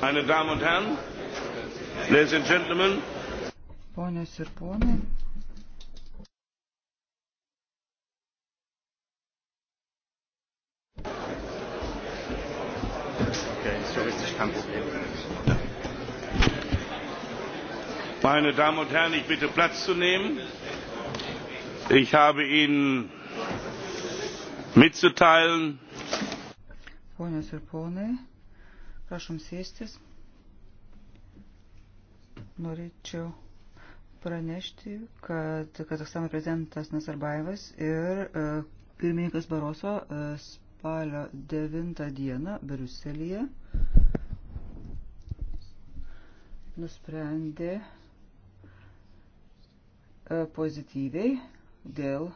Meine Damen und Herren, Ladies and Gentlemen. Ponios ir ponai. Meine Damen und Herren, ich bitte Platz zu nehmen. Ich habe Ihnen mitzuteilen. Ponios ir ponai. Prašom sėstis. Norėčiau pranešti, kad Kazakstano prezidentas Nazarbaevas ir e, pirmininkas Baroso e, spalio 9 dieną Briuselėje nusprendė e, pozityviai dėl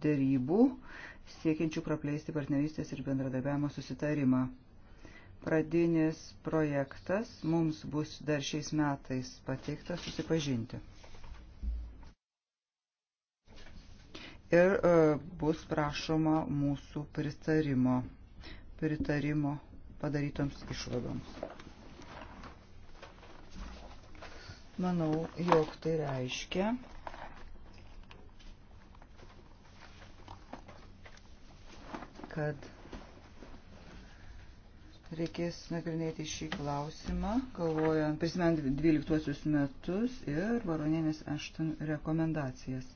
dėrybų siekiančių praplėsti partnerystės ir bendradarbiavimo susitarimą. Pradinis projektas mums bus dar šiais metais pateiktas susipažinti. Ir e, bus prašoma mūsų pritarimo, pritarimo padarytoms išvadoms. Manau, jog tai reiškia, kad reikės nagrinėti šį klausimą, galvojant, prisimint 12 metus ir varonienės ašton rekomendacijas.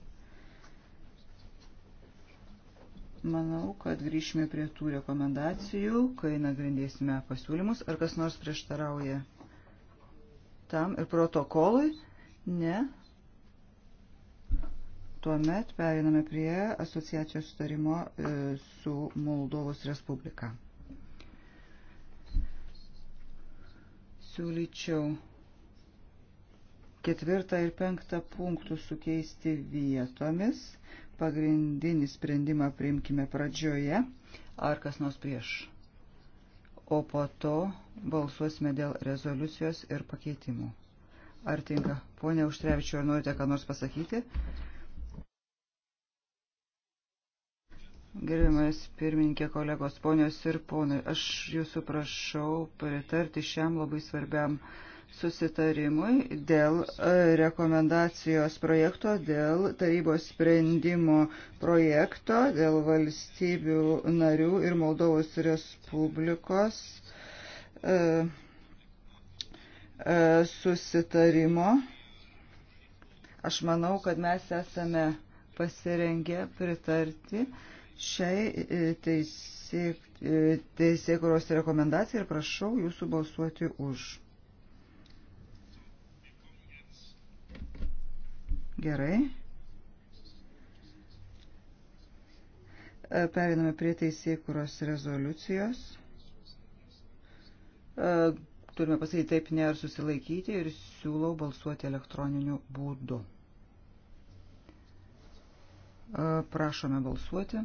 Manau, kad grįšime prie tų rekomendacijų, kai nagrindėsime pasiūlymus, ar kas nors prieštarauja tam ir protokolui. Ne. Tuomet periname prie asociacijos sutarimo e, su Moldovos Respublika. siūlyčiau ketvirtą ir penktą punktų sukeisti vietomis. Pagrindinį sprendimą priimkime pradžioje. Ar kas nors prieš? O po to balsuosime dėl rezoliucijos ir pakeitimų. Ar tinka? Pone Užtrevičiu, ar norite ką nors pasakyti? Gerbiamas pirmininkė kolegos, ponios ir ponai, aš jūsų prašau pritarti šiam labai svarbiam susitarimui dėl e, rekomendacijos projekto, dėl tarybos sprendimo projekto, dėl valstybių narių ir Moldovos Respublikos e, e, susitarimo. Aš manau, kad mes esame pasirengę pritarti uh, šiai e, e, teisėkuros rekomendacijai ir prašau jūsų balsuoti už. Gerai. E, Periname prie teisėkuros rezoliucijos. Turime pasakyti taip ne ar susilaikyti ir siūlau balsuoti elektroniniu būdu. Prašome balsuoti.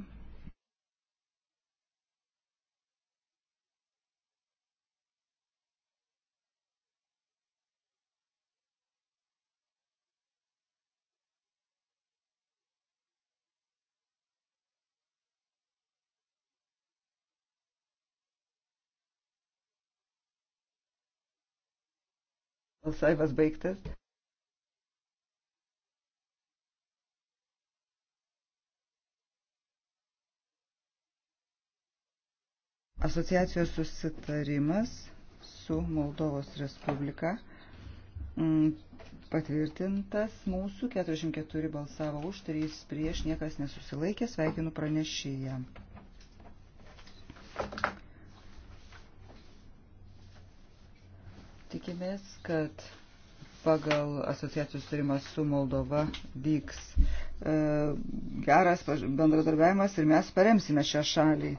Balsavimas baigtas. Asociacijos susitarimas su Moldovos Respublika mm, patvirtintas mūsų 44 balsavo už, 3 prieš, niekas nesusilaikė, sveikinu pranešėją. Tikimės, kad pagal asociacijos tarimą su Moldova vyks e, geras bendradarbiavimas ir mes paremsime šią šalį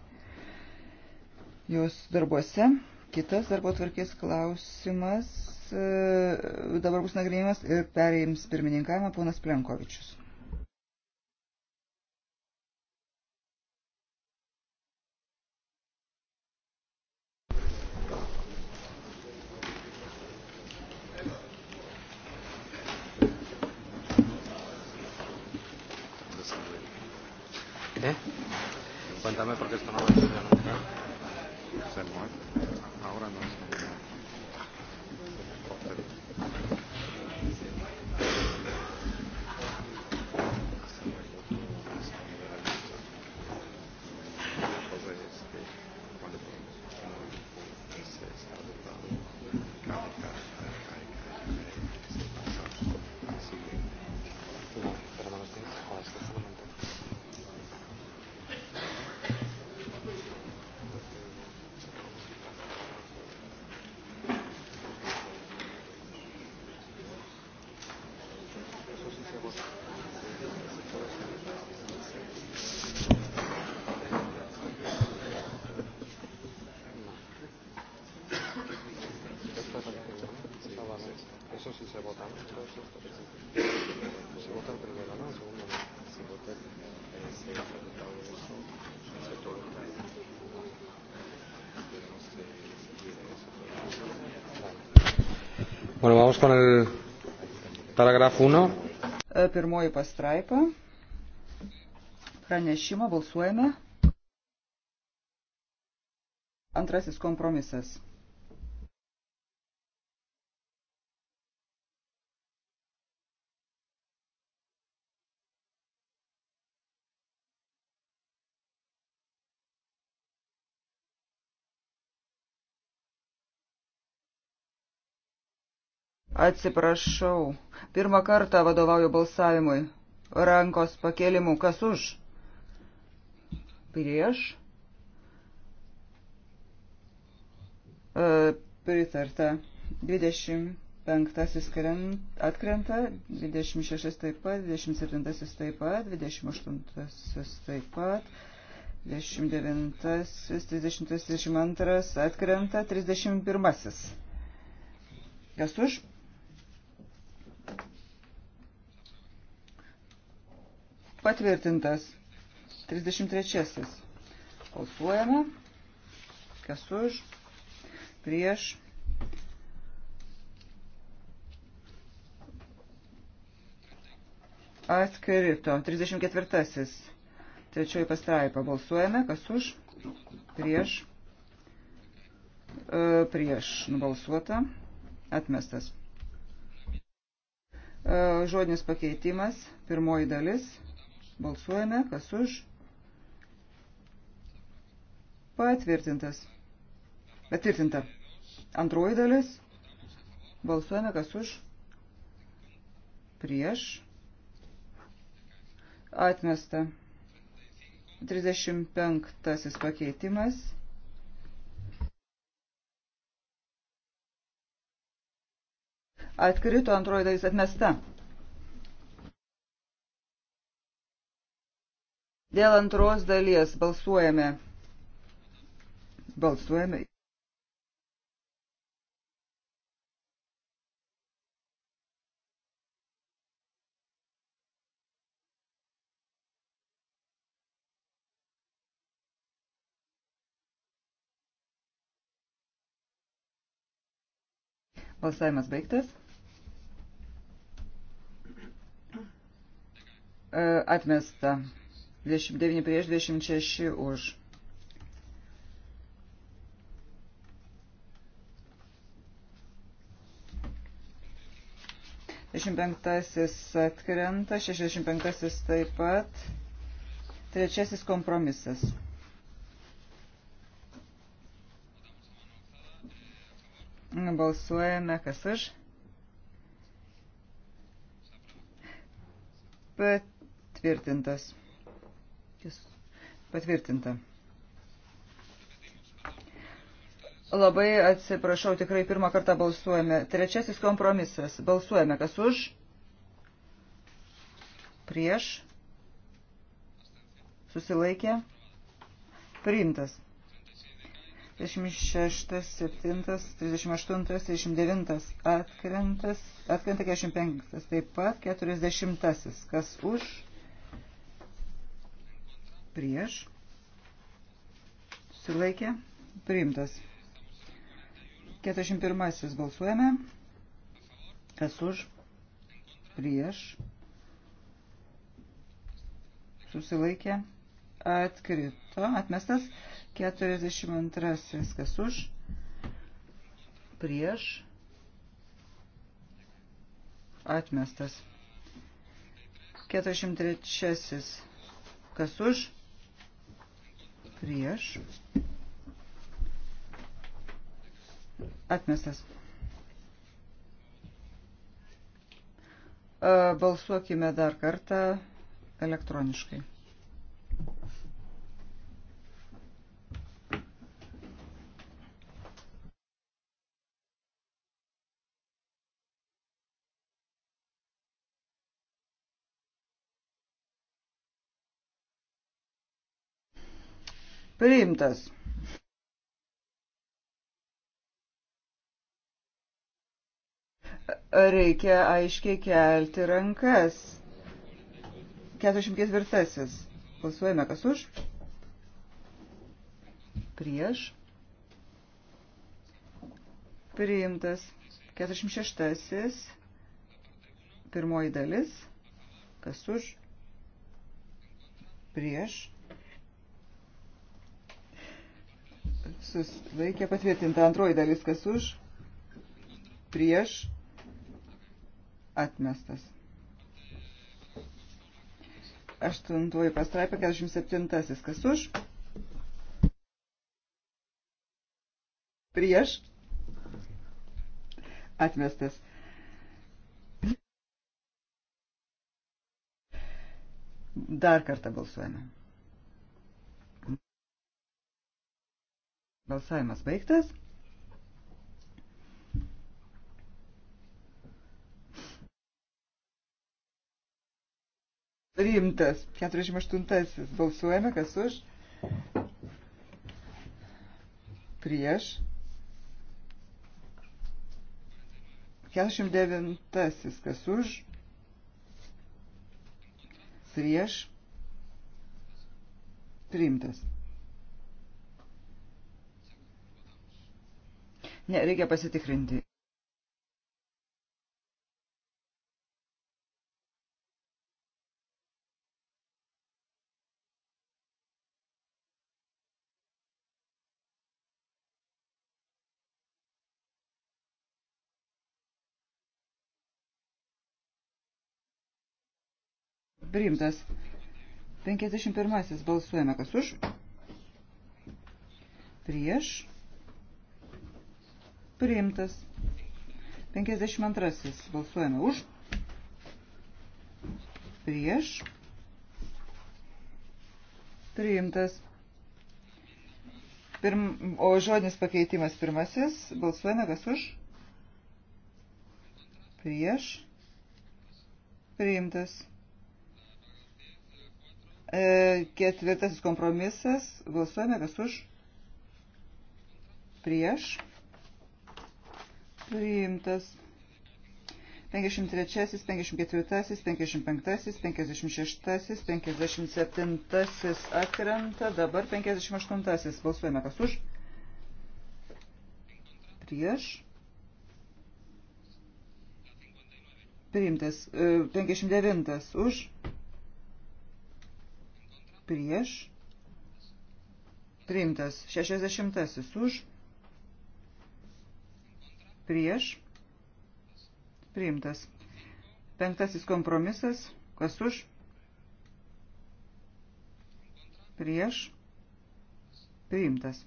jos darbuose. Kitas darbo tvarkės klausimas e, dabar bus nagrinėjimas ir pereims pirmininkavimą ponas Plenkovičius. cuéntame porque esto no lo Vamos con el paragraf 1. E, pirmoji pastraipa. Pranešimą balsuojame. Antrasis kompromisas. Atsiprašau. Pirmą kartą vadovauju balsavimui. Rankos pakėlimu. Kas už? Prieš. E, pritarta. 25 atkrenta, 26 taip pat, 27 taip pat, 28 taip pat. 29, 30, 32 atkrenta, 31. Kas už? Patvirtintas. 33. Balsuojame. Kas už? Prieš. Atkrito. 34. Trečioji pastraipa. Balsuojame. Kas už? Prieš. E, prieš. Nubalsuota. Atmestas. E, žodinis pakeitimas. Pirmoji dalis. Balsuojame, kas už. Patvirtintas. Patvirtinta. Antroji dalis. Balsuojame, kas už. Prieš. Atmesta. 35 pakeitimas. Atkrito antroji dalis atmesta. Dėl antros dalies balsuojame. Balsuojame. Balsavimas baigtas. Atmesta. 29 prieš 26 už. Šešdešimt penktasis atkrenta, šešdešimt penktasis taip pat, trečiasis kompromisas. Balsuojame, kas už. Patvirtintas. Jis patvirtinta. Labai atsiprašau, tikrai pirmą kartą balsuojame. Trečiasis kompromisas. Balsuojame, kas už, prieš, susilaikė, priimtas. 36, 7, 38, 39 atkrentas, atkrenta 45, taip pat 40, kas už, prieš, susilaikė, priimtas. 41 balsuojame, kas už, prieš, susilaikė, atkrito, atmestas, 42 kas už, prieš, atmestas. 43 kas už, prieš, atmestas. Balsuokime dar kartą elektroniškai. priimtas. Reikia aiškiai kelti rankas. 44. Balsuojame kas už. Prieš. Priimtas. 46. Pirmoji dalis. Kas už. Prieš susilaikė patvirtinta. Antroji dalis kas už, prieš, atmestas. Aštuntoji pastraipė, 47 kas už, prieš, atmestas. Dar kartą balsuojame. Balsavimas baigtas. Rimtas. 48. Balsuojame, kas už. Prieš. 49. Kas už. Prieš. Rimtas. Ne, reikia pasitikrinti. Priimtas. 51. Balsuojame kas už. Prieš. Priimtas. 52. Balsuojame už. Prieš. Priimtas. Pirm, o žodinis pakeitimas pirmasis. Balsuojame kas už. Prieš. Priimtas. E, ketvirtasis kompromisas. Balsuojame kas už. Prieš. Prieš priimtas. 53, 54, 55, 56, 57 atkrenta, dabar 58. Balsuojame kas už. Prieš. Priimtas. 59 e, už. Prieš. Priimtas. 60 už prieš, priimtas. Penktasis kompromisas, kas už, prieš, priimtas.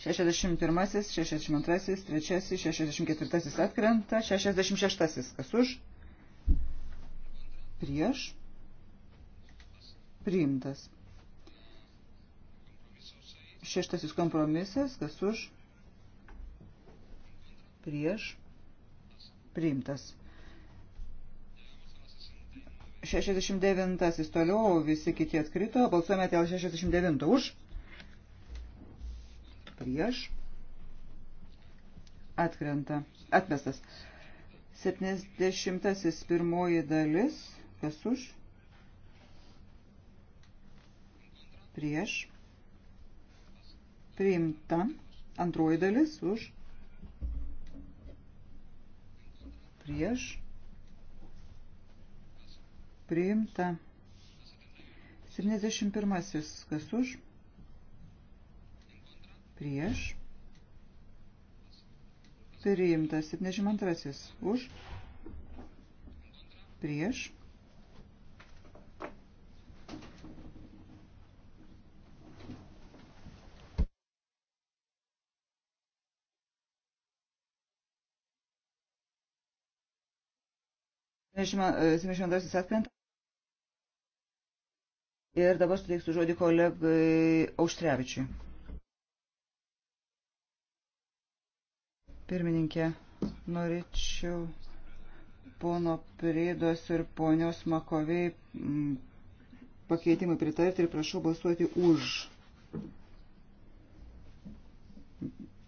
61, 62, 3, 64 atkrenta, 66 kas už, prieš, priimtas. Šeštasis kompromisas, kas už, prieš priimtas. 69 toliau, visi kiti atkrito, balsuojame dėl 69 už, prieš, atkrenta, atmestas. 70 pirmoji dalis, kas už, prieš, priimta, antroji dalis už, prieš prieš, priimta. 71. Kas už, prieš, priimta. 72. Už, prieš, priimta 72 e, atkrenta. Ir dabar suteiksiu žodį kolegai Auštrevičiui. Pirmininkė, norėčiau pono Pridos ir ponios Makoviai pakeitimui pritarti ir prašau balsuoti už.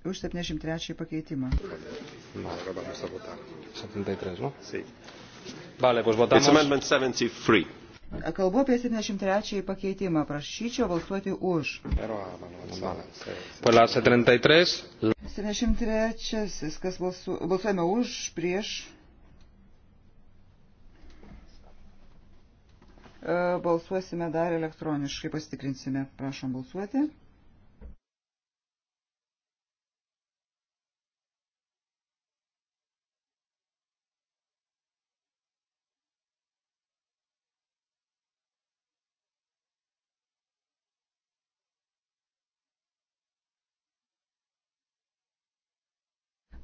Už 73 pakeitimą. No, 73, no? Sì. Vale, pues votamos. It's amendment 73. Kalbu apie 73 pakeitimą. Prašyčiau balsuoti už. Pues la 73. 73. Kas balsu, balsuojame už, prieš. E, balsuosime dar elektroniškai, pasitikrinsime. Prašom balsuoti.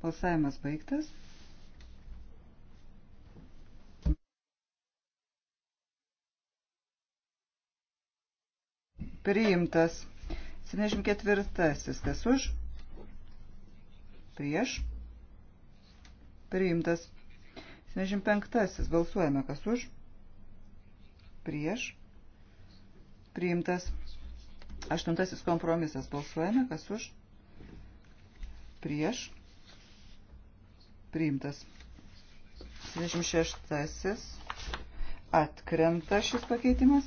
Balsavimas baigtas. Priimtas. 74. Kas už? Prieš. Priimtas. 75. Balsuojame. Kas už? Prieš. Priimtas. Aštuntasis kompromisas. Balsuojame. Kas už? Prieš priimtas. 26. Atkrenta šis pakeitimas.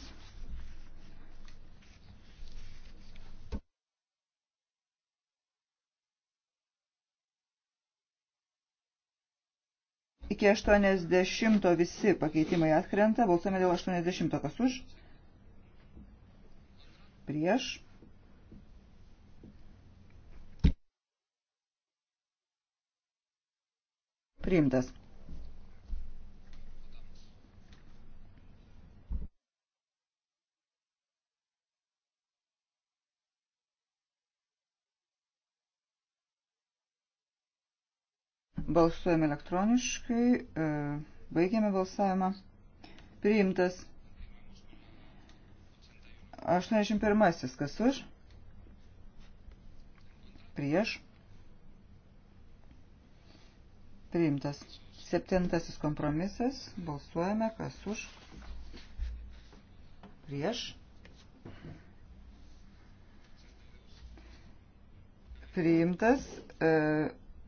Iki 80 visi pakeitimai atkrenta. Balsuojame dėl 80. Kas už? Prieš. Priimtas. Balsuojame elektroniškai. E, baigiame balsavimą. Priimtas. 81. Kas už? Prieš. Priimtas. Septintasis kompromisas. Balsuojame, kas už. Prieš. Priimtas. E,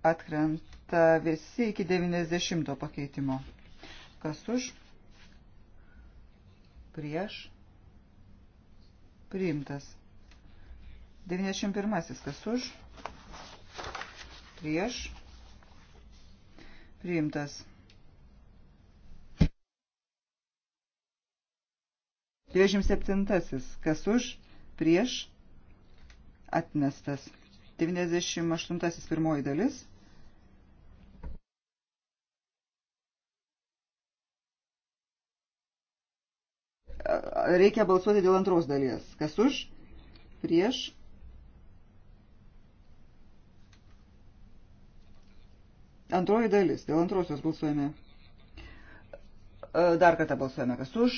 atkrenta visi iki 90 pakeitimo. Kas už. Prieš. Priimtas. 91. Kas už. Prieš priimtas. 97. Kas už, prieš, atmestas. 98. Pirmoji dalis. Reikia balsuoti dėl antros dalies. Kas už, prieš, Antroji dalis. Dėl antrosios balsuojame. E, dar kartą balsuojame. Kas už?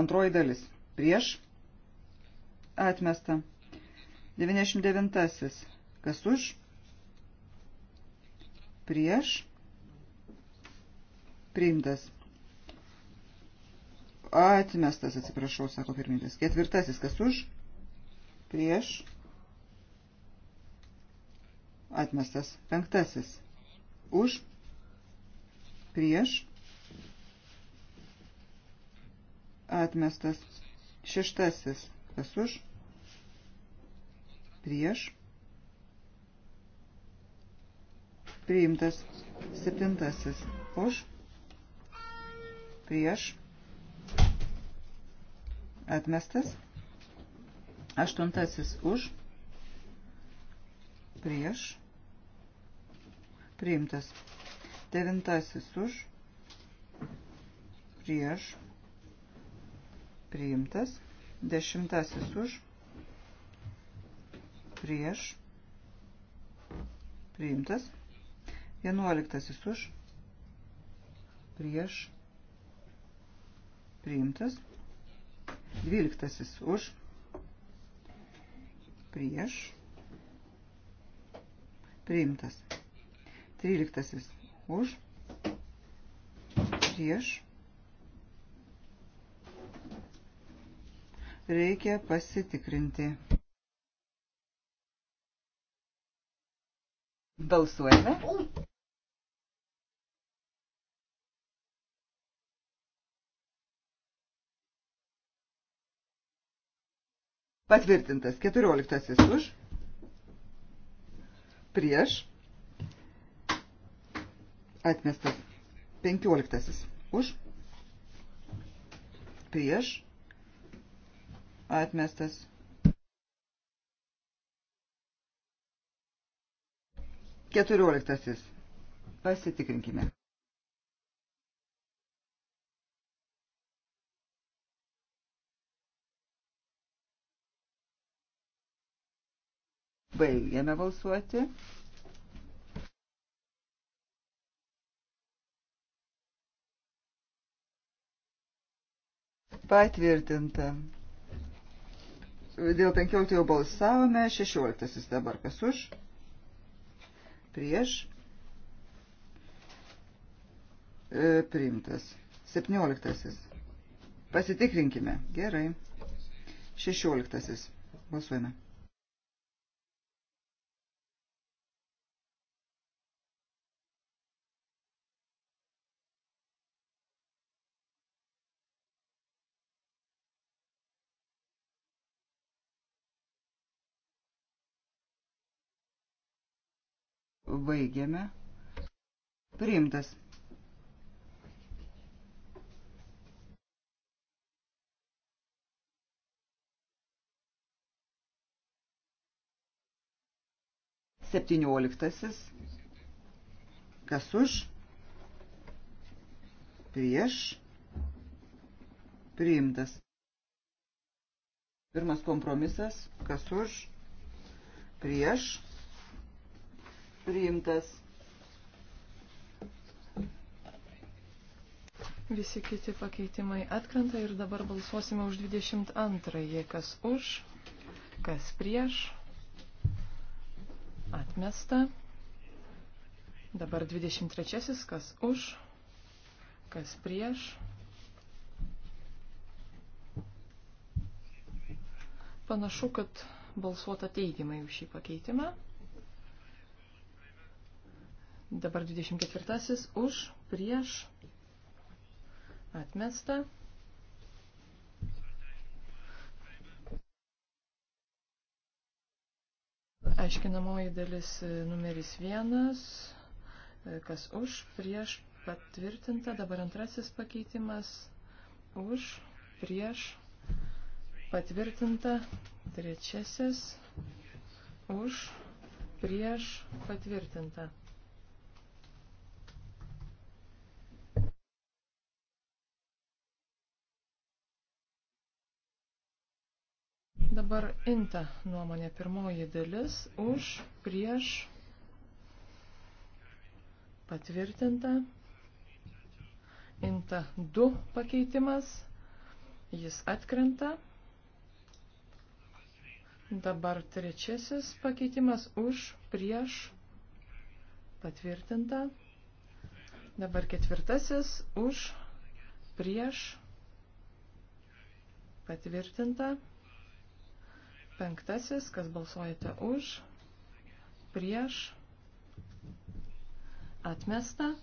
Antroji dalis. Prieš. Atmesta. 99. Kas už? Prieš. Priimtas. Atmestas, atsiprašau, sako pirmininkas. Ketvirtasis. Kas už? Prieš. Atmestas. Penktasis už, prieš, atmestas. Šeštasis, kas už, prieš, priimtas. Septintasis, už, prieš, atmestas. Aštuntasis, už, prieš, prieš priimtas. Devintasis už, prieš, priimtas. Dešimtasis už, prieš, priimtas. Vienuoliktasis už, prieš, priimtas. Dvyliktasis už, prieš, priimtas. Tryliktasis. Už. Prieš. Reikia pasitikrinti. Balsuojame. Patvirtintas. Keturioliktasis už. Prieš. Atmestas. Penkioliktasis. Už. Prieš. Atmestas. Keturioliktasis. Pasitikrinkime. Baigėme balsuoti. Patvirtinta. Dėl 15 jau balsavome, 16 dabar kas už. Prieš. E, priimtas. 17. Pasitikrinkime. Gerai. 16. Balsuojame. Baigiame. Priimtas. Septynioliktasis. Kas už? Prieš. Priimtas. Pirmas kompromisas. Kas už? Prieš. Prieš priimtas. Visi kiti pakeitimai atkrenta ir dabar balsuosime už 22. Kas už, kas prieš. Atmesta. Dabar 23. Kas už, kas prieš. Panašu, kad balsuota teigiamai už šį pakeitimą. Dabar 24 už, prieš, atmesta. Aiškinamoji dalis e, numeris vienas, e, kas už, prieš, patvirtinta. Dabar antrasis pakeitimas, už, prieš, patvirtinta. Trečiasis, už, prieš, patvirtinta. Dabar inta nuomonė pirmoji dalis už, prieš, patvirtinta. Inta 2 pakeitimas, jis atkrenta. Dabar trečiasis pakeitimas už, prieš, patvirtinta. Dabar ketvirtasis už, prieš, patvirtinta. Penktasis, kas balsuojate už, prieš, atmesta.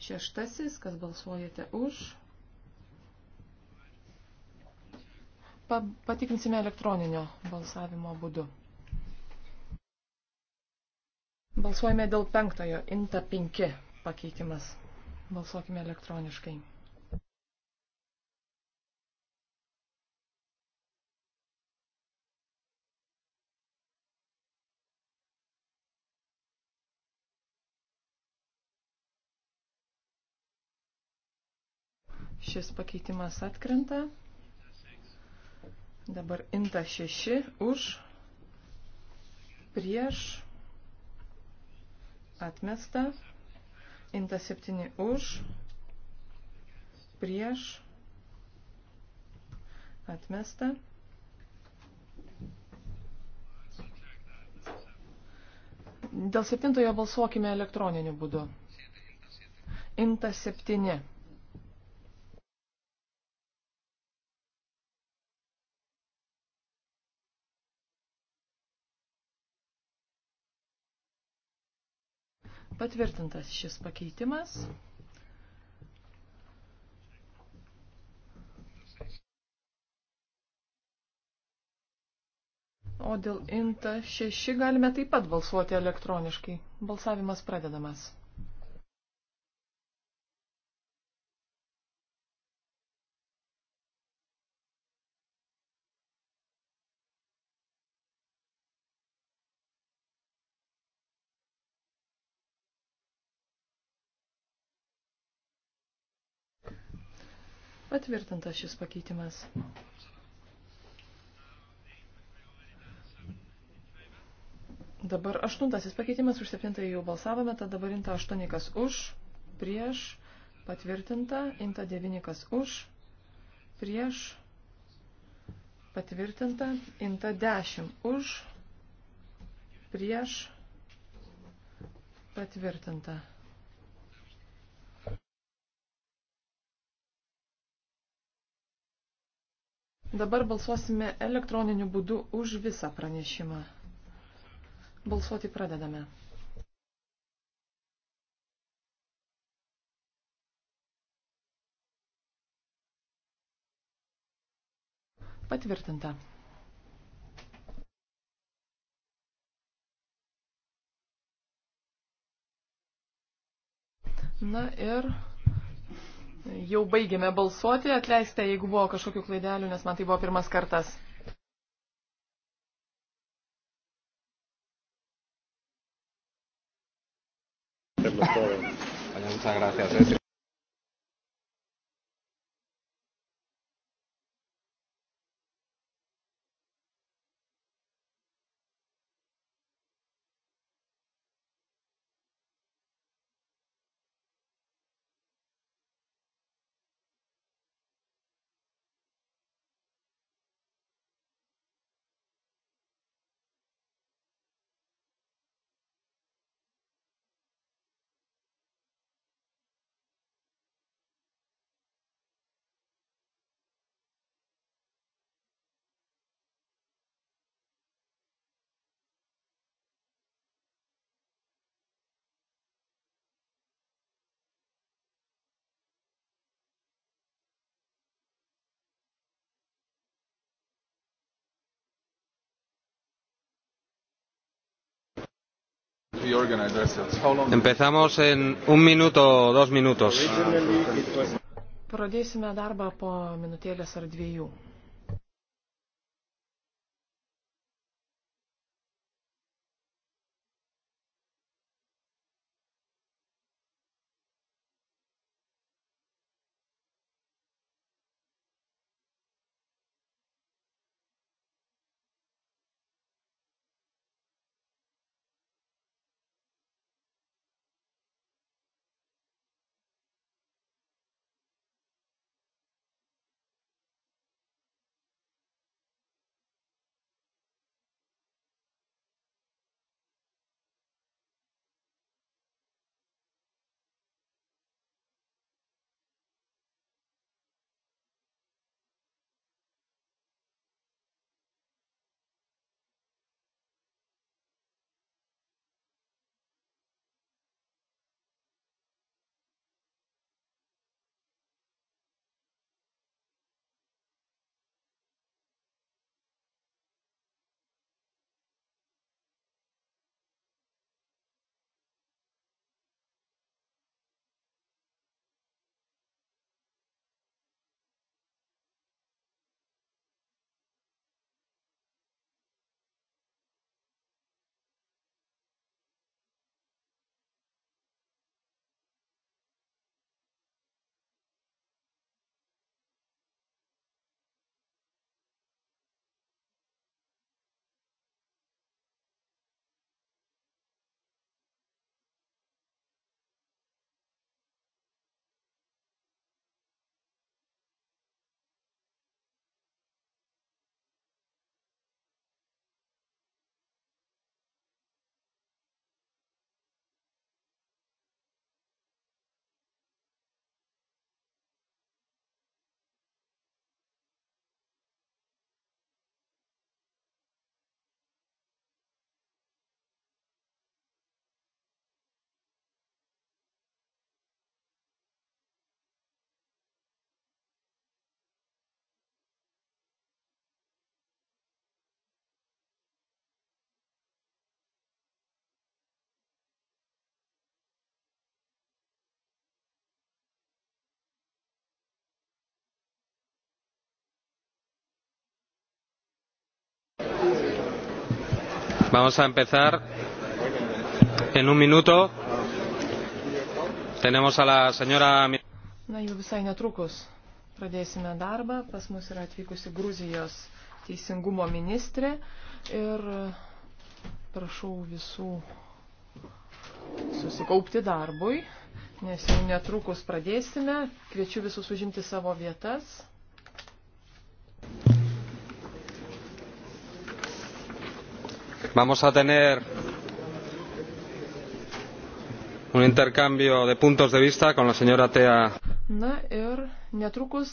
Šeštasis, kas balsuojate už. Pa, patikrinsime elektroninio balsavimo būdu. Balsuojame dėl penktojo, inta 5 pakeitimas. Balsuokime elektroniškai. Šis pakeitimas atkrenta. Dabar inta 6 už, prieš, atmesta. Inta 7 už, prieš, atmesta. Dėl septintojo balsuokime elektroniniu būdu. Inta septyni. Patvirtintas šis pakeitimas. O dėl INTA 6 galime taip pat balsuoti elektroniškai. Balsavimas pradedamas. Patvirtintas šis pakeitimas. Dabar aštuntasis pakeitimas, už septintąjį jau balsavome, tad dabar inta aštuonikas už, prieš, patvirtinta, inta devynikas už, prieš, patvirtinta, inta dešimt už, prieš, patvirtinta. Dabar balsuosime elektroniniu būdu už visą pranešimą. Balsuoti pradedame. Patvirtinta. Na ir Jau baigėme balsuoti, atleiskite, jeigu buvo kažkokių klaidelių, nes man tai buvo pirmas kartas. Muchas gracias. Empezamos en un minuto o dos minutos. Pradėsime darbą po minutėlės ar dviejų. Vamos a empezar en un minuto. Tenemos a la señora. Na, jau visai netrukus pradėsime darbą. Pas mus yra atvykusi Gruzijos teisingumo ministrė ir prašau visų susikaupti darbui, nes jau netrukus pradėsime. Kviečiu visus užimti savo vietas. vamos a tener un intercambio de puntos de vista con la señora Tea. Na ir netrukus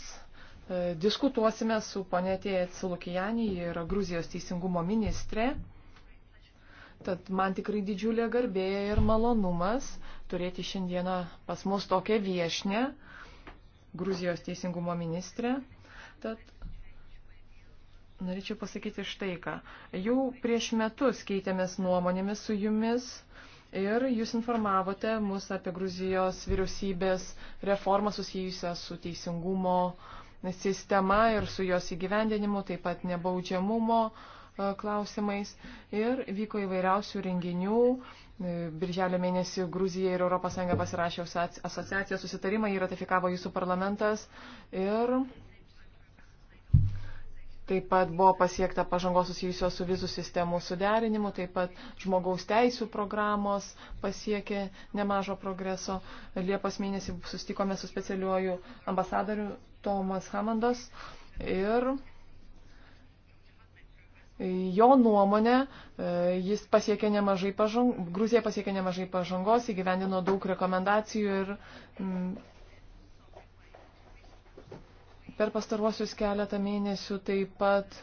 e, diskutuosime su ponė Tėja Cilukijani, ji yra Gruzijos teisingumo ministrė. Tad man tikrai didžiulė garbė ir malonumas turėti šiandieną pas mus tokią viešnę, Gruzijos teisingumo ministrę. Tad Norėčiau pasakyti štai ką. Jau prieš metus keitėmės nuomonėmis su jumis ir jūs informavote mus apie Gruzijos vyriausybės reformą susijusią su teisingumo sistema ir su jos įgyvendinimu, taip pat nebaudžiamumo e, klausimais. Ir vyko įvairiausių renginių. E, Birželio mėnesį Gruzija ir ES pasirašė asociacijos susitarimą, jį ratifikavo jūsų parlamentas. Ir Taip pat buvo pasiekta pažangos susijusios su vizų sistemų suderinimu, taip pat žmogaus teisų programos pasiekė nemažo progreso. Liepos mėnesį sustikome su specialiuoju ambasadoriu Tomas Hamandas ir jo nuomonė, e, jis pasiekė nemažai pažangos, Gruzija pasiekė nemažai pažangos, įgyvendino daug rekomendacijų ir Per pastaruosius keletą mėnesių taip pat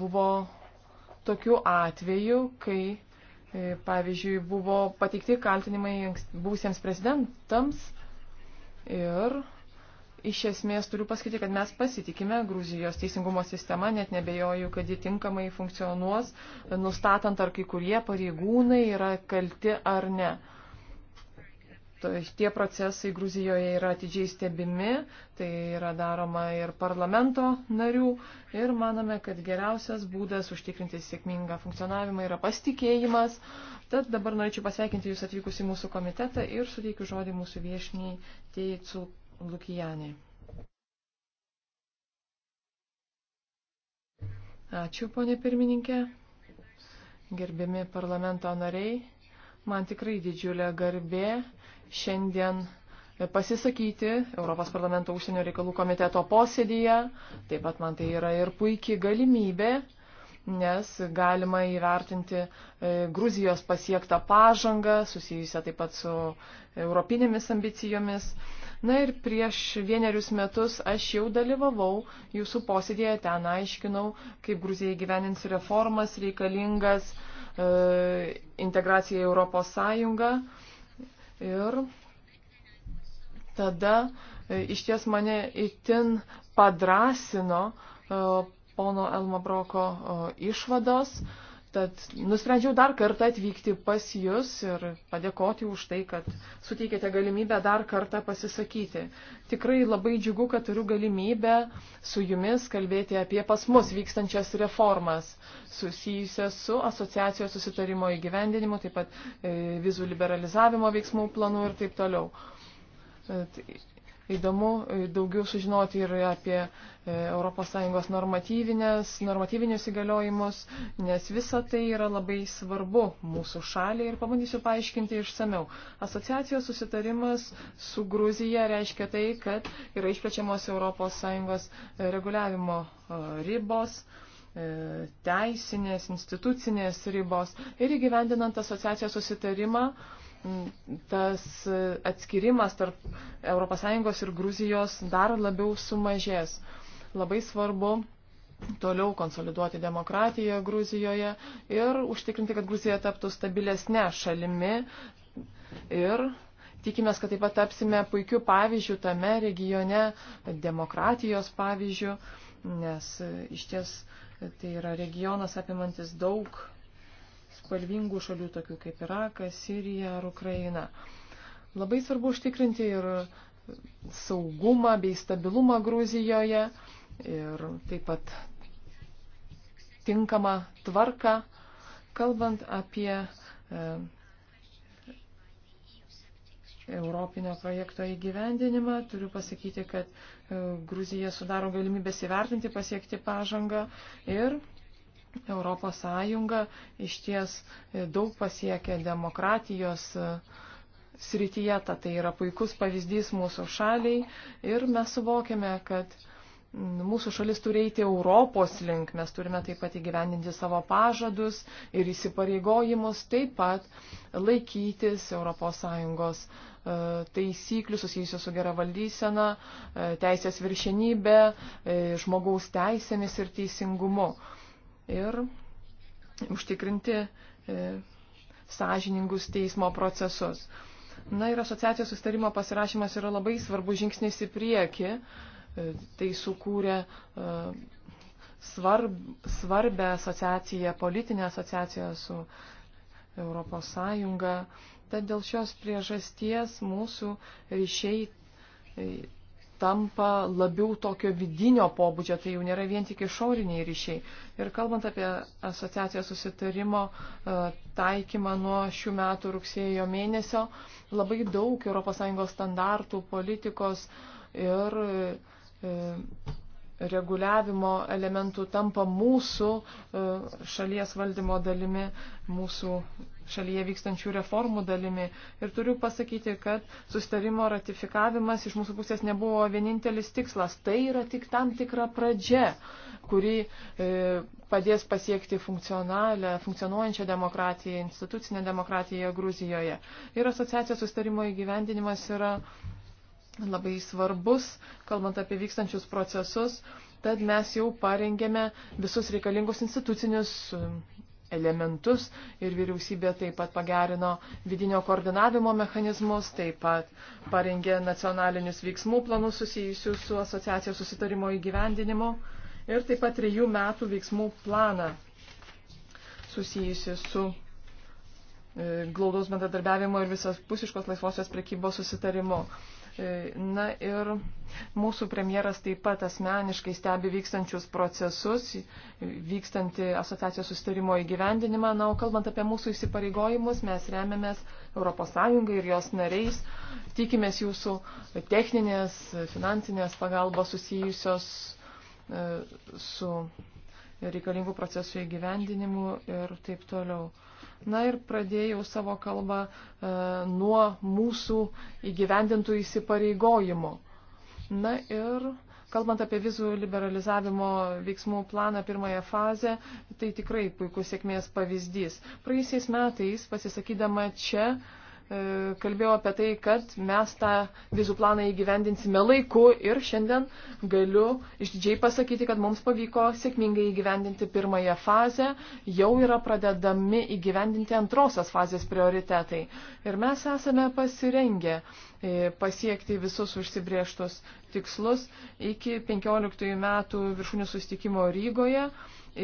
buvo tokių atvejų, kai, e, pavyzdžiui, buvo pateikti kaltinimai būsiems prezidentams ir iš esmės turiu pasakyti, kad mes pasitikime Gruzijos teisingumo sistema, net nebejoju, kad ji tinkamai funkcionuos, nustatant ar kai kurie pareigūnai yra kalti ar ne. Tie procesai Gruzijoje yra atidžiai stebimi, tai yra daroma ir parlamento narių ir manome, kad geriausias būdas užtikrinti sėkmingą funkcionavimą yra pasitikėjimas. Tad dabar norėčiau pasveikinti Jūs atvykus į mūsų komitetą ir suteikiu žodį mūsų viešniai Teicų Lukijanė. Ačiū, ponė pirmininkė. Gerbiami parlamento nariai. Man tikrai didžiulė garbė šiandien pasisakyti Europos parlamento užsienio reikalų komiteto posėdėje. Taip pat man tai yra ir puikiai galimybė, nes galima įvertinti e, Gruzijos pasiektą pažangą, susijusią taip pat su europinėmis ambicijomis. Na ir prieš vienerius metus aš jau dalyvavau jūsų posėdėje, ten aiškinau, kaip Gruzija įgyvenins reformas reikalingas uh, E, integraciją į Europos Sąjungą. Ir tada e, iš ties mane itin padrasino e, pono Elmabroko išvados, Tad nusprendžiau dar kartą atvykti pas Jūs ir padėkoti už tai, kad suteikėte galimybę dar kartą pasisakyti. Tikrai labai džiugu, kad turiu galimybę su Jumis kalbėti apie pas mus vykstančias reformas susijusias su asociacijos susitarimo įgyvendinimu, taip pat e, vizų liberalizavimo veiksmų planu ir taip toliau įdomu e, daugiau sužinoti ir apie ES normatyvinius įgaliojimus, nes visa tai yra labai svarbu mūsų šaliai ir pabandysiu paaiškinti išsameu. Asociacijos susitarimas su Gruzija reiškia tai, kad yra išplečiamos ES e, reguliavimo e, ribos teisinės, institucinės ribos ir įgyvendinant asociacijos susitarimą tas atskirimas tarp ES ir Gruzijos dar labiau sumažės. Labai svarbu toliau konsoliduoti demokratiją Gruzijoje ir užtikrinti, kad Gruzija taptų stabilesnė šalimi. Ir tikimės, kad taip pat tapsime puikiu pavyzdžiu tame regione, demokratijos pavyzdžiu, nes iš ties tai yra regionas apimantis daug spalvingų šalių, tokių kaip Irakas, Sirija ar Ukraina. Labai svarbu užtikrinti ir saugumą bei stabilumą Gruzijoje ir taip pat tinkamą tvarką, kalbant apie e, Europinio projekto įgyvendinimą. Turiu pasakyti, kad e, Gruzija sudaro galimybės įvertinti pasiekti pažangą ir Europos Sąjunga iš ties e, daug pasiekė demokratijos e, srityje, ta tai yra puikus pavyzdys mūsų šaliai ir mes suvokėme, kad mūsų šalis turi eiti Europos link, mes turime taip pat įgyvendinti savo pažadus ir įsipareigojimus, taip pat laikytis ES e, taisyklių susijusių su gera valdysena, teisės viršenybė, žmogaus teisėmis ir teisingumu ir užtikrinti e, sąžiningus teismo procesus. Na ir asociacijos sustarimo pasirašymas yra labai svarbus žingsnis į priekį. E, tai sukūrė e, svarb, svarbę asociaciją, politinę asociaciją su Europos Sąjunga. Tad dėl šios priežasties mūsų ryšiai tampa labiau tokio vidinio pobūdžio, tai jau nėra vien tik išoriniai ryšiai. Ir kalbant apie asociacijos susitarimo e, taikymą nuo šių metų rugsėjo mėnesio, labai daug ES standartų, politikos ir e, reguliavimo elementų tampa mūsų e, šalies valdymo dalimi, mūsų šalyje vykstančių reformų dalimi. Ir turiu pasakyti, kad sustarimo ratifikavimas iš mūsų pusės nebuvo vienintelis tikslas. Tai yra tik tam tikra pradžia, kuri e, padės pasiekti funkcionalę, funkcionuojančią demokratiją, institucinę demokratiją Gruzijoje. Ir asociacijos sustarimo įgyvendinimas yra labai svarbus, kalbant apie vykstančius procesus. Tad mes jau parengėme visus reikalingus institucinius elementus ir vyriausybė taip pat pagerino vidinio koordinavimo mechanizmus, taip pat parengė nacionalinius veiksmų planus susijusius su asociacijos susitarimo įgyvendinimu ir taip pat trijų metų veiksmų planą susijusi su e, glaudaus bendradarbiavimo ir visas pusiškos laisvosios prekybos susitarimu. E, na ir mūsų premjeras taip pat asmeniškai stebi vykstančius procesus, vykstantį asociacijos sustarimo įgyvendinimą. Na, o kalbant apie mūsų įsipareigojimus, mes remiamės ES ir jos nariais. Tikimės jūsų techninės, finansinės pagalbos susijusios e, su reikalingų procesų įgyvendinimu ir taip toliau. Na ir pradėjau savo kalbą e, nuo mūsų įgyvendintų įsipareigojimų. Na ir kalbant apie vizų liberalizavimo veiksmų planą pirmąją fazę, tai tikrai puikus sėkmės pavyzdys. Praėjusiais metais pasisakydama čia, e, E, kalbėjau apie tai, kad mes tą vizų planą įgyvendinsime laiku ir šiandien galiu išdidžiai pasakyti, kad mums pavyko sėkmingai įgyvendinti pirmąją fazę, jau yra pradedami įgyvendinti antrosios fazės prioritetai. Ir mes esame pasirengę e, pasiekti visus užsibrieštus tikslus iki 15 metų viršūnių sustikimo Rygoje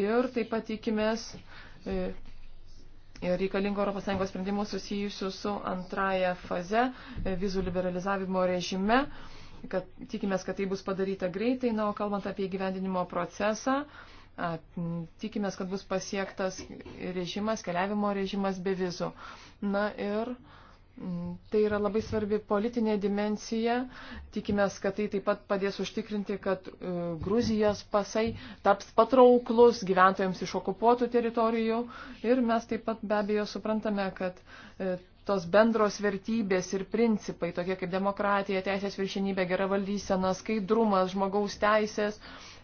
ir taip pat tikimės e, reikalingų ES sprendimų susijusių su antraja faze e, vizų liberalizavimo režime, kad tikimės, kad tai bus padaryta greitai, na, o kalbant apie gyvendinimo procesą, a, tikimės, kad bus pasiektas režimas, keliavimo režimas be vizų. Na ir a, Mm, tai yra labai svarbi politinė dimensija. Tikimės, kad tai taip pat padės užtikrinti, kad e, Gruzijos pasai taps patrauklus gyventojams iš okupuotų teritorijų. Ir mes taip pat be abejo suprantame, kad e, tos bendros vertybės ir principai, tokie kaip demokratija, teisės viršinybė, gera valdysena, skaidrumas, žmogaus teisės,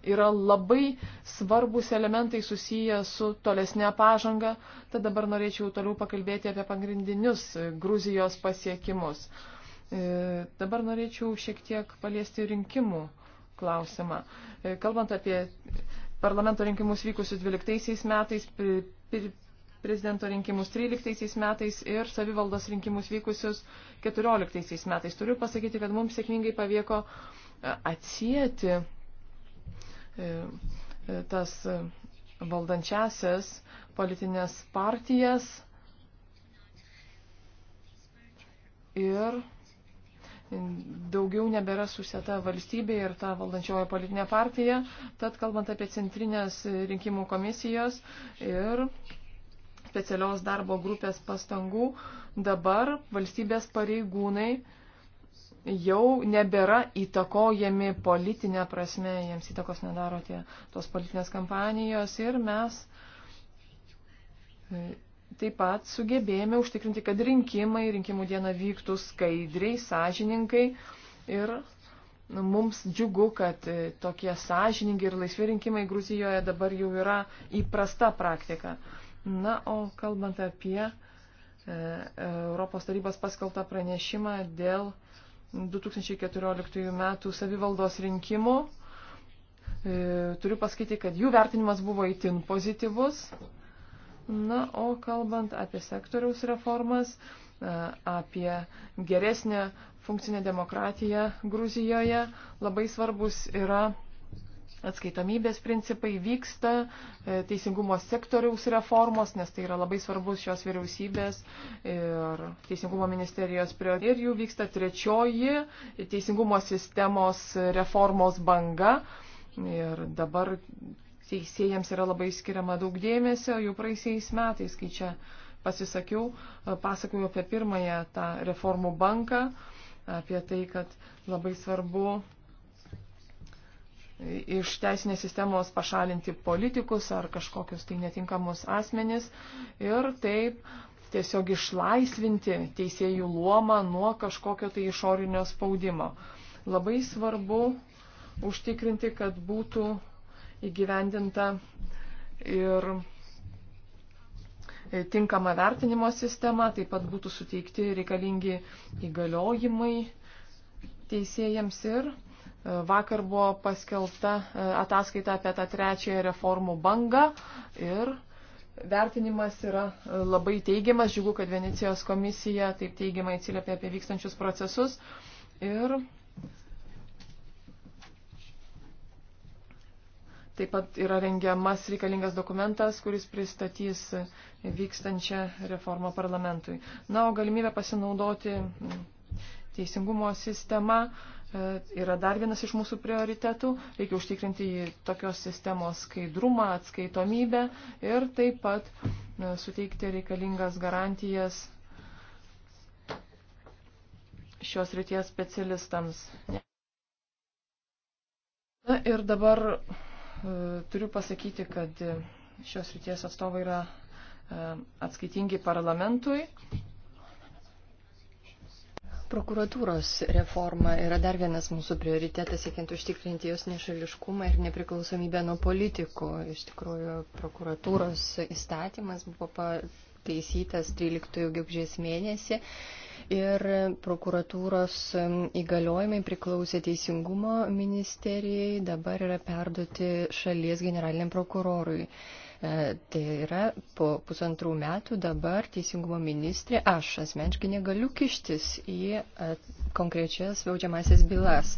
yra labai svarbus elementai susiję su tolesnė pažanga. Tad dabar norėčiau toliau pakalbėti apie pagrindinius Gruzijos pasiekimus. E, dabar norėčiau šiek tiek paliesti rinkimų klausimą. E, kalbant apie parlamento rinkimus vykusius 12 metais, pri, pri, prezidento rinkimus 13 metais ir savivaldos rinkimus vykusius 14 metais. Turiu pasakyti, kad mums sėkmingai pavyko atsijėti E, e, tas valdančiasias politinės partijas ir daugiau nebėra susieta valstybė ir ta valdančioji politinė partija, tad kalbant apie centrinės rinkimų komisijos ir specialios darbo grupės pastangų, dabar valstybės pareigūnai jau nebėra įtakojami politinė prasme, jiems įtakos nedaro tie, tos politinės kampanijos ir mes e, taip pat sugebėjome užtikrinti, kad rinkimai rinkimų diena vyktų skaidriai, sąžininkai ir mums džiugu, kad e, tokie sąžiningi ir laisvi rinkimai Gruzijoje dabar jau yra įprasta praktika. Na, o kalbant apie e, Europos tarybos paskaltą pranešimą dėl 2014 m. savivaldos rinkimų. E, turiu pasakyti, kad jų vertinimas buvo itin pozityvus. Na, o kalbant apie sektoriaus reformas, e, apie geresnę funkcinę demokratiją Gruzijoje, labai svarbus yra atskaitomybės principai vyksta, e, teisingumo sektoriaus reformos, nes tai yra labai svarbus šios vyriausybės ir teisingumo ministerijos prioritetai. Ir jų vyksta trečioji teisingumo sistemos reformos banga. Ir dabar teisėjams yra labai skiriama daug dėmesio, jau praeisiais metais, kai čia pasisakiau, e, pasakojau apie pirmąją tą reformų banką, apie tai, kad labai svarbu iš teisinės sistemos pašalinti politikus ar kažkokius tai netinkamus asmenis ir taip tiesiog išlaisvinti teisėjų luomą nuo kažkokio tai išorinio spaudimo. Labai svarbu užtikrinti, kad būtų įgyvendinta ir tinkama vertinimo sistema, taip pat būtų suteikti reikalingi įgaliojimai teisėjams ir Vakar buvo paskelbta e, ataskaita apie tą trečiąją reformų bangą ir vertinimas yra e, labai teigiamas. Žiūgu, kad Venecijos komisija taip teigiamai atsiliepia apie vykstančius procesus. Ir Taip pat yra rengiamas reikalingas dokumentas, kuris pristatys vykstančią reformą parlamentui. Na, o galimybę pasinaudoti teisingumo sistemą E, yra dar vienas iš mūsų prioritetų. Reikia užtikrinti tokios sistemos skaidrumą, atskaitomybę ir taip pat e, suteikti reikalingas garantijas šios ryties specialistams. Na ir dabar e, turiu pasakyti, kad šios ryties atstovai yra e, atskaitingi parlamentui Prokuratūros reforma yra dar vienas mūsų prioritetas, siekiant užtikrinti jos nešališkumą ir nepriklausomybę nuo politikų. Iš tikrųjų, prokuratūros įstatymas buvo pataisytas 13 gegužės mėnesį ir prokuratūros įgaliojimai priklausė Teisingumo ministerijai, dabar yra perduoti šalies generaliniam prokurorui. E, tai yra, po pusantrų metų dabar teisingumo ministrė, aš asmeniškai negaliu kištis į e, konkrečias baudžiamasias bylas.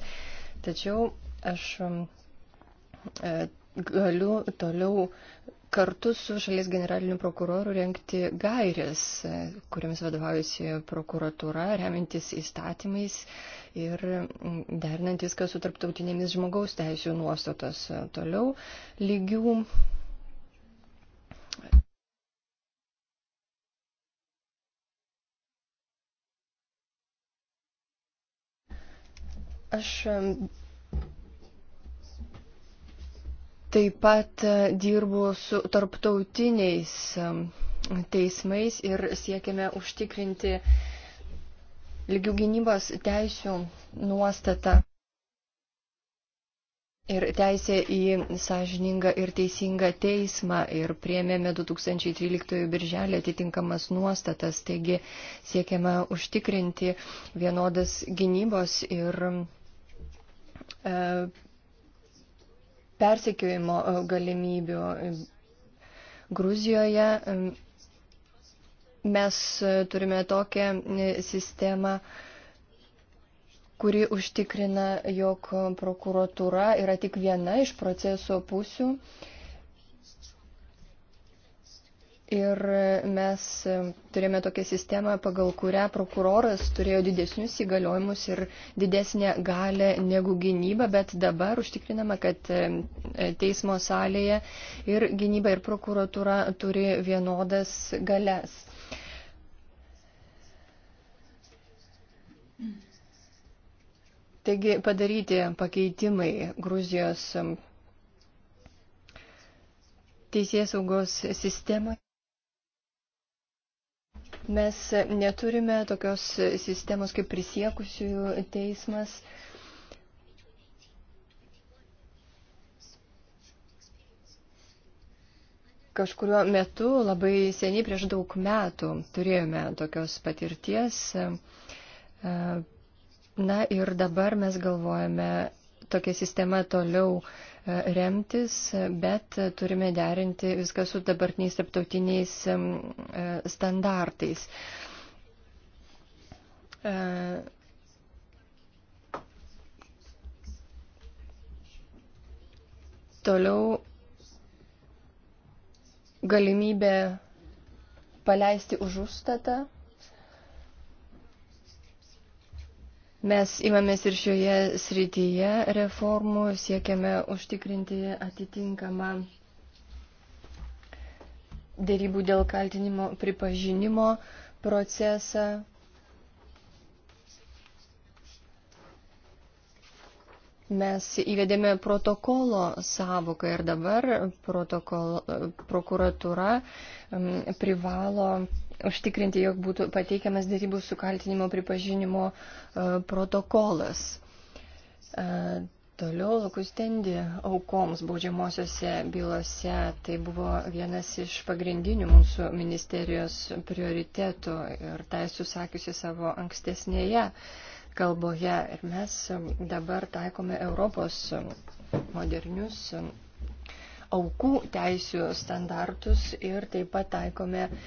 Tačiau aš e, galiu toliau kartu su šalies generaliniu prokuroru renkti gairės, kuriams vadovaujasi prokuratūra, remintis įstatymais ir derinant viską su tarptautinėmis žmogaus teisų nuostatos. Toliau lygių Aš taip pat e, dirbu su tarptautiniais teismais ir siekiame užtikrinti lygių gynybos teisių nuostatą. Ir teisė į sąžiningą ir teisingą teismą ir priemėme 2013 birželį atitinkamas nuostatas, taigi siekiame užtikrinti vienodas gynybos ir e, persekiojimo e, galimybių. Gruzijoje e, mes turime tokią e, sistemą, e, kuri užtikrina, jog prokuratūra yra tik viena iš proceso pusių. Ir mes turėjome tokią sistemą, pagal kurią prokuroras turėjo didesnius įgaliojimus ir didesnę galę negu gynyba, bet dabar užtikrinama, kad e, teismo salėje ir gynyba ir prokuratūra turi vienodas galės. Taigi padaryti pakeitimai Gruzijos um, teisės saugos sistemai. Mes neturime tokios sistemos kaip prisiekusiųjų teismas. Kažkuriuo metu, labai seniai prieš daug metų, turėjome tokios patirties um, Na ir dabar mes galvojame tokia sistema toliau e, remtis, bet turime derinti viską su dabartiniais tarptautiniais e, standartais. E, toliau galimybė paleisti už užstatą Mes imamės ir šioje srityje reformų, siekiame užtikrinti atitinkamą dėrybų dėl kaltinimo pripažinimo procesą. Mes įvedėme protokolo savoką ir dabar protokol, prokuratura privalo užtikrinti, jog būtų pateikiamas dėrybų su kaltinimo pripažinimo e, protokolas. E, toliau Lukustendi aukoms baudžiamosiose bylose tai buvo vienas iš pagrindinių mūsų ministerijos prioritetų ir tai susakiusi savo ankstesnėje kalboje. Ir mes dabar taikome Europos modernius aukų teisių standartus ir taip pat taikome uh,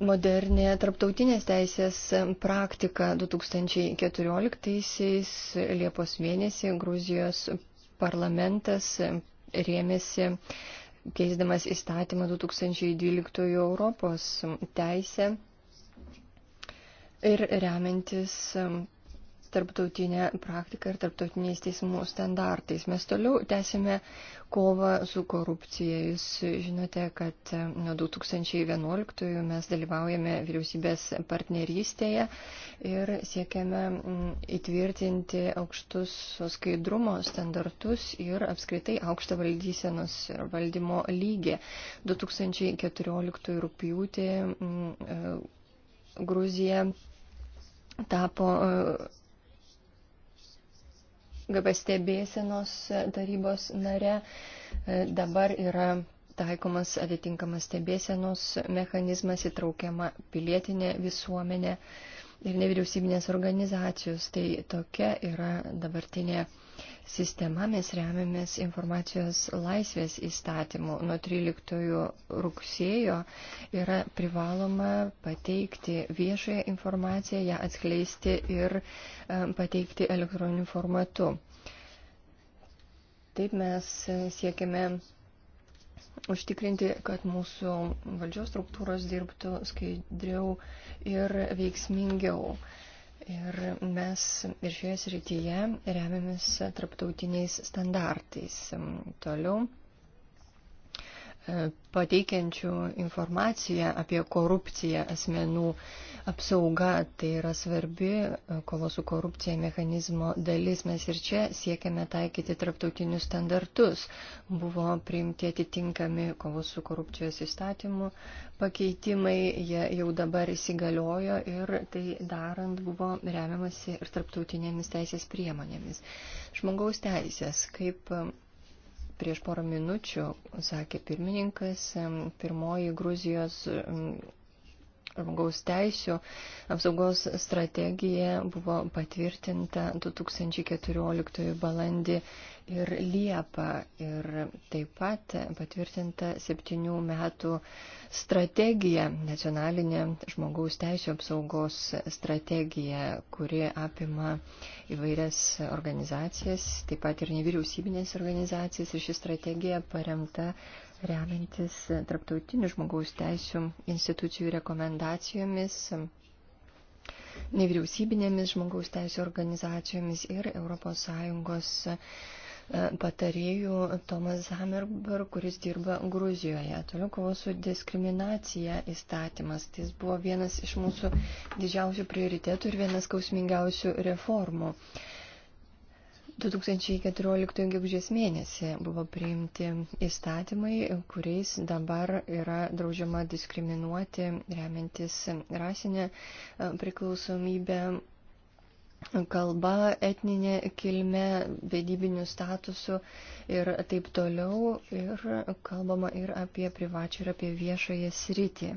modernė tarptautinės teisės praktika 2014-aisiais Liepos mėnesį Gruzijos parlamentas rėmėsi keisdamas įstatymą 2012 Europos teisę ir remiantis tarptautinė praktika ir tarptautiniais teismų standartais. Mes toliau tęsime kovą su korupcija. Jūs žinote, kad e, nuo 2011 mes dalyvaujame vyriausybės partnerystėje ir siekiame įtvirtinti aukštus skaidrumo standartus ir apskritai aukštą valdysenos ir valdymo lygį. 2014 rūpjūtį e, Gruzija tapo e, GB stebėsenos tarybos nare. E, dabar yra taikomas atitinkamas stebėsenos mechanizmas įtraukiama pilietinė visuomenė ir nevyriausybinės organizacijos. Tai tokia yra dabartinė sistema mes remiamės informacijos laisvės įstatymu. Nuo 13 rugsėjo yra privaloma pateikti viešąją informaciją, ją atskleisti ir e, pateikti elektroniniu formatu. Taip mes e, siekiame užtikrinti, kad mūsų valdžios struktūros dirbtų skaidriau ir veiksmingiau. Uh, Ir mes ir šioje srityje remiamės tarptautiniais standartais. Toliau E, pateikiančių informaciją apie korupciją asmenų apsauga. Tai yra svarbi e, kovos su korupcija mechanizmo dalis. Mes ir čia siekiame taikyti traptautinius standartus. Buvo priimti atitinkami kovos su korupcijos įstatymų pakeitimai, jie jau dabar įsigaliojo ir tai darant buvo remiamasi ir traptautinėmis teisės priemonėmis. Žmogaus teisės, kaip prieš porą minučių, sakė pirmininkas, pirmoji Gruzijos žmogaus teisų apsaugos strategija buvo patvirtinta 2014 balandį ir Liepą ir taip pat patvirtinta septynių metų strategija, nacionalinė žmogaus teisų apsaugos strategija, kuri apima įvairias organizacijas, taip pat ir nevyriausybinės organizacijas ir ši strategija paremta remiantis tarptautinių žmogaus teisų institucijų rekomendacijomis nevyriausybinėmis žmogaus teisų organizacijomis ir ES patarėjų Tomas Hammerberg, kuris dirba Gruzijoje. Toliau kovos su diskriminacija įstatymas. Tai buvo vienas iš mūsų didžiausių prioritėtų ir vienas kausmingiausių reformų. 2014 gegužės mėnesį buvo priimti įstatymai, kuriais dabar yra draudžiama diskriminuoti remiantis rasinę priklausomybę, kalba, etninė kilme, vedybiniu statusu ir taip toliau. Ir kalbama ir apie privačią, ir apie viešąją sritį.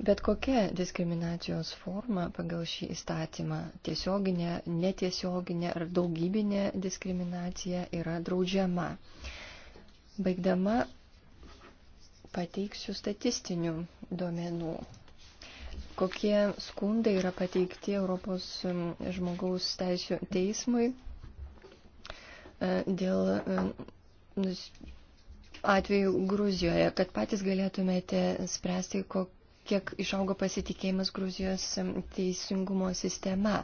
Bet kokia diskriminacijos forma pagal šį įstatymą - tiesioginė, netiesioginė ar daugybinė diskriminacija yra draudžiama. Baigdama pateiksiu statistinių duomenų kokie skundai yra pateikti Europos žmogaus teisų teismui e, dėl e, atvejų Gruzijoje, kad patys galėtumėte spręsti, kiek išaugo pasitikėjimas Gruzijos teisingumo sistema.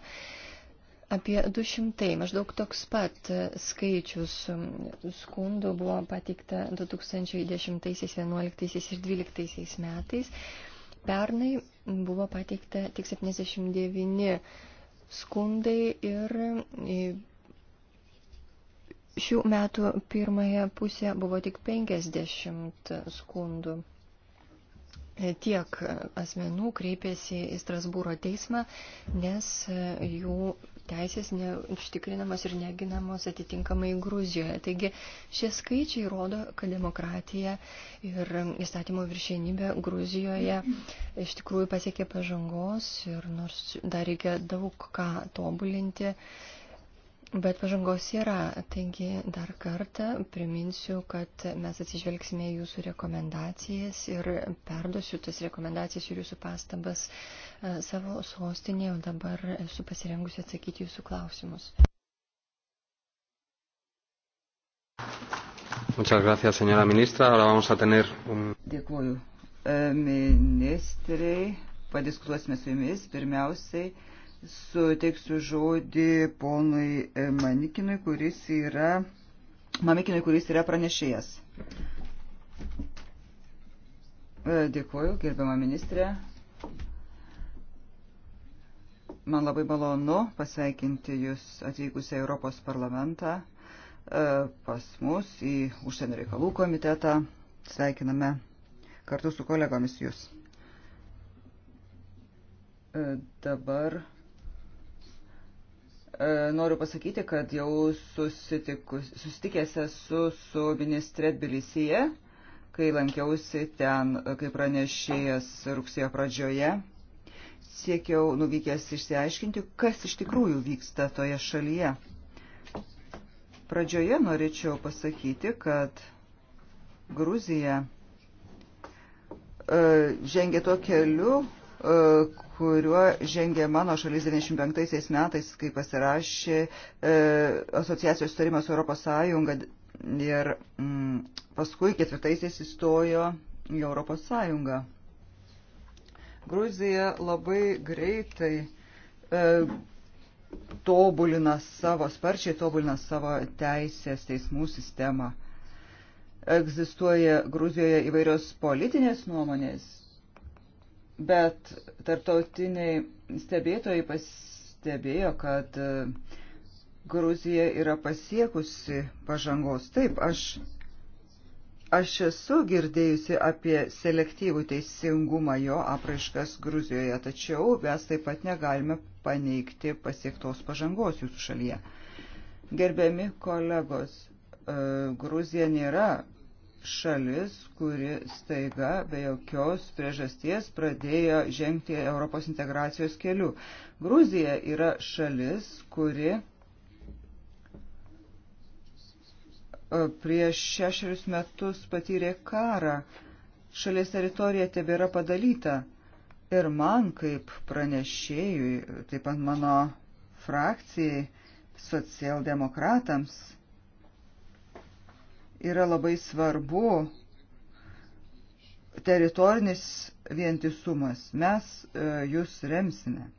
Apie 200, maždaug toks pat e, skaičius skundų buvo pateikta 2010, 2011 ir 2012 metais. Pernai buvo pateikta tik 79 skundai ir e, šių metų pirmąją pusę buvo tik 50 skundų. E, tiek asmenų kreipėsi į Strasbūro teismą, nes e, jų teisės neužtikrinamos ir neginamos atitinkamai Gruzijoje. Taigi šie skaičiai rodo, kad demokratija ir įstatymo viršienybė Gruzijoje iš tikrųjų pasiekė pažangos ir nors dar reikia daug ką tobulinti Bet pažangos yra, taigi dar kartą priminsiu, kad mes atsižvelgsime jūsų rekomendacijas ir perduosiu tas rekomendacijas ir jūsų pastabas e, savo sostinėje, o dabar esu pasirengusi atsakyti jūsų klausimus. Muchas gracias, señora ministra. Ahora vamos a tener un... Dėkuoju. E, ministrai, padiskutuosime su jumis. Pirmiausiai suteiksiu žodį ponui Manikinui, kuris yra, Mamikinui, kuris yra pranešėjas. E, dėkuoju, gerbiama ministrė. Man labai malonu pasveikinti Jūs atvykusią Europos parlamentą e, pas mus į užsienio reikalų komitetą. Sveikiname kartu su kolegomis Jūs. E, dabar E, noriu pasakyti, kad jau susitikėse su, su ministre Tbilisyje, kai lankiausi ten, kaip pranešėjas rugsėjo pradžioje, siekiau nuvykęs išsiaiškinti, kas iš tikrųjų vyksta toje šalyje. Pradžioje norėčiau pasakyti, kad Gruzija e, žengė tuo keliu, e, kuriuo žengė mano šalis 95 metais, kai pasirašė e, asociacijos sutarimą su Europos Sąjunga ir mm, paskui ketvirtaisiais įstojo į Europos Sąjungą. Gruzija labai greitai e, tobulina savo, sparčiai tobulina savo teisės teismų sistemą. Egzistuoja Gruzijoje įvairios politinės nuomonės, bet tarptautiniai stebėtojai pastebėjo, kad e, Gruzija yra pasiekusi pažangos. Taip, aš, aš esu girdėjusi apie selektyvų teisingumą jo apraiškas Gruzijoje, tačiau mes taip pat negalime paneigti pasiektos pažangos jūsų šalyje. Gerbiami kolegos, e, Gruzija nėra šalis, kuri staiga be jokios priežasties pradėjo žengti Europos integracijos keliu. Gruzija yra šalis, kuri e, prieš šešerius metus patyrė karą. Šalies teritorija tebėra padalyta. Ir man kaip pranešėjui, taip pat mano frakcijai, socialdemokratams, yra labai svarbu teritorinis vientisumas. Mes e, jūs remsime.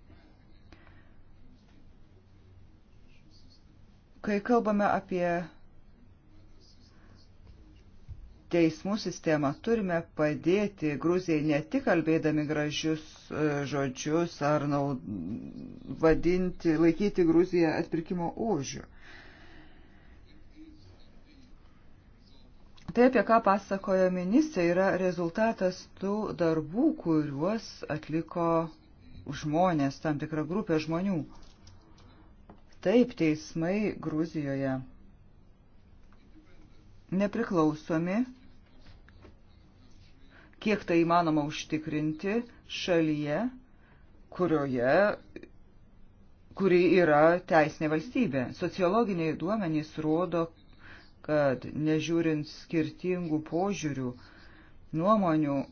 Kai kalbame apie teismų sistemą, turime padėti Gruzijai ne tik kalbėdami gražius e, žodžius ar naud... vadinti, laikyti Gruziją atpirkimo ožiu. Tai, apie ką pasakojo ministrė, yra rezultatas tų darbų, kuriuos atliko žmonės, tam tikra grupė žmonių. Taip, teismai Gruzijoje nepriklausomi, kiek tai įmanoma užtikrinti šalyje, kurioje, kuri yra teisinė valstybė. Sociologiniai duomenys rodo, kad nežiūrint skirtingų požiūrių, nuomonių, e,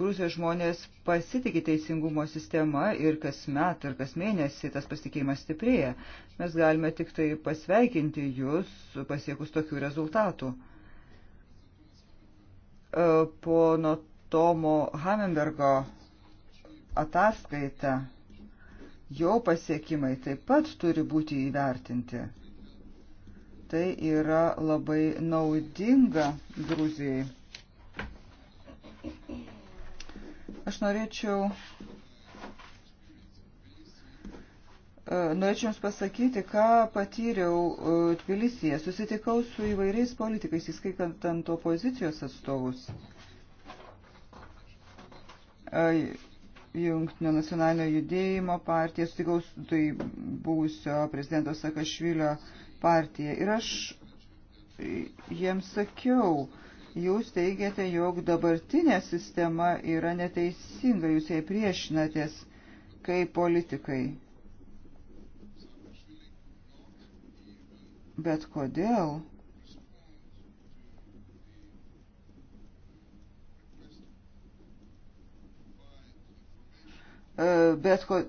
Gruzijos žmonės pasitikė teisingumo sistema ir kas met ir kas mėnesį tas pasitikėjimas stiprėja. Mes galime tik tai pasveikinti jūs pasiekus tokių rezultatų. E, pono Tomo Hamenbergo ataskaita, jo pasiekimai taip pat turi būti įvertinti tai yra labai naudinga Gruzijai. Aš norėčiau e, Norėčiau Jums pasakyti, ką patyriau e, Tbilisyje. Susitikau su įvairiais politikais, įskaitant ant opozicijos atstovus. E, Jungtinio nacionalinio judėjimo partija, sutikau tai buvusio prezidento Sakašvilio partija. Ir aš jiems sakiau, jūs teigiate, jog dabartinė sistema yra neteisinga, jūs jai priešinatės kaip politikai. Bet kodėl? E, bet ko, e,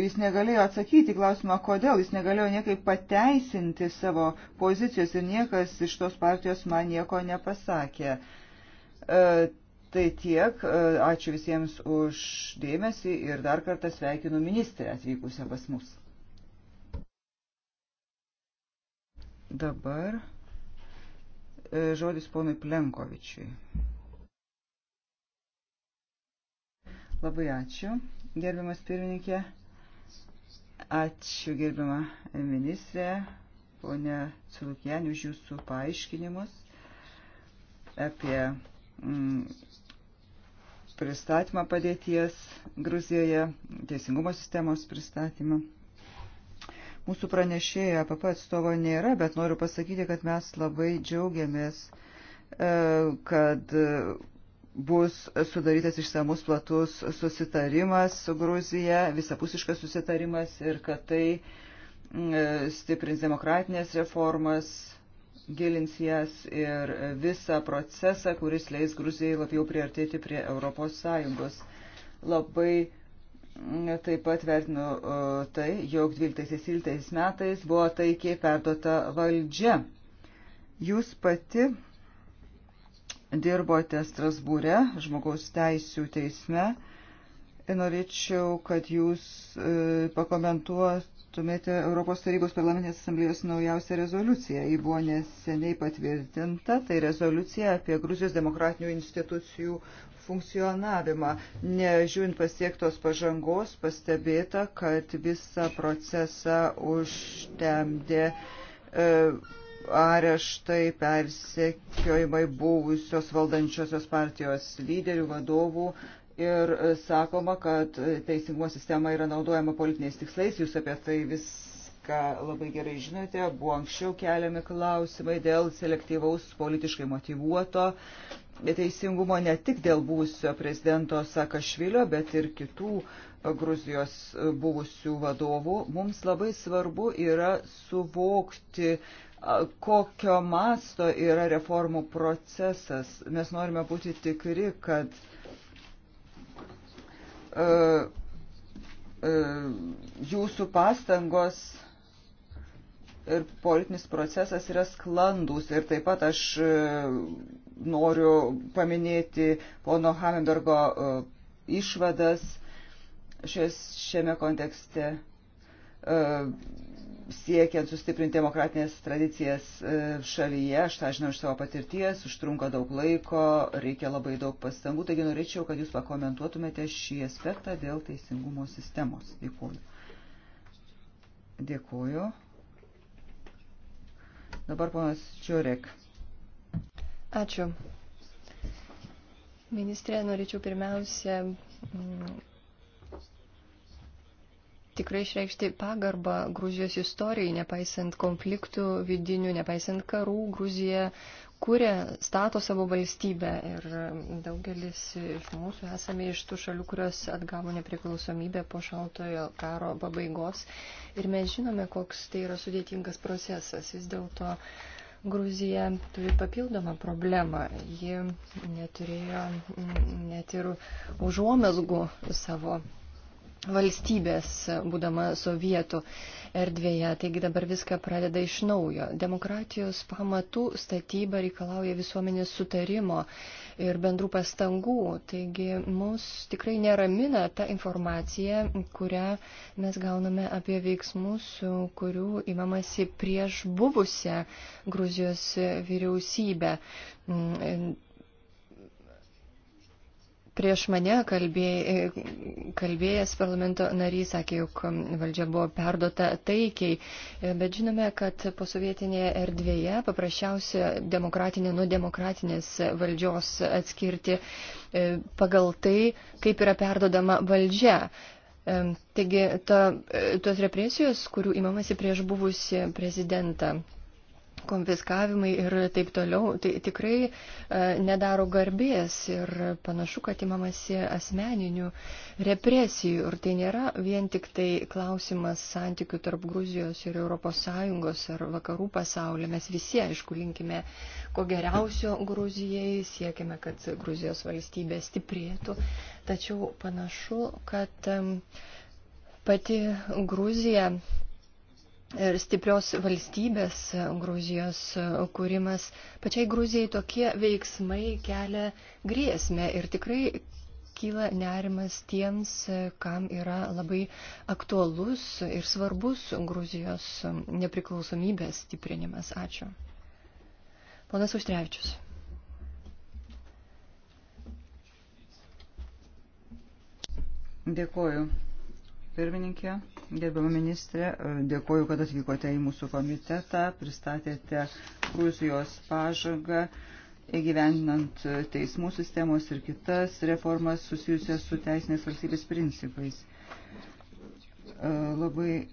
jis negalėjo atsakyti klausimą, kodėl, jis negalėjo niekaip pateisinti savo pozicijos ir niekas iš tos partijos man nieko nepasakė. E, tai tiek, ačiū visiems už dėmesį ir dar kartą sveikinu ministrę atvykusią pas mus. Dabar žodis ponui Plenkovičiui. Labai ačiū, gerbiamas pirmininkė. Ačiū, gerbiama ministrė, ponė Cilukienė, už jūsų paaiškinimus apie mm, pristatymą padėties Gruzijoje, teisingumo sistemos pristatymą. Mūsų pranešėjo APP atstovo nėra, bet noriu pasakyti, kad mes labai džiaugiamės, e, kad bus sudarytas išsamus platus susitarimas su Gruzija, visapusiškas susitarimas ir kad tai mm, stiprins demokratinės reformas, gilins jas ir visą procesą, kuris leis Gruzijai labiau priartėti prie Europos Sąjungos. Labai mm, Taip pat vertinu tai, jog 12-13 metais buvo taikiai perduota valdžia. Jūs pati dirbote Strasbūre, žmogaus teisų teisme. Ir norėčiau, kad jūs e, pakomentuotumėte Europos tarybos parlamentinės asamblėjos naujausią rezoliuciją. Ji buvo neseniai patvirtinta, tai rezoliucija apie Gruzijos demokratinių institucijų funkcionavimą. Nežiūrint pasiektos pažangos, pastebėta, kad visą procesą užtemdė. E, areštai, persekiojimai buvusios valdančiosios partijos lyderių, vadovų ir e, sakoma, kad e, teisingumo sistema yra naudojama politiniais tikslais, jūs apie tai viską labai gerai žinote, buvo anksčiau keliami klausimai dėl selektyvaus politiškai motivuoto teisingumo ne tik dėl buvusio prezidento Sakašvilio, bet ir kitų e, Gruzijos buvusių vadovų. Mums labai svarbu yra suvokti kokio masto yra reformų procesas. Mes norime būti tikri, kad uh, uh, jūsų pastangos ir politinis procesas yra sklandus. Ir taip pat aš uh, noriu paminėti pono Hamenbergo išvadas šios, šiame kontekste siekiant sustiprinti demokratinės tradicijas e, šalyje, aš tą žinau iš savo patirties, užtrunka daug laiko, reikia labai daug pastangų, taigi norėčiau, kad jūs pakomentuotumėte šį aspektą dėl teisingumo sistemos. Dėkuoju. Dėkuoju. Dabar ponas Čiurek. Ačiū. Ministrė, norėčiau pirmiausia mm, tikrai išreikšti pagarbą Gruzijos istorijai, nepaisant konfliktų vidinių, nepaisant karų, Gruzija kūrė, stato savo valstybę ir daugelis iš mūsų esame iš tų šalių, kurios atgavo nepriklausomybę po šaltojo karo pabaigos ir mes žinome, koks tai yra sudėtingas procesas. Vis dėlto Gruzija turi papildomą problemą. Ji neturėjo mm, net ir užuomasgų savo valstybės, būdama sovietų erdvėje. Taigi dabar viską pradeda iš naujo. Demokratijos pamatų statyba reikalauja visuomenės sutarimo ir bendrų pastangų. Taigi mus tikrai neramina ta informacija, kurią mes gauname apie veiksmus, kurių imamasi prieš buvusią Gruzijos vyriausybę prieš mane kalbėj, kalbėjęs parlamento narys sakė, jog valdžia buvo perdota taikiai, bet žinome, kad posovietinėje erdvėje paprasčiausia demokratinė nuo demokratinės valdžios atskirti e, pagal tai, kaip yra perdodama valdžia. E, taigi, ta, e, tos represijos, kurių įmamasi prieš buvusi prezidentą konfiskavimai ir taip toliau, tai tikrai e, nedaro garbės ir panašu, kad įmamasi asmeninių represijų. Ir tai nėra vien tik tai klausimas santykių tarp Gruzijos ir ES ar vakarų pasaulio. Mes visi, aišku, linkime ko geriausio Gruzijai, siekime, kad Gruzijos valstybė stiprėtų. Tačiau panašu, kad pati Gruzija ir stiprios valstybės Gruzijos kūrimas. Pačiai Gruzijai tokie veiksmai kelia grėsmę ir tikrai kyla nerimas tiems, kam yra labai aktualus ir svarbus Gruzijos nepriklausomybės stiprinimas. Ačiū. Ponas Užtrevičius. Dėkuoju pirmininkė, gerbiama ministrė, dėkoju, kad atvykote į mūsų komitetą, pristatėte Gruzijos pažangą įgyvendinant teismų sistemos ir kitas reformas susijusias su teisinės valstybės principais. E, labai e,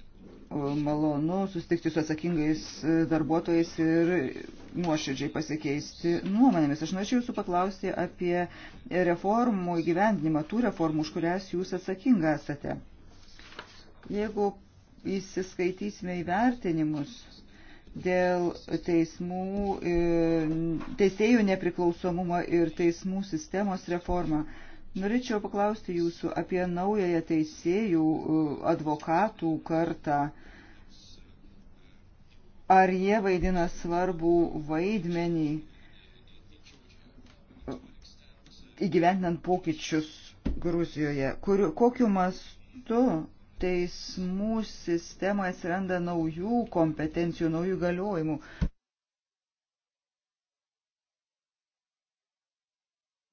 malonu susitikti su atsakingais e, darbuotojais ir nuoširdžiai pasikeisti nuomonėmis. Aš norėčiau jūsų paklausti apie reformų įgyvendinimą, tų reformų, už kurias jūs atsakinga esate. Jeigu įsiskaitysime įvertinimus dėl teismų, e, teisėjų nepriklausomumo ir teismų sistemos reformą, norėčiau paklausti jūsų apie naująją teisėjų e, advokatų kartą ar jie vaidina svarbų vaidmenį e, įgyventinant pokyčius Gruzijoje, kur, kokiu mastu teismų sistemoje atsiranda naujų kompetencijų, naujų galiojimų.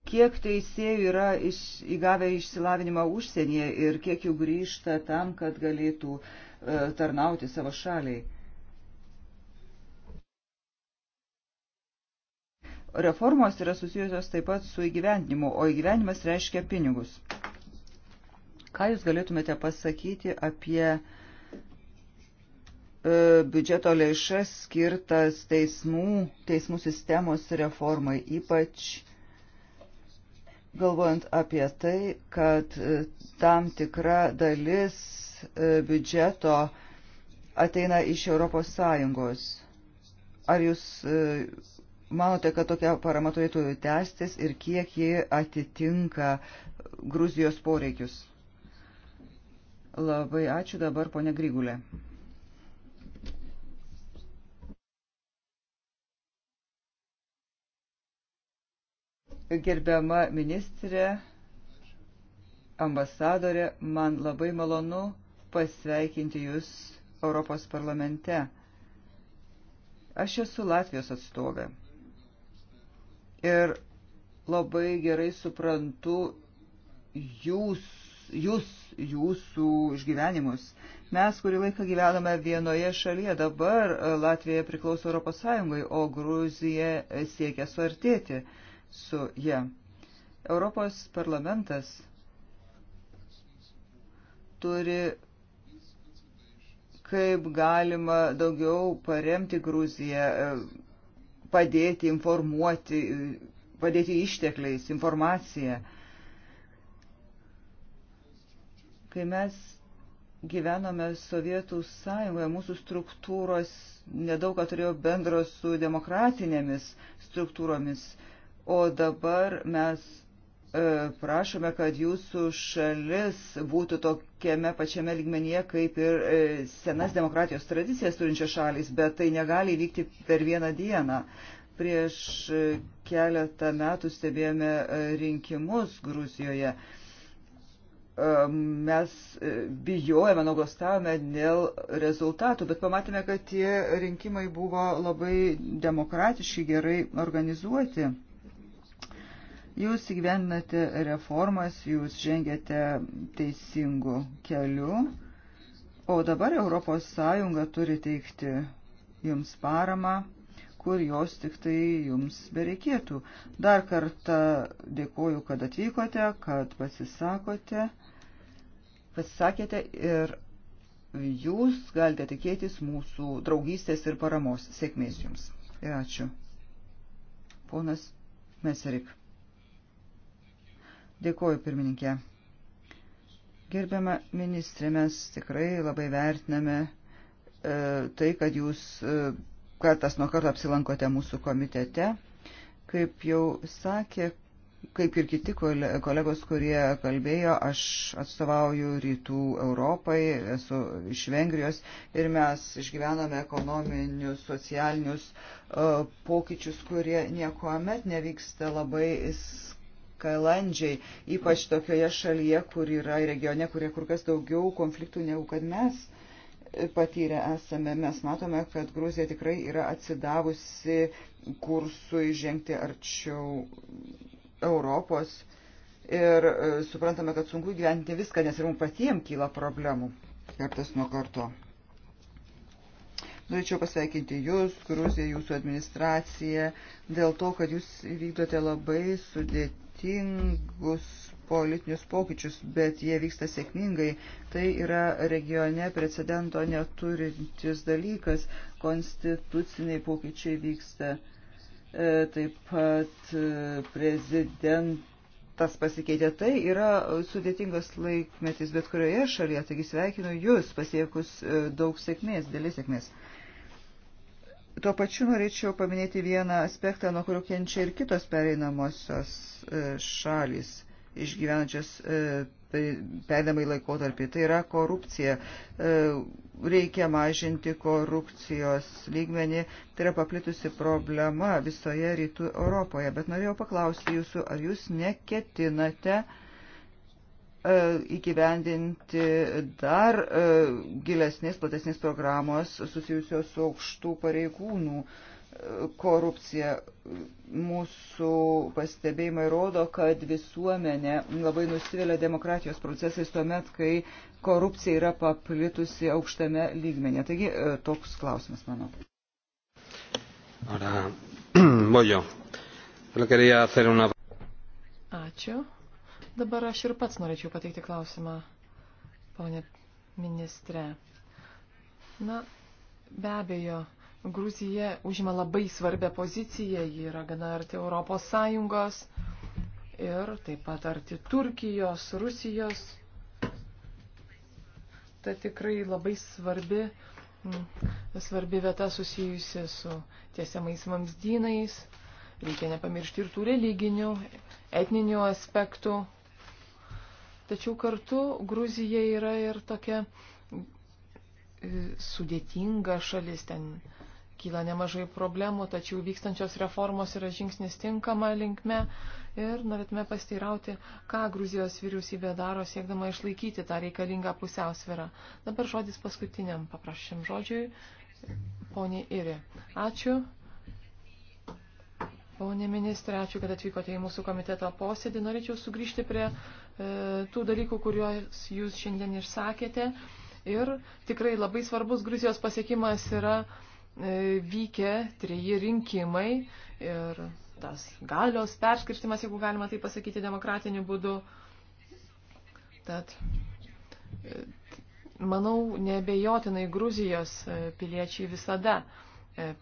Kiek teisėjų yra iš, įgavę išsilavinimą užsienyje ir kiek jų grįžta tam, kad galėtų e, tarnauti savo šaliai? Reformos yra susijusios taip pat su įgyvendinimu, o įgyvendimas reiškia pinigus. Ką Jūs galėtumėte pasakyti apie e, biudžeto lėšas skirtas teismų, teismų sistemos reformai, ypač galvojant apie tai, kad e, tam tikra dalis e, biudžeto ateina iš Europos Sąjungos. Ar jūs manote, kad tokia parama turėtų tęstis ir kiek ji atitinka Gruzijos poreikius? Labai ačiū dabar, ponė Grygulė. Gerbiama ministrė, ambasadorė, man labai malonu pasveikinti Jūs Europos parlamente. Aš esu Latvijos atstovė ir labai gerai suprantu Jūs, Jūs jūsų išgyvenimus. Mes kurį laiką gyvename vienoje šalyje, dabar e, Latvija priklauso Europos Sąjungai, o Gruzija e, siekia suartėti su jie. Europos parlamentas turi kaip galima daugiau paremti Gruziją, e, padėti informuoti, padėti ištekliais, informaciją. Kai mes gyvenome Sovietų sąjungoje, mūsų struktūros nedaug turėjo bendro su demokratinėmis struktūromis, o dabar mes e, prašome, kad jūsų šalis būtų tokiame pačiame lygmenyje kaip ir e, senas demokratijos tradicijas turinčia šalis, bet tai negali vykti per vieną dieną. Prieš e, keletą metų stebėjome e, rinkimus Gruzijoje. E, mes e, bijojame, nuogostavome dėl rezultatų, bet pamatėme, kad tie rinkimai buvo labai demokratiški, gerai organizuoti. Jūs įgyvendinate reformas, jūs žengėte teisingu keliu, o dabar ES turi teikti jums paramą kur jos tik tai jums bereikėtų. Dar kartą dėkoju, kad atvykote, kad pasisakote pasisakėte ir jūs galite tikėtis mūsų draugystės ir paramos. Sėkmės jums. Ir ačiū. Ponas Meserik. Dėkoju, pirmininkė. Gerbiama ministrė, mes tikrai labai vertiname e, tai, kad jūs e, kartas nuo karto apsilankote mūsų komitete. Kaip jau sakė Kaip ir kiti kolegos, kurie kalbėjo, aš atstovauju rytų Europai, esu iš Vengrijos ir mes išgyvename ekonominius, socialinius e, pokyčius, kurie nieko met nevyksta labai skalandžiai, ypač tokioje šalyje, kur yra regione, kurie kur kas daugiau konfliktų negu kad mes e, patyrę esame. Mes matome, kad Gruzija tikrai yra atsidavusi kursui žengti arčiau Europos ir e, suprantame, kad sunku gyventi viską, nes ir mums patiems kyla problemų kartas nuo karto. Norėčiau pasveikinti Jūs, Gruziją, Jūsų administraciją, dėl to, kad Jūs vykdote labai sudėtingus politinius pokyčius, bet jie vyksta sėkmingai. Tai yra regione precedento neturintis dalykas, konstituciniai pokyčiai vyksta. Uh, E, taip pat e, prezidentas pasikeitė. Tai yra sudėtingas laikmetis bet kurioje šalyje, taigi sveikinu Jūs pasiekus e, daug sėkmės, dėlės sėkmės. Tuo pačiu norėčiau paminėti vieną aspektą, nuo kurio kenčia ir kitos pereinamosios šalis išgyvenančios Tai perinamai laikotarpį. Tai yra korupcija. E, reikia mažinti korupcijos lygmenį. Tai yra paplitusi problema visoje rytų Europoje. Bet norėjau paklausti jūsų, ar jūs neketinate e, įgyvendinti dar e, gilesnės, platesnės programos susijusios su aukštų pareigūnų uh, korupcija. Mūsų pastebėjimai rodo, kad visuomenė labai nusivelia demokratijos procesais tuomet, kai korupcija yra paplitusi aukštame lygmenė. Taigi e, toks klausimas mano. Ahora voy yo. Solo quería hacer una... Ačiū. Dabar aš ir pats norėčiau pateikti klausimą, ponė ministre. Na, be abejo, Gruzija užima labai svarbę poziciją, ji yra gana arti Europos Sąjungos ir taip pat arti Turkijos, Rusijos. Tai tikrai labai svarbi, mm, svarbi vieta susijusi su tiesiamais vamzdynais. Reikia nepamiršti ir tų religinių, etninių aspektų. Tačiau kartu Gruzija yra ir tokia e, sudėtinga šalis ten kyla nemažai problemų, tačiau vykstančios reformos yra žingsnis tinkama linkme ir norėtume pasteirauti, ką Gruzijos vyriausybė daro siekdama išlaikyti tą reikalingą pusiausvyrą. Dabar žodis paskutiniam paprašym žodžiui, ponė Iri. Ačiū. Pone ministrė, ačiū, kad atvykote į mūsų komiteto posėdį. Norėčiau sugrįžti prie e, tų dalykų, kuriuos jūs šiandien išsakėte. Ir tikrai labai svarbus Gruzijos pasiekimas yra e, E, vykę treji rinkimai ir tas galios perskirstimas, jeigu galima tai pasakyti, demokratiniu būdu. Tad, e, manau, nebejotinai Gruzijos e, piliečiai visada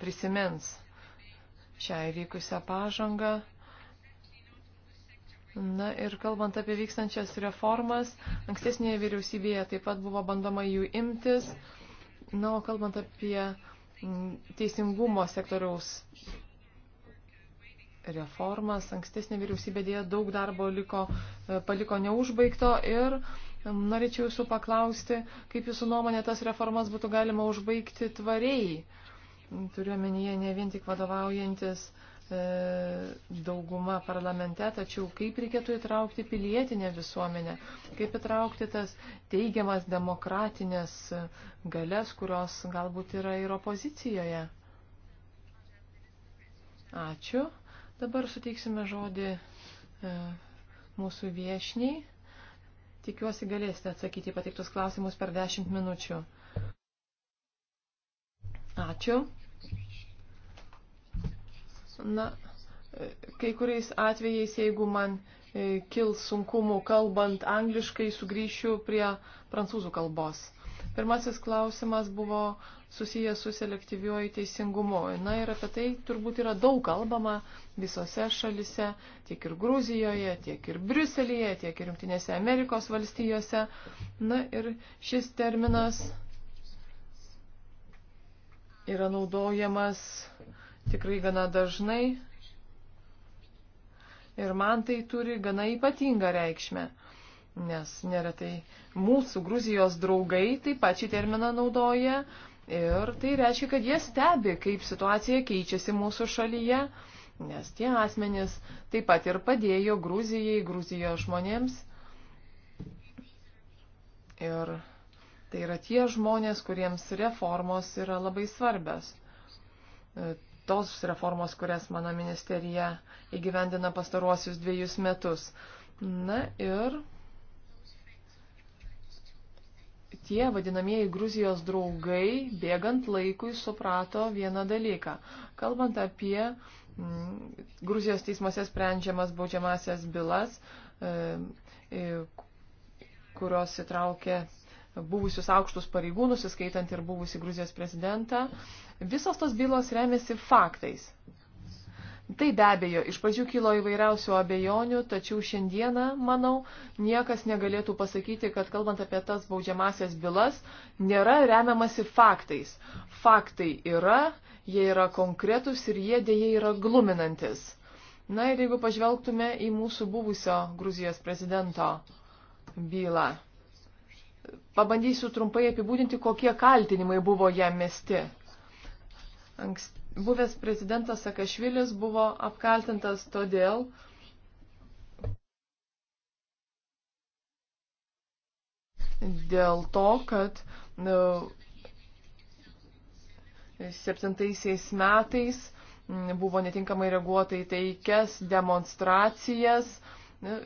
prisimins šią įvykusią pažangą. Na ir kalbant apie vykstančias reformas, ankstesnėje vyriausybėje taip pat buvo bandoma jų imtis. Na, o kalbant apie teisingumo sektoriaus reformas. Ankstesnė vyriausybė dėja daug darbo liko, e, paliko neužbaigto ir norėčiau jūsų paklausti, kaip jūsų nuomonė tas reformas būtų galima užbaigti tvariai. Turiuomenyje ne vien tik vadovaujantis uh, E, dauguma parlamente, tačiau kaip reikėtų įtraukti pilietinę visuomenę, kaip įtraukti tas teigiamas demokratinės galės, kurios galbūt yra ir opozicijoje. Ačiū. Dabar suteiksime žodį e, mūsų viešniai. Tikiuosi galėsite atsakyti pateiktus klausimus per 10 minučių. Ačiū. Na, kai kuriais atvejais, jeigu man e, kils sunkumų kalbant angliškai, sugrįšiu prie prancūzų kalbos. Pirmasis klausimas buvo susijęs su selektyviuoju teisingumu. Na ir apie tai turbūt yra daug kalbama visose šalise, tiek ir Gruzijoje, tiek ir Briuselėje, tiek ir Junktinėse Amerikos valstijose. Na ir šis terminas yra naudojamas uh, tikrai gana dažnai. Ir man tai turi gana ypatingą reikšmę, nes neretai mūsų Gruzijos draugai taip pat šį terminą naudoja ir tai reiškia, kad jie stebi, kaip situacija keičiasi mūsų šalyje, nes tie asmenys taip pat ir padėjo Gruzijai, Gruzijos žmonėms. Ir tai yra tie žmonės, kuriems reformos yra labai svarbios tos reformos, kurias mano ministerija įgyvendina pastaruosius dviejus metus. Na ir tie vadinamieji Gruzijos draugai bėgant laikui suprato vieną dalyką. Kalbant apie mm, Gruzijos teismuose sprendžiamas baudžiamasias bylas, e, e, kurios įtraukė buvusius aukštus pareigūnus, įskaitant ir buvusi Gruzijos prezidentą. Visos tos bylos remiasi faktais. Tai be abejo, iš pradžių kilo įvairiausių abejonių, tačiau šiandieną, manau, niekas negalėtų pasakyti, kad kalbant apie tas baudžiamasias bylas, nėra remiamasi faktais. Faktai yra, jie yra konkretus ir jie dėja yra gluminantis. Na ir jeigu pažvelgtume į mūsų buvusio Gruzijos prezidento bylą pabandysiu trumpai apibūdinti, kokie kaltinimai buvo jam mesti. Ankst... Buvęs prezidentas Sakašvilis buvo apkaltintas todėl, dėl to, kad nu, septintaisiais metais buvo netinkamai reaguota į taikias demonstracijas. Nu,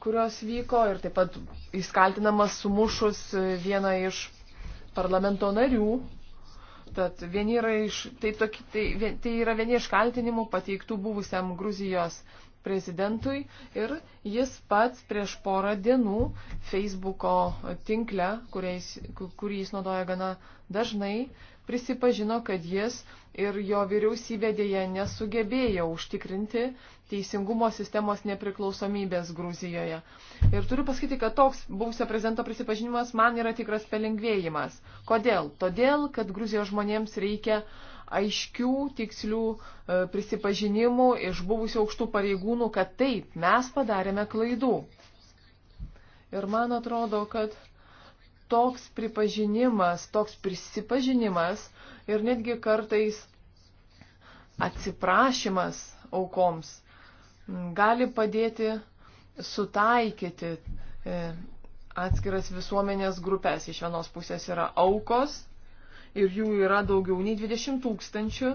kurios vyko ir taip pat įskaltinamas sumušus vieną iš parlamento narių. Tad vieni yra iš, tai, toki, tai, tai yra vieni iš kaltinimų pateiktų buvusiam Gruzijos prezidentui ir jis pats prieš porą dienų Facebooko tinkle, kuriais, kurį jis naudoja gana dažnai, prisipažino, kad jis ir jo vyriausybė dėje nesugebėjo užtikrinti teisingumo sistemos nepriklausomybės Gruzijoje. Ir turiu pasakyti, kad toks buvusio prezidento prisipažinimas man yra tikras pelengvėjimas. Kodėl? Todėl, kad Gruzijos žmonėms reikia aiškių, tikslių e, prisipažinimų iš buvusių aukštų pareigūnų, kad taip, mes padarėme klaidų. Ir man atrodo, kad toks pripažinimas, toks prisipažinimas ir netgi kartais atsiprašymas aukoms gali padėti sutaikyti e, atskiras visuomenės grupės. Iš vienos pusės yra aukos ir jų yra daugiau nei 20 tūkstančių.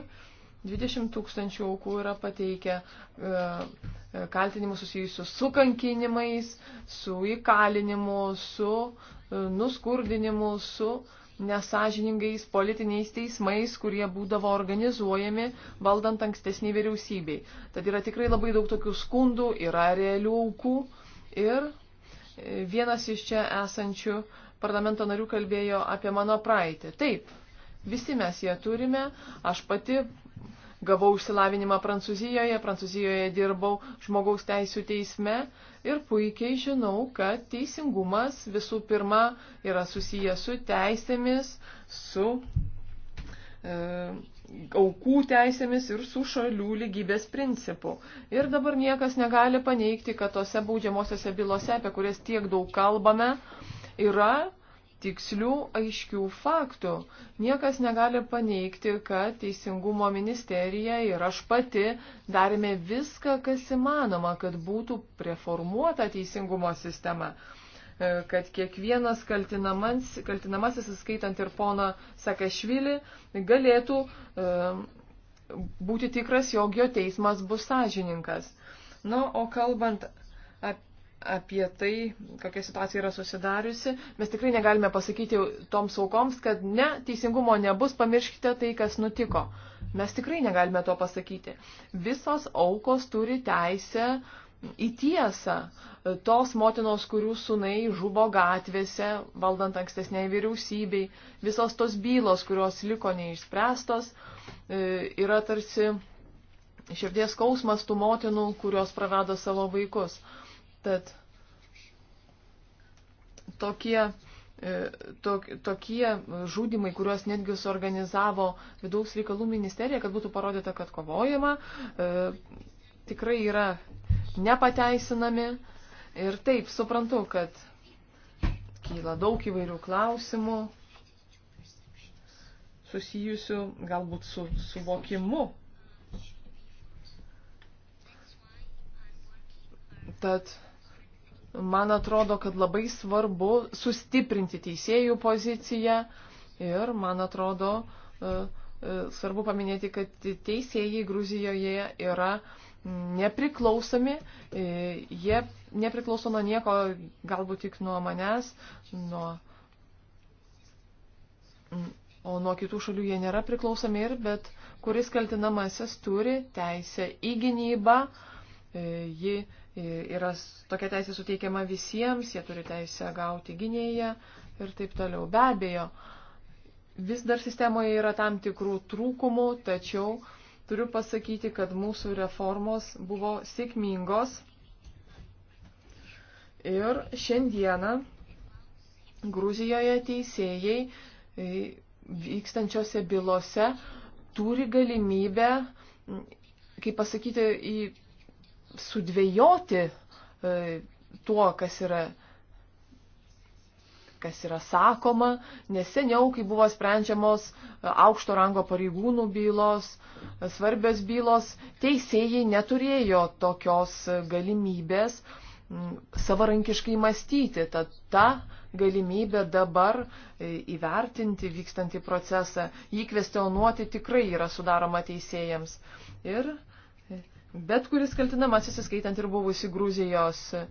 20 tūkstančių aukų yra pateikę e, e, kaltinimus susijusius su kankinimais, su įkalinimu, su nuskurdinimu, su nesažiningais politiniais teismais, kurie būdavo organizuojami valdant ankstesnį vyriausybei. Tad yra tikrai labai daug tokių skundų, yra realių aukų ir vienas iš čia esančių parlamento narių kalbėjo apie mano praeitį. Taip, visi mes ją turime, aš pati Gavau išsilavinimą Prancūzijoje, Prancūzijoje dirbau žmogaus teisų teisme ir puikiai žinau, kad teisingumas visų pirma yra susijęs su teisėmis, su e, aukų teisėmis ir su šalių lygybės principu. Ir dabar niekas negali paneigti, kad tose baudžiamosiose bylose, apie kurias tiek daug kalbame, yra tikslių, aiškių faktų. Niekas negali paneigti, kad Teisingumo ministerija ir aš pati darėme viską, kas įmanoma, kad būtų reformuota teisingumo sistema e, kad kiekvienas kaltinamasis, įskaitant ir poną Sakašvili, galėtų e, būti tikras, jog jo teismas bus sąžininkas. Na, o kalbant apie tai, kokia situacija yra susidariusi. Mes tikrai negalime pasakyti toms aukoms, kad ne, teisingumo nebus, pamirškite tai, kas nutiko. Mes tikrai negalime to pasakyti. Visos aukos turi teisę į tiesą. Tos motinos, kurių sunai žuvo gatvėse, valdant ankstesniai vyriausybei, visos tos bylos, kurios liko neišspręstos, e, yra tarsi širdies skausmas tų motinų, kurios prarado savo vaikus. Tad tokie, e, tok, tokie žudimai, kuriuos netgi suorganizavo vidaus reikalų ministerija, kad būtų parodyta, kad kovojama, e, tikrai yra nepateisinami. Ir taip, suprantu, kad kyla daug įvairių klausimų susijusių galbūt su suvokimu. Tad man atrodo, kad labai svarbu sustiprinti teisėjų poziciją ir, man atrodo, e, e, svarbu paminėti, kad teisėjai Gruzijoje yra nepriklausomi, e, jie nepriklauso nuo nieko, galbūt tik nuo manęs, nuo, o nuo kitų šalių jie nėra priklausomi ir, bet kuris kaltinamasis turi teisę į gynybą, uh, E, ji e, yra tokia teisė suteikiama visiems, jie turi teisę gauti gynėją ir taip toliau. Be abejo, vis dar sistemoje yra tam tikrų trūkumų, tačiau turiu pasakyti, kad mūsų reformos buvo sėkmingos. Ir šiandieną Gruzijoje teisėjai e, vykstančiose bylose turi galimybę, kaip pasakyti, į sudvėjoti e, tuo, kas yra kas yra sakoma, nes seniau, kai buvo sprendžiamos aukšto rango pareigūnų bylos, svarbios bylos, teisėjai neturėjo tokios galimybės savarankiškai mąstyti. Tad ta galimybė dabar e, įvertinti vykstantį procesą, jį kvestionuoti tikrai yra sudaroma teisėjams. Ir uh, bet kuris kaltinamasis, įskaitant ir buvusi Gruzijos e,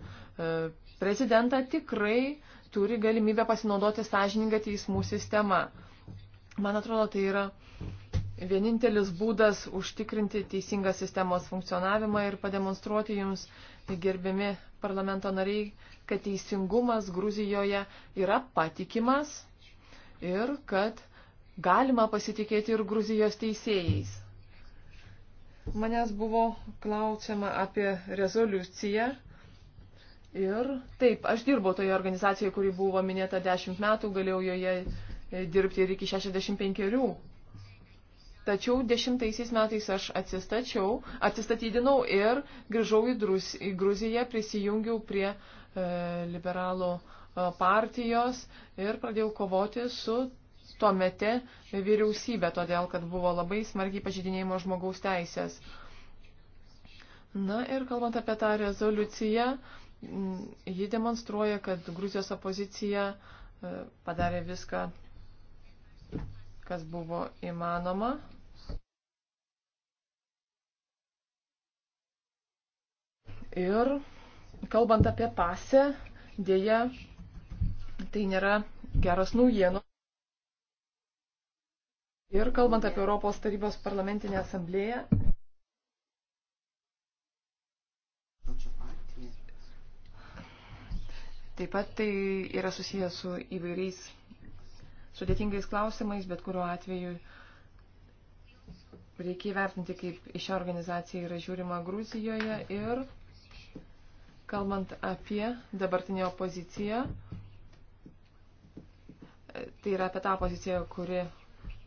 prezidentą, tikrai turi galimybę pasinaudoti sąžiningą teismų sistemą. Man atrodo, tai yra vienintelis būdas užtikrinti teisingą sistemos funkcionavimą ir pademonstruoti jums, gerbiami parlamento nariai, kad teisingumas Gruzijoje yra patikimas ir kad galima pasitikėti ir Gruzijos teisėjais. Manęs buvo klausiama apie rezoliuciją. Ir taip, aš dirbau toje organizacijoje, kuri buvo minėta 10 metų, galėjau joje e, dirbti ir iki 65. Tačiau dešimtaisiais metais aš atsistačiau, atsistatydinau ir grįžau į, Drus, į Gruziją, prisijungiau prie e, liberalų e, partijos ir pradėjau kovoti su tuomete vyriausybė, todėl kad buvo labai smarkiai pažydinėjimo žmogaus teisės. Na ir kalbant apie tą rezoliuciją, ji demonstruoja, kad Gruzijos opozicija e, padarė viską, kas buvo įmanoma. Ir kalbant apie pasę, dėja, tai nėra geras naujienų. Ir kalbant apie Europos tarybos parlamentinę asamblėją, taip pat tai yra susijęs su įvairiais sudėtingais klausimais, bet kuriuo atveju reikia įvertinti, kaip į šią organizaciją yra žiūrima Gruzijoje ir kalbant apie dabartinę opoziciją, tai yra apie tą poziciją, kuri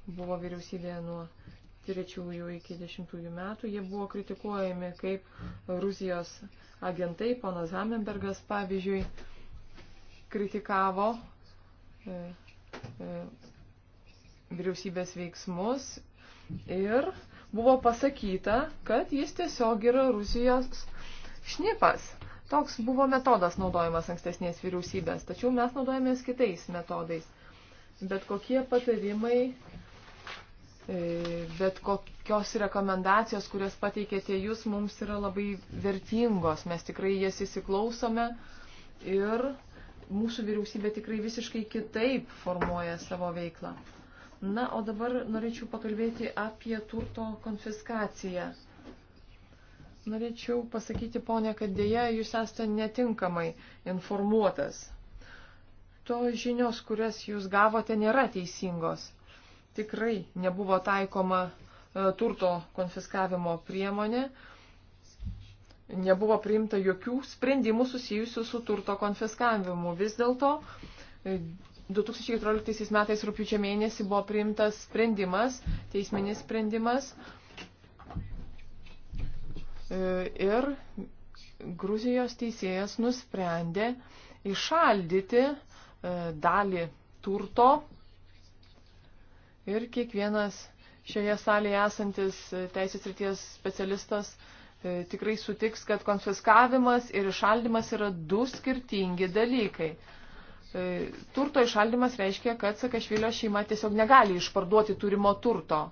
buvo vyriausybėje nuo trečiųjų iki dešimtųjų metų. Jie buvo kritikuojami kaip Rusijos agentai, ponas Hamenbergas pavyzdžiui, kritikavo e, e, vyriausybės veiksmus ir buvo pasakyta, kad jis tiesiog yra Rusijos šnipas. Toks buvo metodas naudojamas ankstesnės vyriausybės, tačiau mes naudojamės kitais metodais. Bet kokie patarimai E, bet kokios rekomendacijos, kurias pateikėte jūs, mums yra labai vertingos. Mes tikrai jas įsiklausome ir mūsų vyriausybė tikrai visiškai kitaip formuoja savo veiklą. Na, o dabar norėčiau pakalbėti apie turto konfiskaciją. Norėčiau pasakyti, ponė, kad dėja jūs esate netinkamai informuotas. To žinios, kurias jūs gavote, nėra teisingos tikrai nebuvo taikoma e, turto konfiskavimo priemonė, nebuvo priimta jokių sprendimų susijusių su turto konfiskavimu. Vis dėlto 2014 e, metais rūpiučio mėnesį buvo priimtas sprendimas, teisminis sprendimas. E, ir Gruzijos teisėjas nusprendė išaldyti dalį turto ir kiekvienas šioje salėje esantis teisės ryties specialistas e, tikrai sutiks, kad konfiskavimas ir išaldimas yra du skirtingi dalykai. E, turto išaldimas reiškia, kad Sakašvilio šeima tiesiog negali išparduoti turimo turto.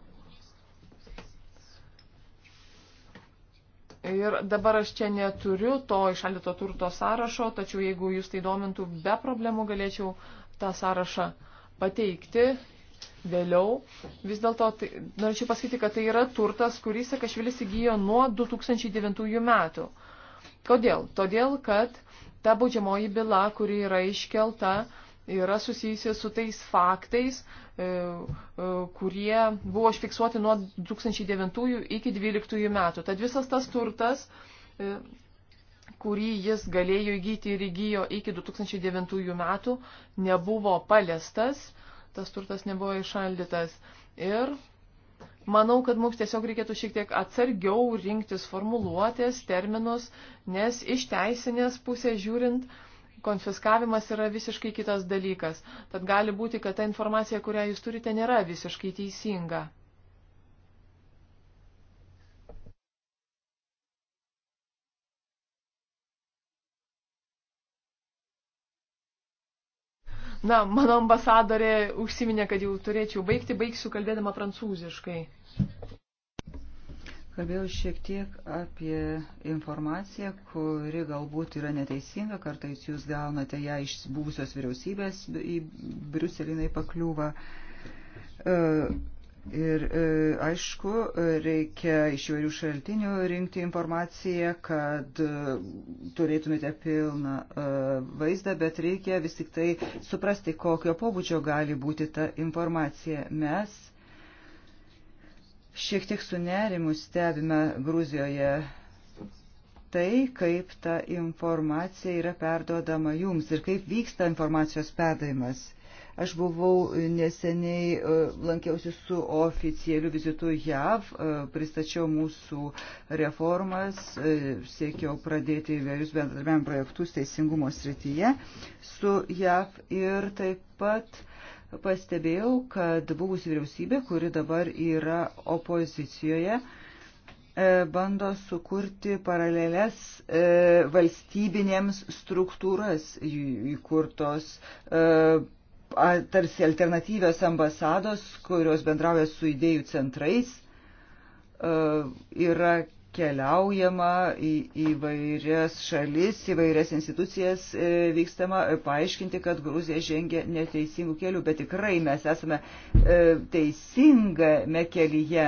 Ir dabar aš čia neturiu to išaldyto turto sąrašo, tačiau jeigu jūs tai domintų, be problemų galėčiau tą sąrašą pateikti vėliau. Vis dėlto tai, norėčiau pasakyti, kad tai yra turtas, kurį Sakašvilis įgyjo nuo 2009 metų. Kodėl? Todėl, kad ta baudžiamoji byla, kuri yra iškelta, yra susijusi su tais faktais, e, e, kurie buvo užfiksuoti nuo 2009 iki 2012 metų. Tad visas tas turtas e, kurį jis galėjo įgyti ir įgyjo iki 2009 metų, nebuvo paliestas, tas turtas nebuvo išaldytas. Ir manau, kad mums tiesiog reikėtų šiek tiek atsargiau rinktis formuluotės, terminus, nes iš teisinės pusės žiūrint, konfiskavimas yra visiškai kitas dalykas. Tad gali būti, kad ta informacija, kurią jūs turite, nėra visiškai teisinga. Na, mano ambasadorė užsiminė, kad jau turėčiau baigti, baigsiu kalbėdama prancūziškai. Kalbėjau šiek tiek apie informaciją, kuri galbūt yra neteisinga, kartais jūs gaunate ją iš buvusios vyriausybės, į Briuselinai pakliūva. Uh, Ir e, aišku, reikia iš įvairių šaltinių rinkti informaciją, kad e, turėtumėte pilną e, vaizdą, bet reikia vis tik tai suprasti, kokio pobūdžio gali būti ta informacija. Mes šiek tiek su nerimu stebime Gruzijoje tai, kaip ta informacija yra perduodama jums ir kaip vyksta informacijos perdavimas Aš buvau neseniai, e, lankiausi su oficialiu vizitu JAV, e, pristačiau mūsų reformas, e, siekiau pradėti įvairius bendradarbiavimo projektus teisingumo srityje su JAV ir taip pat pastebėjau, kad buvusi vyriausybė, kuri dabar yra opozicijoje, bando sukurti paralelės valstybinėms struktūras įkurtos tarsi alternatyvios ambasados, kurios bendrauja su idėjų centrais, yra keliaujama į įvairias šalis, įvairias institucijas e, vykstama e, paaiškinti, kad Gruzija žengia neteisingų kelių, bet tikrai mes esame e, teisingame kelyje.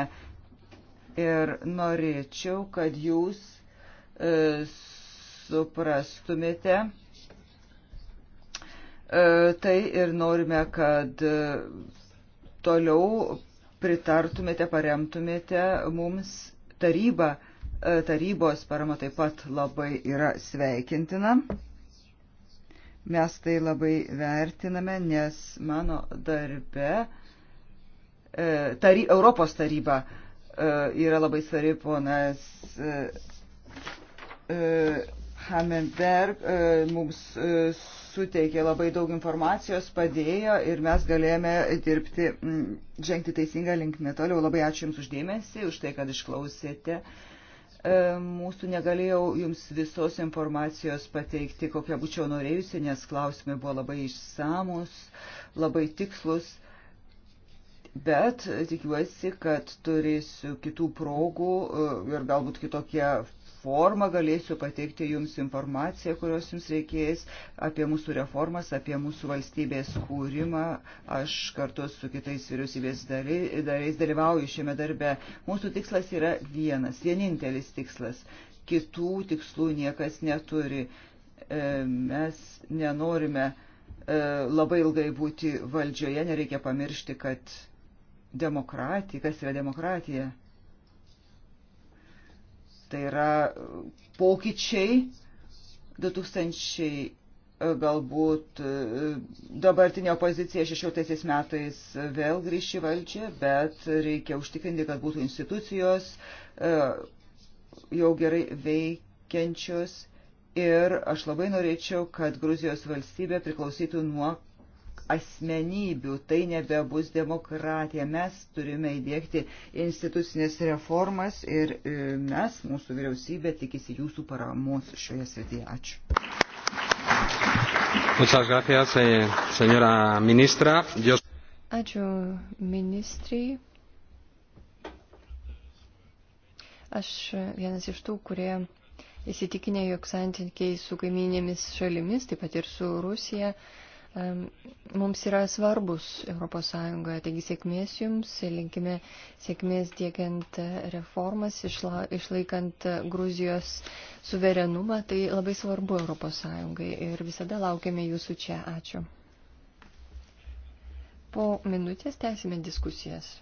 Ir norėčiau, kad jūs suprastumėte, E, tai ir norime, kad e, toliau pritartumėte, paremtumėte mums tarybą. E, tarybos parama taip pat labai yra sveikintina. Mes tai labai vertiname, nes mano darbe tary, Europos taryba yra labai svari ponas Hamenberg mums suteikė labai daug informacijos, padėjo ir mes galėjome dirbti, mm, žengti teisingą linkmę. Toliau labai ačiū Jums uždėmesi, už tai, kad išklausėte. E, mūsų negalėjau Jums visos informacijos pateikti, kokią būčiau norėjusi, nes klausimai buvo labai išsamus, labai tikslus. Bet tikiuosi, kad turėsiu kitų progų e, ir galbūt kitokie formą galėsiu pateikti jums informaciją, kurios jums reikės apie mūsų reformas, apie mūsų valstybės kūrimą. Aš kartu su kitais vyriausybės dariais dalyvauju šiame darbe. Mūsų tikslas yra vienas, vienintelis tikslas. Kitų tikslų niekas neturi. E, mes nenorime e, labai ilgai būti valdžioje, nereikia pamiršti, kad demokratija, kas yra demokratija Tai yra e, pokyčiai 2000 e, galbūt e, dabartinė opozicija 16 metais vėl grįš į valdžią, bet reikia užtikrinti, kad būtų institucijos jau gerai veikiančios ir aš labai norėčiau, kad Gruzijos valstybė priklausytų nuo asmenybių, tai nebebus demokratija. Mes turime įdėkti institucinės reformas ir e, mes, mūsų vyriausybė, tikisi jūsų paramos šioje srityje. Ačiū. Muchas gracias, eh, señora ministra. Yo... Ačiū ministrai. Aš vienas iš tų, kurie įsitikinę, jog santykiai su kaiminėmis šalimis, taip pat ir su Rusija, uh, mums yra svarbus ES. Taigi sėkmės jums, linkime sėkmės tiekiant e, reformas, išla, išlaikant e, Gruzijos suverenumą. Tai labai svarbu ES ir visada laukiame jūsų čia. Ačiū. Po minutės tęsime diskusijas.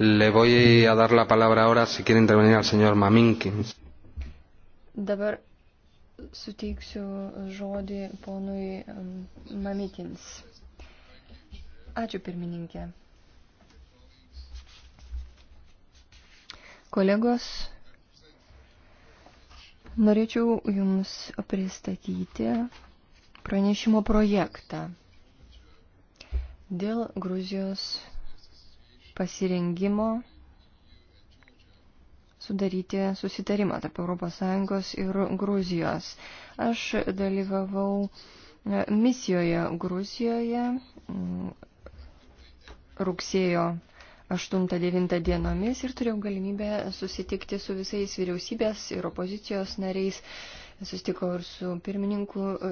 Le voy a dar la palabra ahora si quiere intervenir al señor Maminkins. Dabar suteiksiu žodį ponui Mamikins. Ačiū pirmininkė. Kolegos, norėčiau Jums pristatyti pranešimo projektą dėl Gruzijos pasirengimo sudaryti susitarimą tarp ES ir Gruzijos. Aš dalyvavau e, misijoje Gruzijoje mm, rugsėjo 8-9 dienomis ir turėjau galimybę susitikti su visais vyriausybės ir opozicijos nariais sustiko ir su,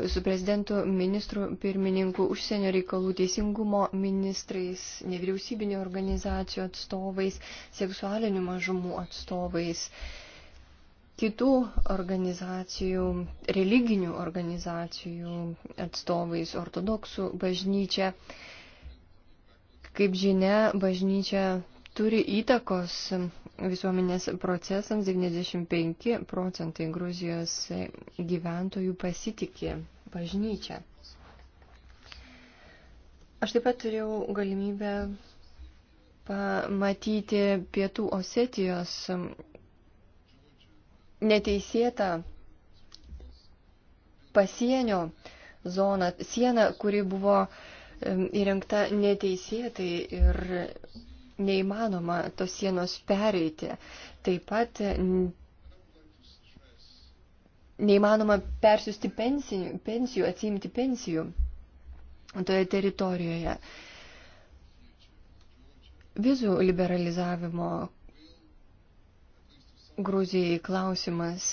su prezidentu, ministru pirmininku, užsienio reikalų teisingumo ministrais, nevyriausybinio organizacijų atstovais, seksualinių mažumų atstovais, kitų organizacijų, religinių organizacijų atstovais, ortodoksų bažnyčia. Kaip žinia, bažnyčia turi įtakos visuomenės procesams 95 procentai Gruzijos gyventojų pasitikė bažnyčią. Aš taip pat turėjau galimybę pamatyti pietų Osetijos neteisėtą pasienio zoną, sieną, kuri buvo įrengta neteisėtai ir neįmanoma tos sienos pereiti. Taip pat neįmanoma persiusti pensijų, pensijų atsiimti pensijų toje teritorijoje. Vizų liberalizavimo Gruzijai klausimas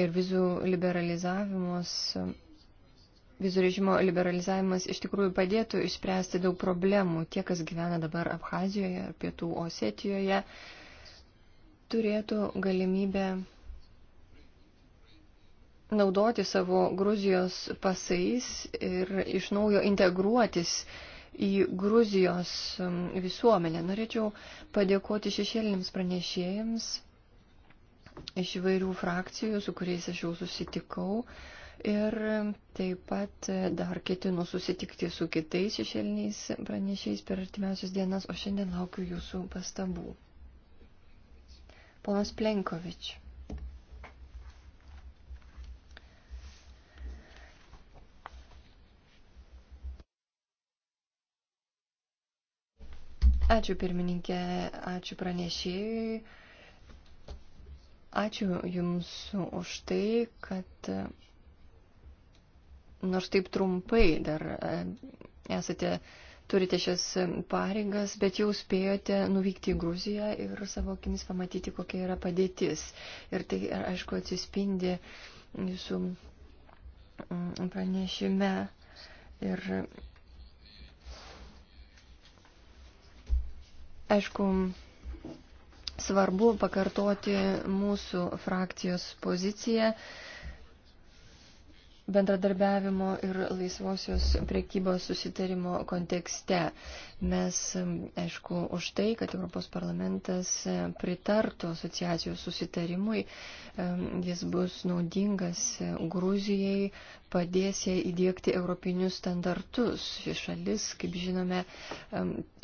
ir vizų liberalizavimas vizų režimo liberalizavimas iš tikrųjų padėtų išspręsti daug problemų. Tie, kas gyvena dabar Abhazijoje ar Pietų Osetijoje, turėtų galimybę naudoti savo Gruzijos pasais ir iš naujo integruotis į Gruzijos um, visuomenę. Norėčiau padėkoti šešėlinėms pranešėjams iš įvairių frakcijų, su kuriais aš jau susitikau. Uh, Ir taip pat e, dar ketinu susitikti su kitais šešėliniais pranešėjais per artimiausias dienas, o šiandien laukiu jūsų pastabų. Ponas Plenkovič. Ačiū pirmininkė, ačiū pranešėjui. Ačiū Jums už tai, kad nors taip trumpai dar e, esate, turite šias e, pareigas, bet jau spėjote nuvykti į Gruziją ir savo akimis pamatyti, kokia yra padėtis. Ir tai, aišku, atsispindi jūsų mm, pranešime. Ir aišku, svarbu pakartoti mūsų frakcijos poziciją bendradarbiavimo ir laisvosios priekybos susitarimo kontekste. Mes, aišku, už tai, kad Europos parlamentas e, pritartų asociacijos susitarimui, e, jis bus naudingas e, Gruzijai, padės jai įdėkti europinius standartus. Ši šalis, kaip žinome,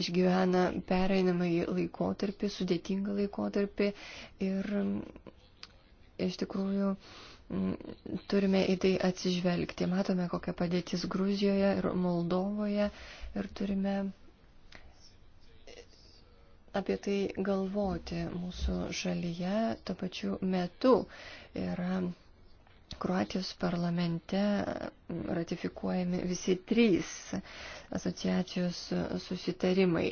išgyvena pereinamąjį laikotarpį, sudėtingą laikotarpį ir iš tikrųjų turime į tai atsižvelgti. Matome, kokia padėtis Gruzijoje ir Moldovoje ir turime apie tai galvoti mūsų šalyje. Tuo pačiu metu yra Kroatijos parlamente ratifikuojami visi trys asociacijos susitarimai.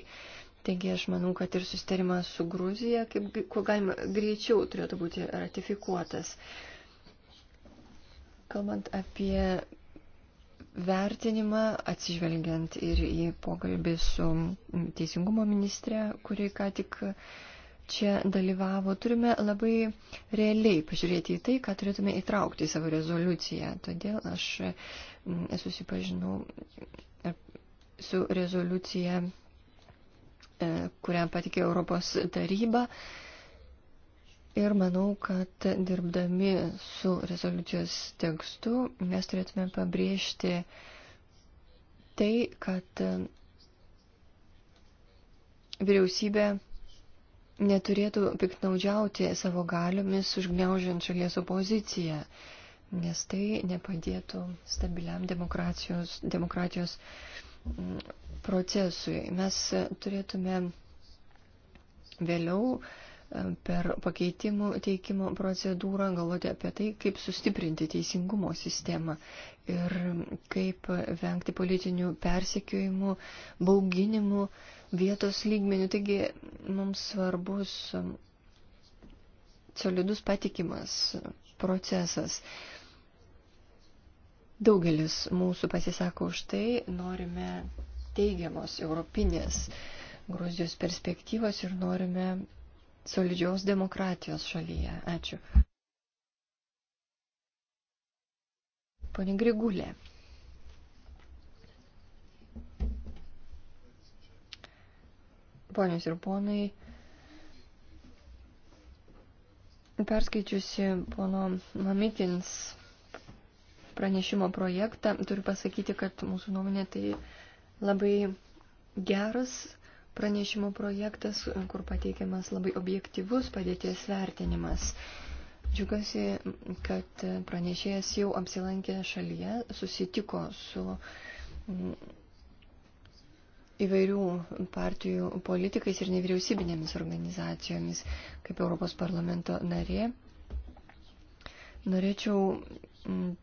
Taigi aš manau, kad ir susitarimas su Gruzija, kaip, kuo galima greičiau turėtų būti ratifikuotas. Uh, Kalbant apie vertinimą, atsižvelgiant ir į pokalbį su teisingumo ministrė, kuri ką tik čia dalyvavo, turime labai realiai pažiūrėti į tai, ką turėtume įtraukti į savo rezoliuciją. Todėl aš susipažinau su rezoliucija, e, kurią patikė Europos taryba Ir manau, kad dirbdami su rezoliucijos tekstu mes turėtume pabrėžti tai, kad vyriausybė neturėtų piknaudžiauti savo galiomis užgneužiant šalies opoziciją, nes tai nepadėtų stabiliam demokratijos, demokratijos mm, procesui. Mes turėtume vėliau uh, per pakeitimų teikimo procedūrą, galvoti apie tai, kaip sustiprinti teisingumo sistemą ir kaip vengti politinių persekiojimų, bauginimų vietos lygmenių. Taigi mums svarbus solidus patikimas procesas. Daugelis mūsų pasisako už tai, norime teigiamos europinės Gruzijos perspektyvos ir norime solidžios demokratijos šalyje. Ačiū. Pone Grigulė. Ponios ir ponai, perskaičiusi pono Mamikins pranešimo projektą, turiu pasakyti, kad mūsų nuomonė tai labai geras pranešimo projektas, kur pateikiamas labai objektivus padėties vertinimas. Džiugiuosi, kad pranešėjas jau apsilankė šalyje, susitiko su mm, įvairių partijų politikais ir nevyriausybinėmis organizacijomis kaip Europos parlamento narė. Norėčiau mm,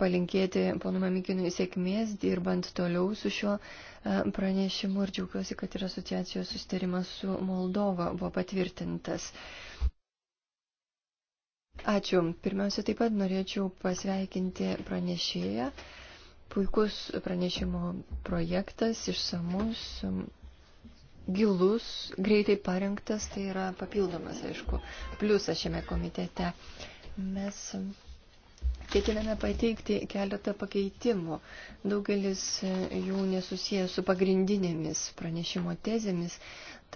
palinkėti ponu Mamikinui sėkmės, dirbant toliau su šiuo e, pranešimu ir džiaugiuosi, kad ir asociacijos sustarimas su Moldova buvo patvirtintas. Ačiū. Pirmiausia, taip pat norėčiau pasveikinti pranešėją. Puikus pranešimo projektas, išsamus, gilus, greitai parengtas, tai yra papildomas, aišku, pliusas šiame komitete. Mes ketiname pateikti keletą pakeitimų. Daugelis e, jų nesusijęs su pagrindinėmis pranešimo tezėmis,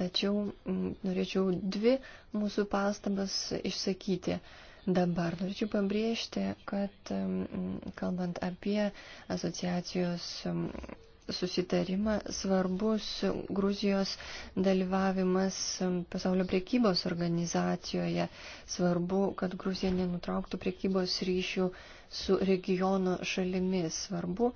tačiau norėčiau dvi mūsų pastabas išsakyti. Dabar norėčiau pabrėžti, kad kalbant apie asociacijos susitarimą svarbus Gruzijos dalyvavimas pasaulio priekybos organizacijoje. Svarbu, kad Gruzija nenutrauktų priekybos ryšių su regiono šalimis. Svarbu,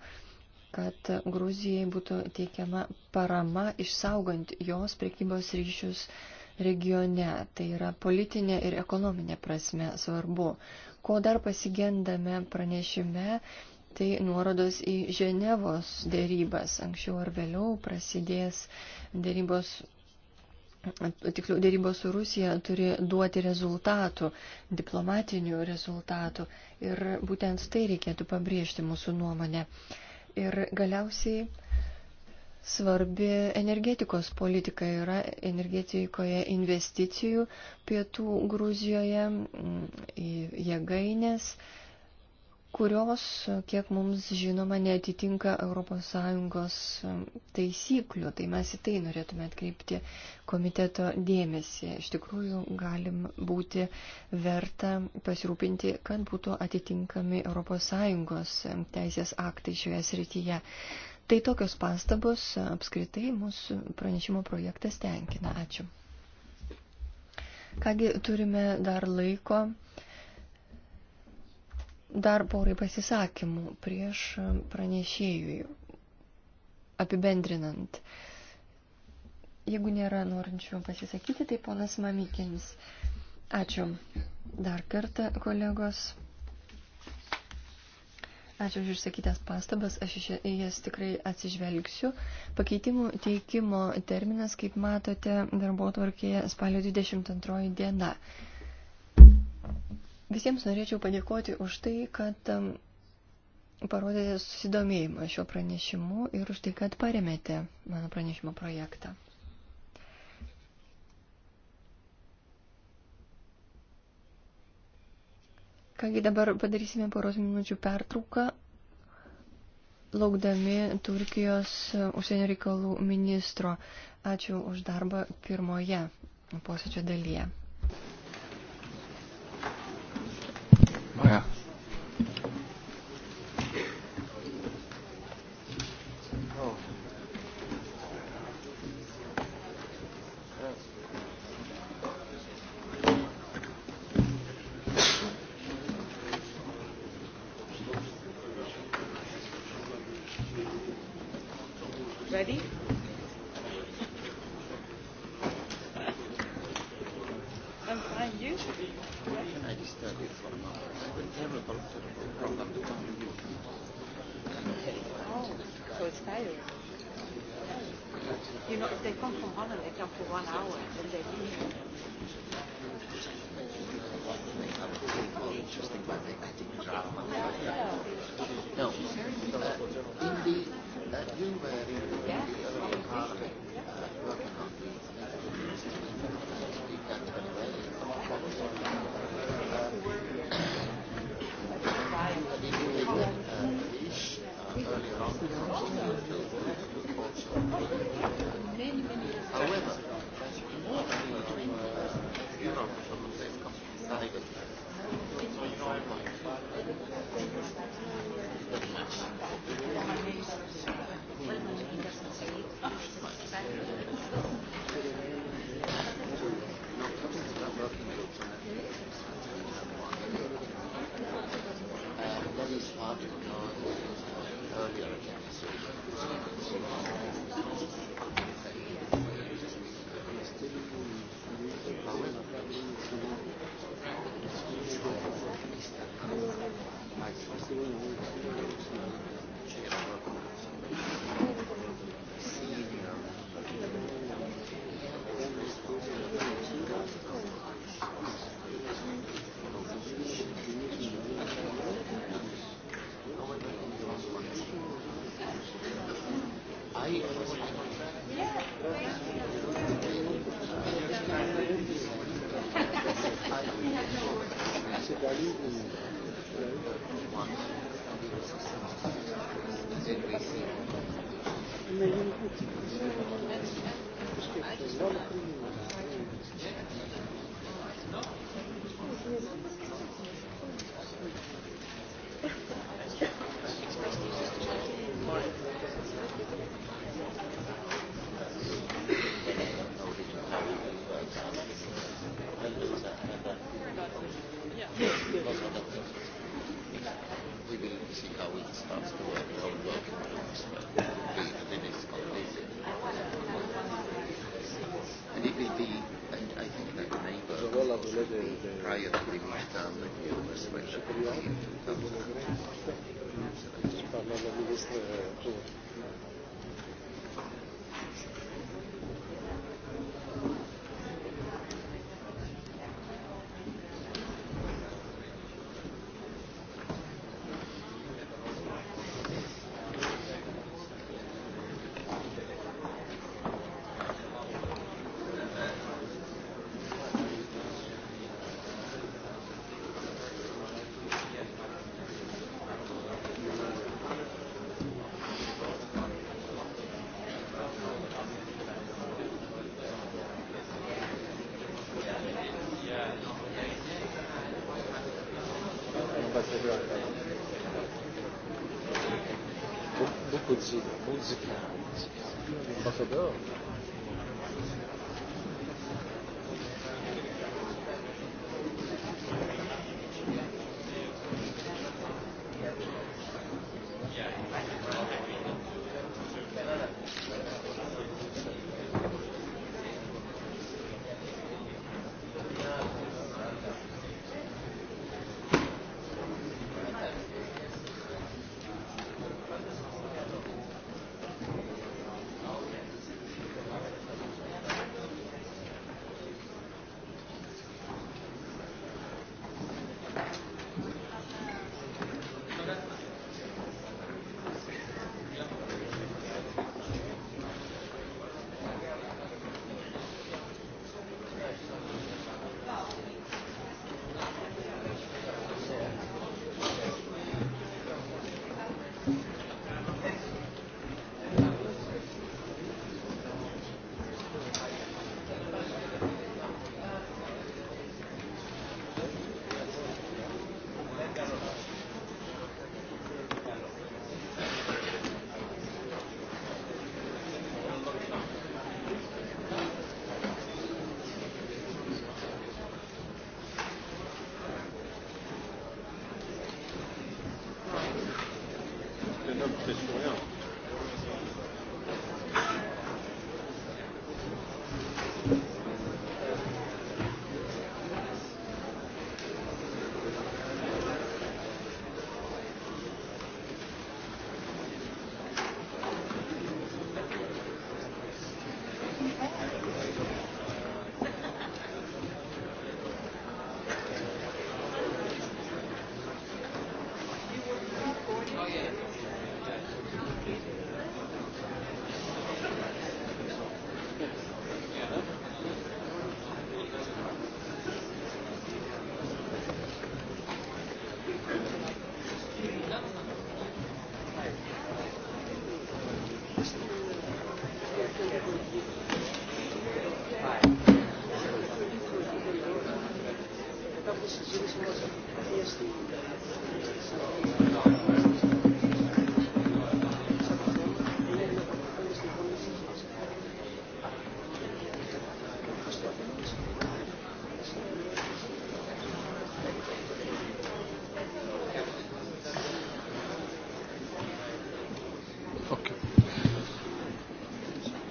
kad Gruzijai būtų teikiama parama išsaugant jos priekybos ryšius regione. Tai yra politinė ir ekonominė prasme svarbu. Ko dar pasigendame pranešime, tai nuorodos į Ženevos dėrybas. Anksčiau ar vėliau prasidės dėrybos. Tiksliau, dėrybos su Rusija turi duoti rezultatų, diplomatinių rezultatų. Ir būtent tai reikėtų pabrėžti mūsų nuomonę. Ir galiausiai svarbi energetikos politika yra energetikoje investicijų pietų Gruzijoje į jėgainės. Mm, kurios, kiek mums žinoma, netitinka ES um, taisyklių. Tai mes į tai norėtume atkreipti komiteto dėmesį. Iš tikrųjų, galim būti verta pasirūpinti, kad būtų atitinkami ES um, teisės aktai šioje srityje. Tai tokios pastabos apskritai mūsų pranešimo projektas tenkina. Ačiū. Kągi turime dar laiko Dar porai pasisakymų prieš pranešėjui. Apibendrinant, jeigu nėra norinčių pasisakyti, tai ponas Mamikins. Ačiū dar kartą, kolegos. Ačiū už išsakytas pastabas, aš į jas tikrai atsižvelgsiu. Pakeitimų teikimo terminas, kaip matote, darbo tvarkėje spalio 22 diena. Visiems norėčiau padėkoti už tai, kad parodėte susidomėjimą šiuo pranešimu ir už tai, kad paremėte mano pranešimo projektą. Kągi dabar padarysime poros minučių pertrauką, laukdami Turkijos užsienio reikalų ministro. Ačiū už darbą pirmoje posėdžio dalyje. Yeah.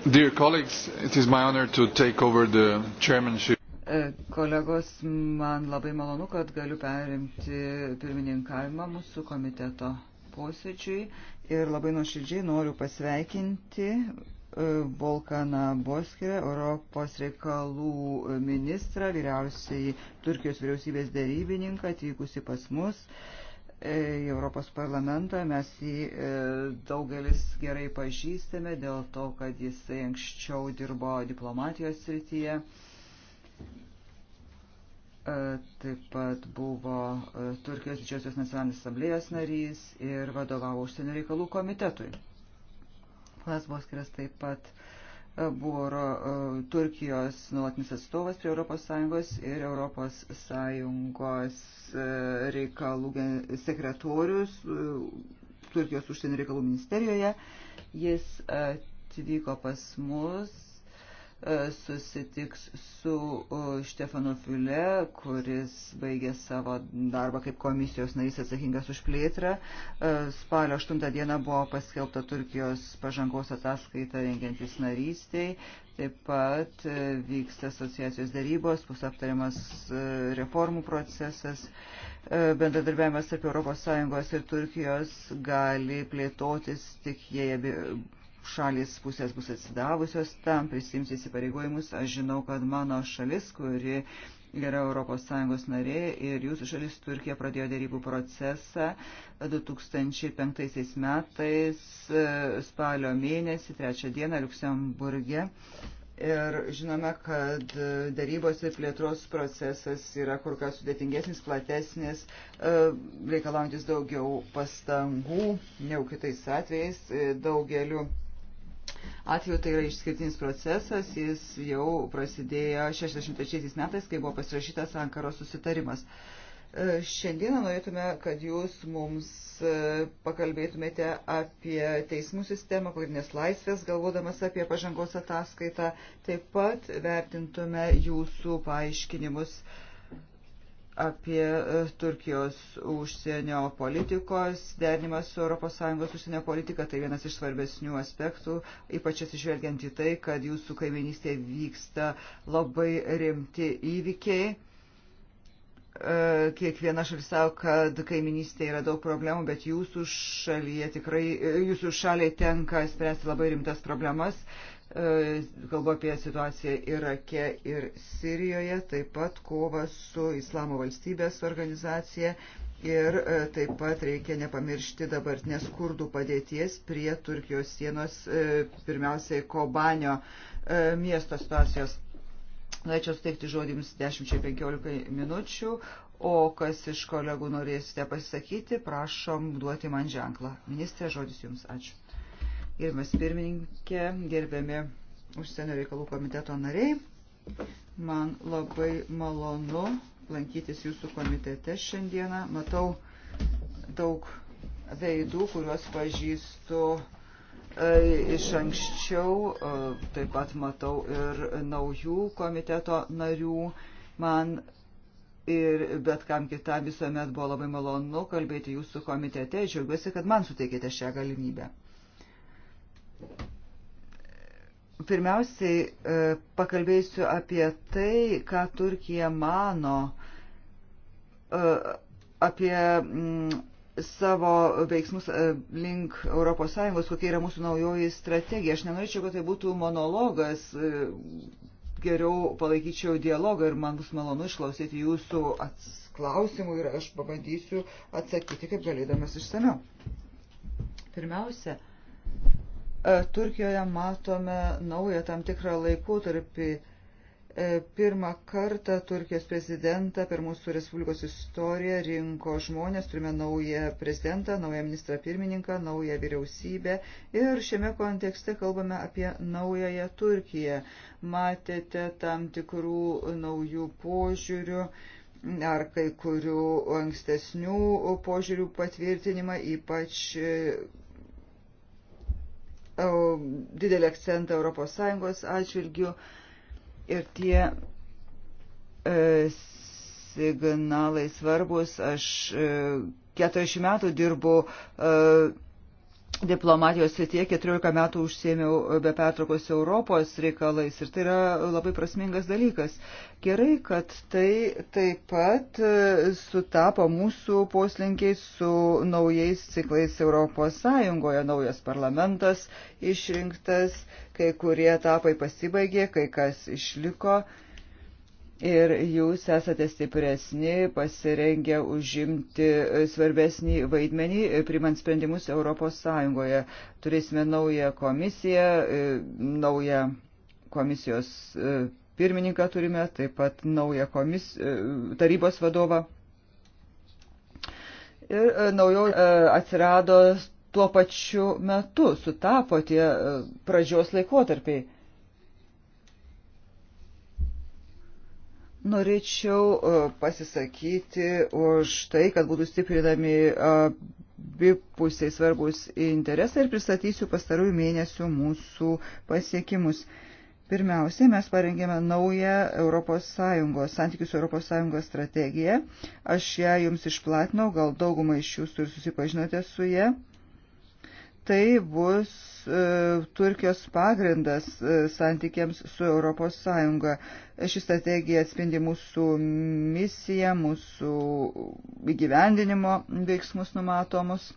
dear colleagues it is my honour to take over the chairmanship Kolegos, man labai malonu, kad galiu perimti pirmininkavimą mūsų komiteto posėdžiui ir labai nuoširdžiai noriu pasveikinti e, Volkaną Boskirę, Europos reikalų ministrą, vyriausiai Turkijos vyriausybės darybininką atvykusi pas mus e, į Europos parlamentą. Mes jį e, daugelis gerai pažįstame dėl to, kad jisai anksčiau dirbo diplomatijos srityje. E, taip pat buvo e, Turkijos didžiosios nacionalinės asamblėjos narys ir vadovavo užsienio reikalų komitetui. Las Boskiras taip pat e, buvo Turkijos nuolatinis atstovas prie ES ir ES reikalų sekretorius Turkijos užsienio reikalų ministerijoje. Jis atvyko pas mus E, susitiks su e, Štefano Fiule, kuris baigė savo darbą kaip komisijos narys atsakingas už plėtrą. E, spalio 8 dieną buvo paskelbta Turkijos pažangos ataskaita rengiantis narystiai. Taip pat vyksta asociacijos darybos, bus aptariamas reformų procesas bendradarbiavimas tarp ES ir Turkijos gali plėtotis tik jei abi šalis pusės bus atsidavusios tam, prisims įsipareigojimus. Aš žinau, kad mano šalis, kuri yra ES narė ir jūsų šalis Turkija pradėjo dėrybų procesą 2005 metais e, spalio mėnesį, trečią dieną Luksemburgė. Ir žinome, kad darybos ir plėtros procesas yra kur kas sudėtingesnis, platesnis, e, reikalaujantis daugiau pastangų, negu kitais atvejais. E, daugeliu atveju tai yra išskirtinis procesas, jis jau prasidėjo 63 metais, kai buvo pasirašytas Ankaros susitarimas. E, šiandieną norėtume, kad jūs mums e, pakalbėtumėte apie teismų sistemą, pagrindinės laisvės, galvodamas apie pažangos ataskaitą, taip pat vertintume jūsų paaiškinimus apie e, Turkijos užsienio politikos, dernimas su ES užsienio politika, tai vienas iš svarbesnių aspektų, ypač atsižvelgiant į tai, kad jūsų kaiminystėje vyksta labai rimti įvykiai e, kiekviena šalis savo, kad kaiminystėje yra daug problemų, bet jūsų šalyje tikrai, e, jūsų šaliai tenka spręsti labai rimtas problemas. E, kalbu apie situaciją Irake ir Sirijoje, taip pat kova su Islamo valstybės organizacija ir e, taip pat reikia nepamiršti dabartinės kurdų padėties prie Turkijos sienos, e, pirmiausiai Kobanio miesto situacijos. Norėčiau suteikti žodžiams 10-15 minučių, o kas iš kolegų norėsite pasisakyti, prašom duoti man ženklą. Ministrė, žodis jums. Ačiū. Gerbiamas pirmininkė, gerbiami užsienio reikalų komiteto nariai, man labai malonu lankytis jūsų komitete šiandieną. Matau daug veidų, kuriuos pažįstu e, iš anksčiau, e, taip pat matau ir naujų komiteto narių. Man ir bet kam kitam visuomet buvo labai malonu kalbėti jūsų komitete. Džiaugiuosi, kad man suteikėte šią galimybę. Pirmiausiai e, pakalbėsiu apie tai, ką Turkija mano e, apie mm, savo veiksmus e, link ES, kokia yra mūsų naujoji strategija. Aš nenorėčiau, kad tai būtų monologas, geriau palaikyčiau dialogą ir man bus malonu išklausyti jūsų klausimų ir aš pabandysiu atsakyti, kaip galėdamas išsameu. Pirmiausia, E, Turkijoje matome naują tam tikrą laikotarpį. E, Pirmą kartą Turkijos prezidentą per mūsų Respublikos istoriją rinko žmonės, turime naują prezidentą, naują ministrą pirmininką, naują vyriausybę ir šiame kontekste kalbame apie naująją Turkiją. Matėte tam tikrų naujų požiūrių ar kai kurių ankstesnių požiūrių patvirtinimą, ypač E, didelį akcentą ES atžvilgių ir tie e, signalai svarbus. Aš 40 e, metų dirbu diplomatijos srityje 14 metų užsėmiau be pertraukos Europos reikalais ir tai yra labai prasmingas dalykas. Gerai, kad tai taip pat e, sutapo mūsų poslinkiai su naujais ciklais Europos Sąjungoje. Naujas parlamentas išrinktas, kai kurie etapai pasibaigė, kai kas išliko ir jūs esate stipresni, pasirengę užimti svarbesnį vaidmenį, primant sprendimus Europos Sąjungoje. Turėsime naują komisiją, e, naują komisijos e, pirmininką turime, taip pat naują komis, e, tarybos vadovą. Ir naujo atsirado tuo pačiu metu, sutapo tie pradžios laikotarpiai. Norėčiau e, pasisakyti už tai, kad būtų stiprinami abipusiai svarbus interesai ir pristatysiu pastarųjų mėnesių mūsų pasiekimus. Pirmiausiai mes parengėme naują ES, santykių su ES strategiją. Aš ją jums išplatinau, gal daugumą iš jūsų ir susipažinote su ją tai bus e, Turkijos pagrindas e, santykiams su Europos Sąjunga. Ši strategija atspindi mūsų misiją, mūsų įgyvendinimo veiksmus numatomus.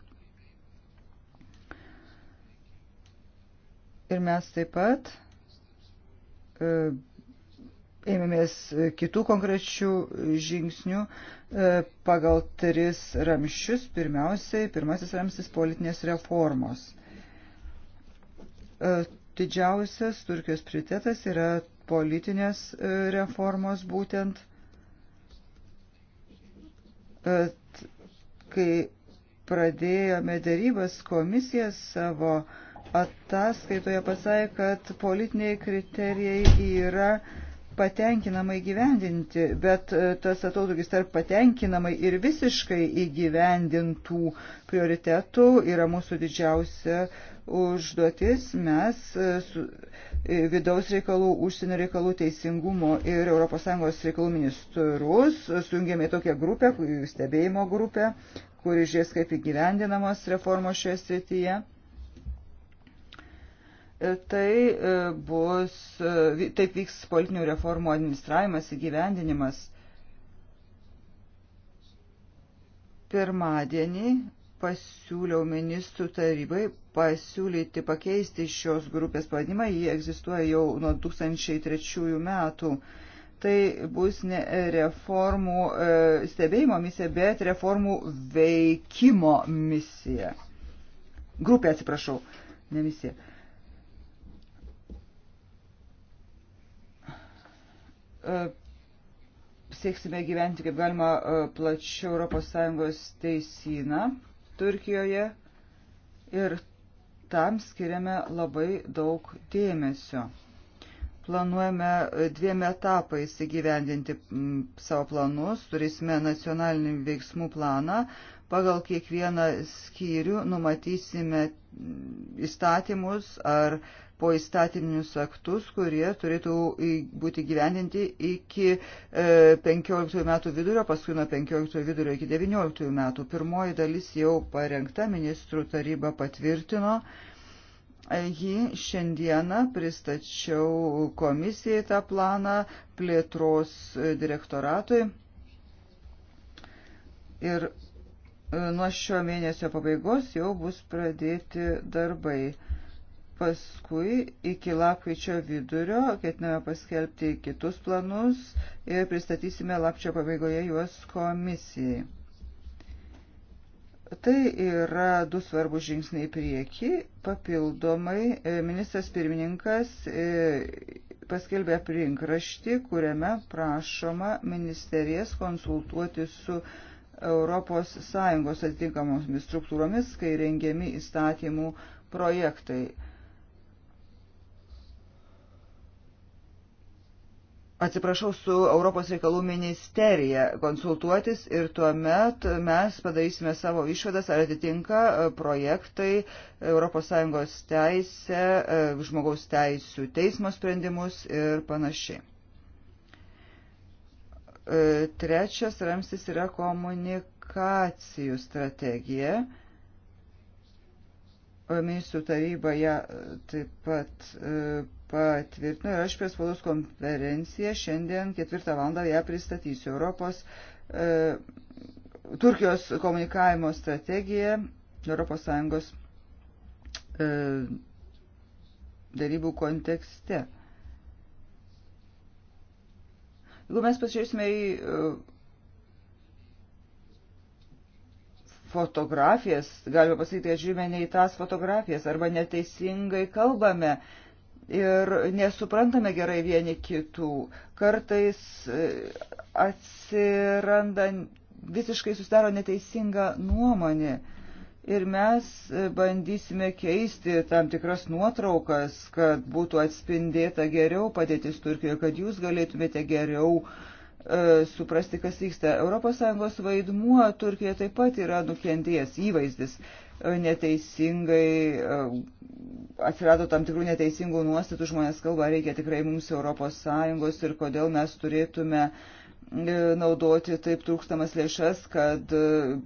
Ir mes taip pat e, ėmėmės kitų konkrečių žingsnių e, pagal tris ramščius. Pirmiausiai, pirmasis ramsis politinės reformos. E, didžiausias Turkijos prioritetas yra politinės e, reformos būtent, kai pradėjome darybas komisiją savo ataskaitoje pasakė, kad politiniai kriterijai yra uh, patenkinamai gyvendinti, bet e, tas atotrukis tarp patenkinamai ir visiškai įgyvendintų prioritetų yra mūsų didžiausia užduotis. Mes e, e, vidaus reikalų, užsienio reikalų, teisingumo ir ES reikalų ministrus sujungėme tokią grupę, stebėjimo grupę, kuri žies kaip įgyvendinamos reformos šioje srityje tai e, bus, e, taip vyks politinių reformų administravimas, įgyvendinimas. Pirmadienį pasiūliau ministrų tarybai pasiūlyti pakeisti šios grupės pavadimą, jį egzistuoja jau nuo 2003 metų. Tai bus ne reformų e, stebėjimo misija, bet reformų veikimo misija. Grupė, atsiprašau, ne misija. E, sieksime gyventi kaip galima e, plačiau ES teisyną Turkijoje ir tam skiriame labai daug dėmesio. Planuojame e, dviem etapais įgyvendinti savo planus, turėsime nacionalinį veiksmų planą, Pagal kiekvieną skyrių numatysime įstatymus ar po įstatyminius aktus, kurie turėtų būti gyveninti iki 15 e, metų vidurio, paskui nuo 15 vidurio iki 19 metų. Pirmoji dalis jau parengta, ministrų taryba patvirtino. E, jį šiandieną pristačiau komisijai tą planą plėtros e, direktoratui. Ir Nuo šio mėnesio pabaigos jau bus pradėti darbai. Paskui iki lapkričio vidurio ketiname paskelbti kitus planus ir pristatysime lapčio pabaigoje juos komisijai. Tai yra du svarbus žingsniai prieki. Papildomai e, ministras pirmininkas e, paskelbė aprinkraštį, kuriame prašoma ministerijas konsultuoti su ES atitinkamomis struktūromis, kai rengiami įstatymų projektai. atsiprašau, su Europos reikalų ministerija konsultuotis ir tuomet mes padarysime savo išvadas, ar atitinka e, projektai ES teisę, e, žmogaus teisų teismo sprendimus ir panašiai. E, trečias ramstis yra komunikacijų strategija. Ministrų taryba ją e, taip pat e, patvirtino ir aš prie spaudos konferenciją šiandien ketvirtą valandą ją pristatysiu. Europos, e, Turkijos komunikavimo strategija Europos Sąjungos e, darybų kontekste. E, Jeigu mes pasižiūrėsime į e, fotografijas, galime pasakyti, kad žiūrime ne į tas fotografijas arba neteisingai kalbame ir nesuprantame gerai vieni kitų. Kartais e, atsiranda visiškai susidaro neteisinga nuomonė ir mes e, bandysime keisti tam tikras nuotraukas, kad būtų atspindėta geriau padėtis Turkijoje, kad jūs galėtumėte geriau e, suprasti, kas vyksta. ES vaidmuo Turkijoje taip pat yra nukentėjęs įvaizdis e, neteisingai, e, atsirado tam tikrų neteisingų nuostatų, žmonės kalba, reikia tikrai mums ES ir kodėl mes turėtume uh, E, naudoti taip trūkstamas lėšas, kad e,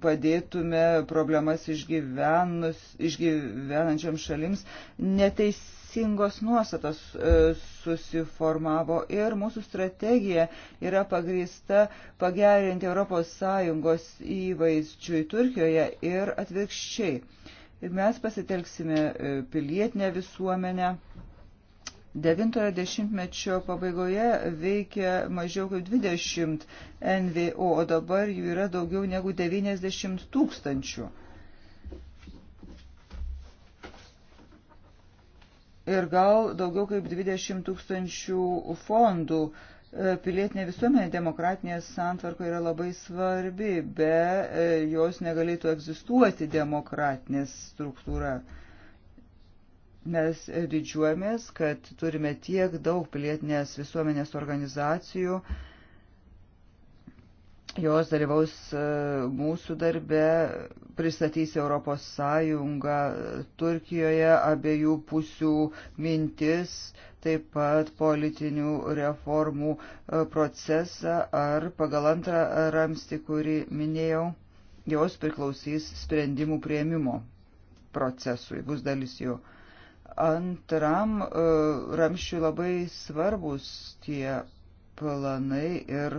padėtume problemas išgyvenančiam šalims. Neteisingos nuostatos e, susiformavo ir mūsų strategija yra pagrįsta pagerinti ES įvaizdžiui Turkijoje ir atvirkščiai. Mes pasitelksime pilietinę visuomenę Devintojo dešimtmečio pabaigoje veikė mažiau kaip 20 NVO, o dabar jų yra daugiau negu 90 tūkstančių. Ir gal daugiau kaip 20 tūkstančių fondų e, pilietinė visuomenė demokratinėje santvarkoje yra labai svarbi, be e, jos negalėtų egzistuoti demokratinės struktūra. Mes didžiuojamės, kad turime tiek daug pilietinės visuomenės organizacijų, jos dalyvaus e, mūsų darbe, pristatys Europos Sąjungą Turkijoje, abiejų pusių mintis, taip pat politinių reformų e, procesą ar pagal antrą ramstį, kurį minėjau, jos priklausys sprendimų prieimimo procesui, bus dalis jų. Jo antram e, ramščiui labai svarbus tie planai ir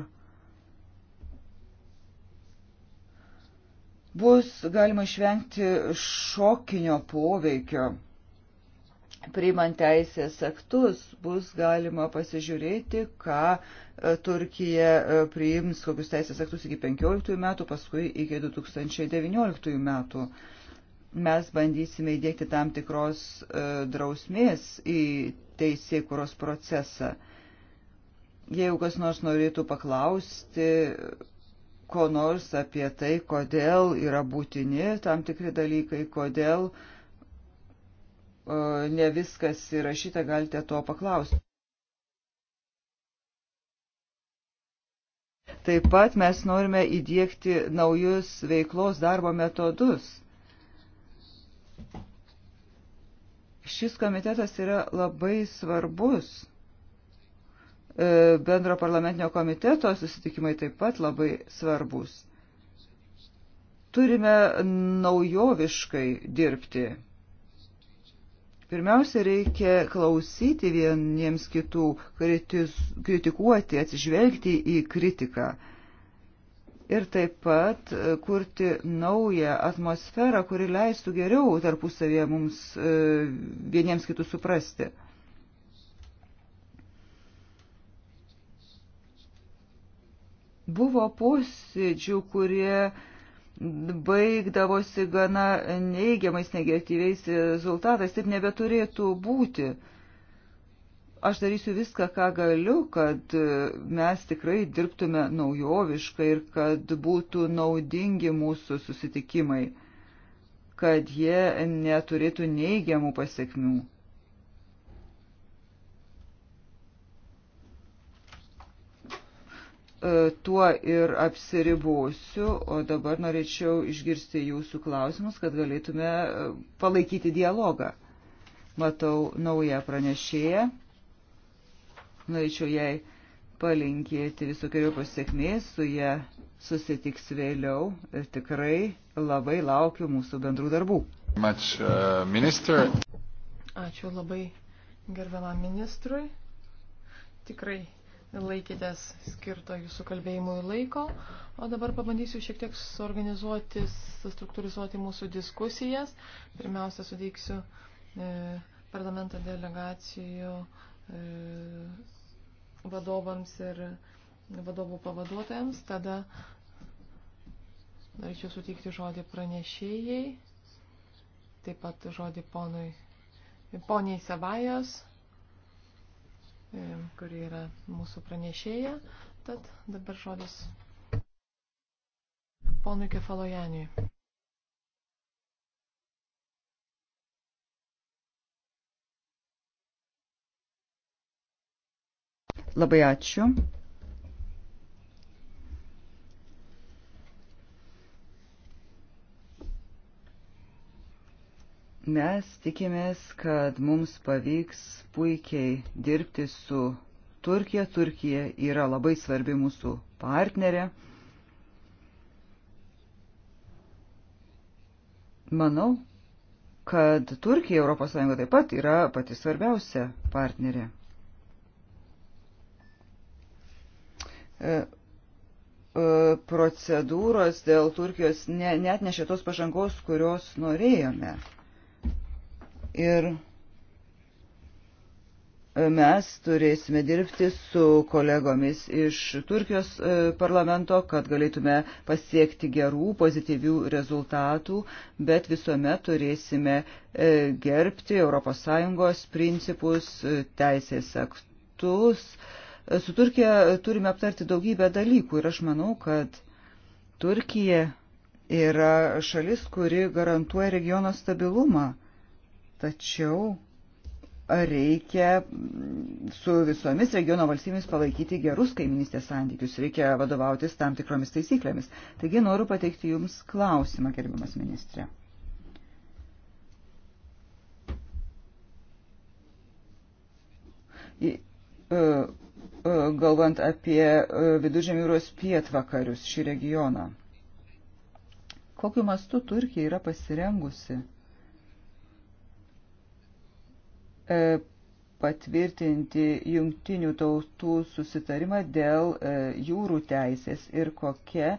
bus galima išvengti šokinio poveikio priimant teisės aktus bus galima pasižiūrėti, ką e, Turkija e, priims, kokius teisės aktus iki 15 metų, paskui iki 2019 metų mes bandysime įdėkti tam tikros e, drausmės į teisėkuros procesą. Jeigu kas nors norėtų paklausti, ko nors apie tai, kodėl yra būtini tam tikri dalykai, kodėl e, ne viskas įrašyta, galite to paklausti. Taip pat mes norime įdėkti naujus veiklos darbo metodus Šis komitetas yra labai svarbus. E, bendro parlamentinio komiteto susitikimai taip pat labai svarbus. Turime naujoviškai dirbti. Pirmiausia, reikia klausyti vieniems kitų, kritikuoti, atsižvelgti į kritiką ir taip pat e, kurti naują atmosferą, kuri leistų geriau tarpusavėje mums e, vieniems kitus suprasti. Buvo posėdžių, kurie baigdavosi gana neigiamais, negatyviais rezultatais. Taip nebeturėtų būti. Aš darysiu viską, ką galiu, kad e, mes tikrai dirbtume naujoviškai ir kad būtų naudingi mūsų susitikimai, kad jie neturėtų neigiamų pasiekmių. E, tuo ir apsiribosiu, o dabar norėčiau išgirsti jūsų klausimus, kad galėtume e, palaikyti dialogą. Matau naują pranešėją norėčiau jai palinkėti visokiojo pasiekmės, su ją susitiks vėliau ir tikrai labai laukiu mūsų bendrų darbų. Much, uh, minister. Ačiū labai gerbiamam ministrui. Tikrai laikytės skirto jūsų kalbėjimui laiko, o dabar pabandysiu šiek tiek suorganizuoti, struktūrizuoti mūsų diskusijas. Pirmiausia, sudėksiu e, parlamento delegacijų e, vadovams ir vadovų pavaduotojams. Tada norėčiau suteikti žodį pranešėjai, taip pat žodį ponui, poniai Savajos, e, kuri yra mūsų pranešėja. Tad dabar žodis ponui Kefalojaniui. Labai ačiū. Mes tikimės, kad mums pavyks puikiai dirbti su Turkija. Turkija yra labai svarbi mūsų partnerė. Manau, kad Turkija ES taip pat yra pati svarbiausia partnerė. E, e, procedūros dėl Turkijos ne, net ne šitos pažangos, kurios norėjome. Ir mes turėsime dirbti su kolegomis iš Turkijos e, parlamento, kad galėtume pasiekti gerų, pozityvių rezultatų, bet visuomet turėsime gerbti ES principus, teisės aktus, Su Turkija turime aptarti daugybę dalykų ir aš manau, kad Turkija yra šalis, kuri garantuoja regiono stabilumą. Tačiau reikia su visomis regiono valstybėmis palaikyti gerus kaiminystės santykius, reikia vadovautis tam tikromis taisyklėmis. Taigi noriu pateikti Jums klausimą, gerbiamas ministrė. E, E, galvant apie e, Viduržėmio jūros pietvakarius šį regioną. Kokiu mastu Turkija yra pasirengusi e, patvirtinti jungtinių tautų susitarimą dėl jūrų teisės ir kokia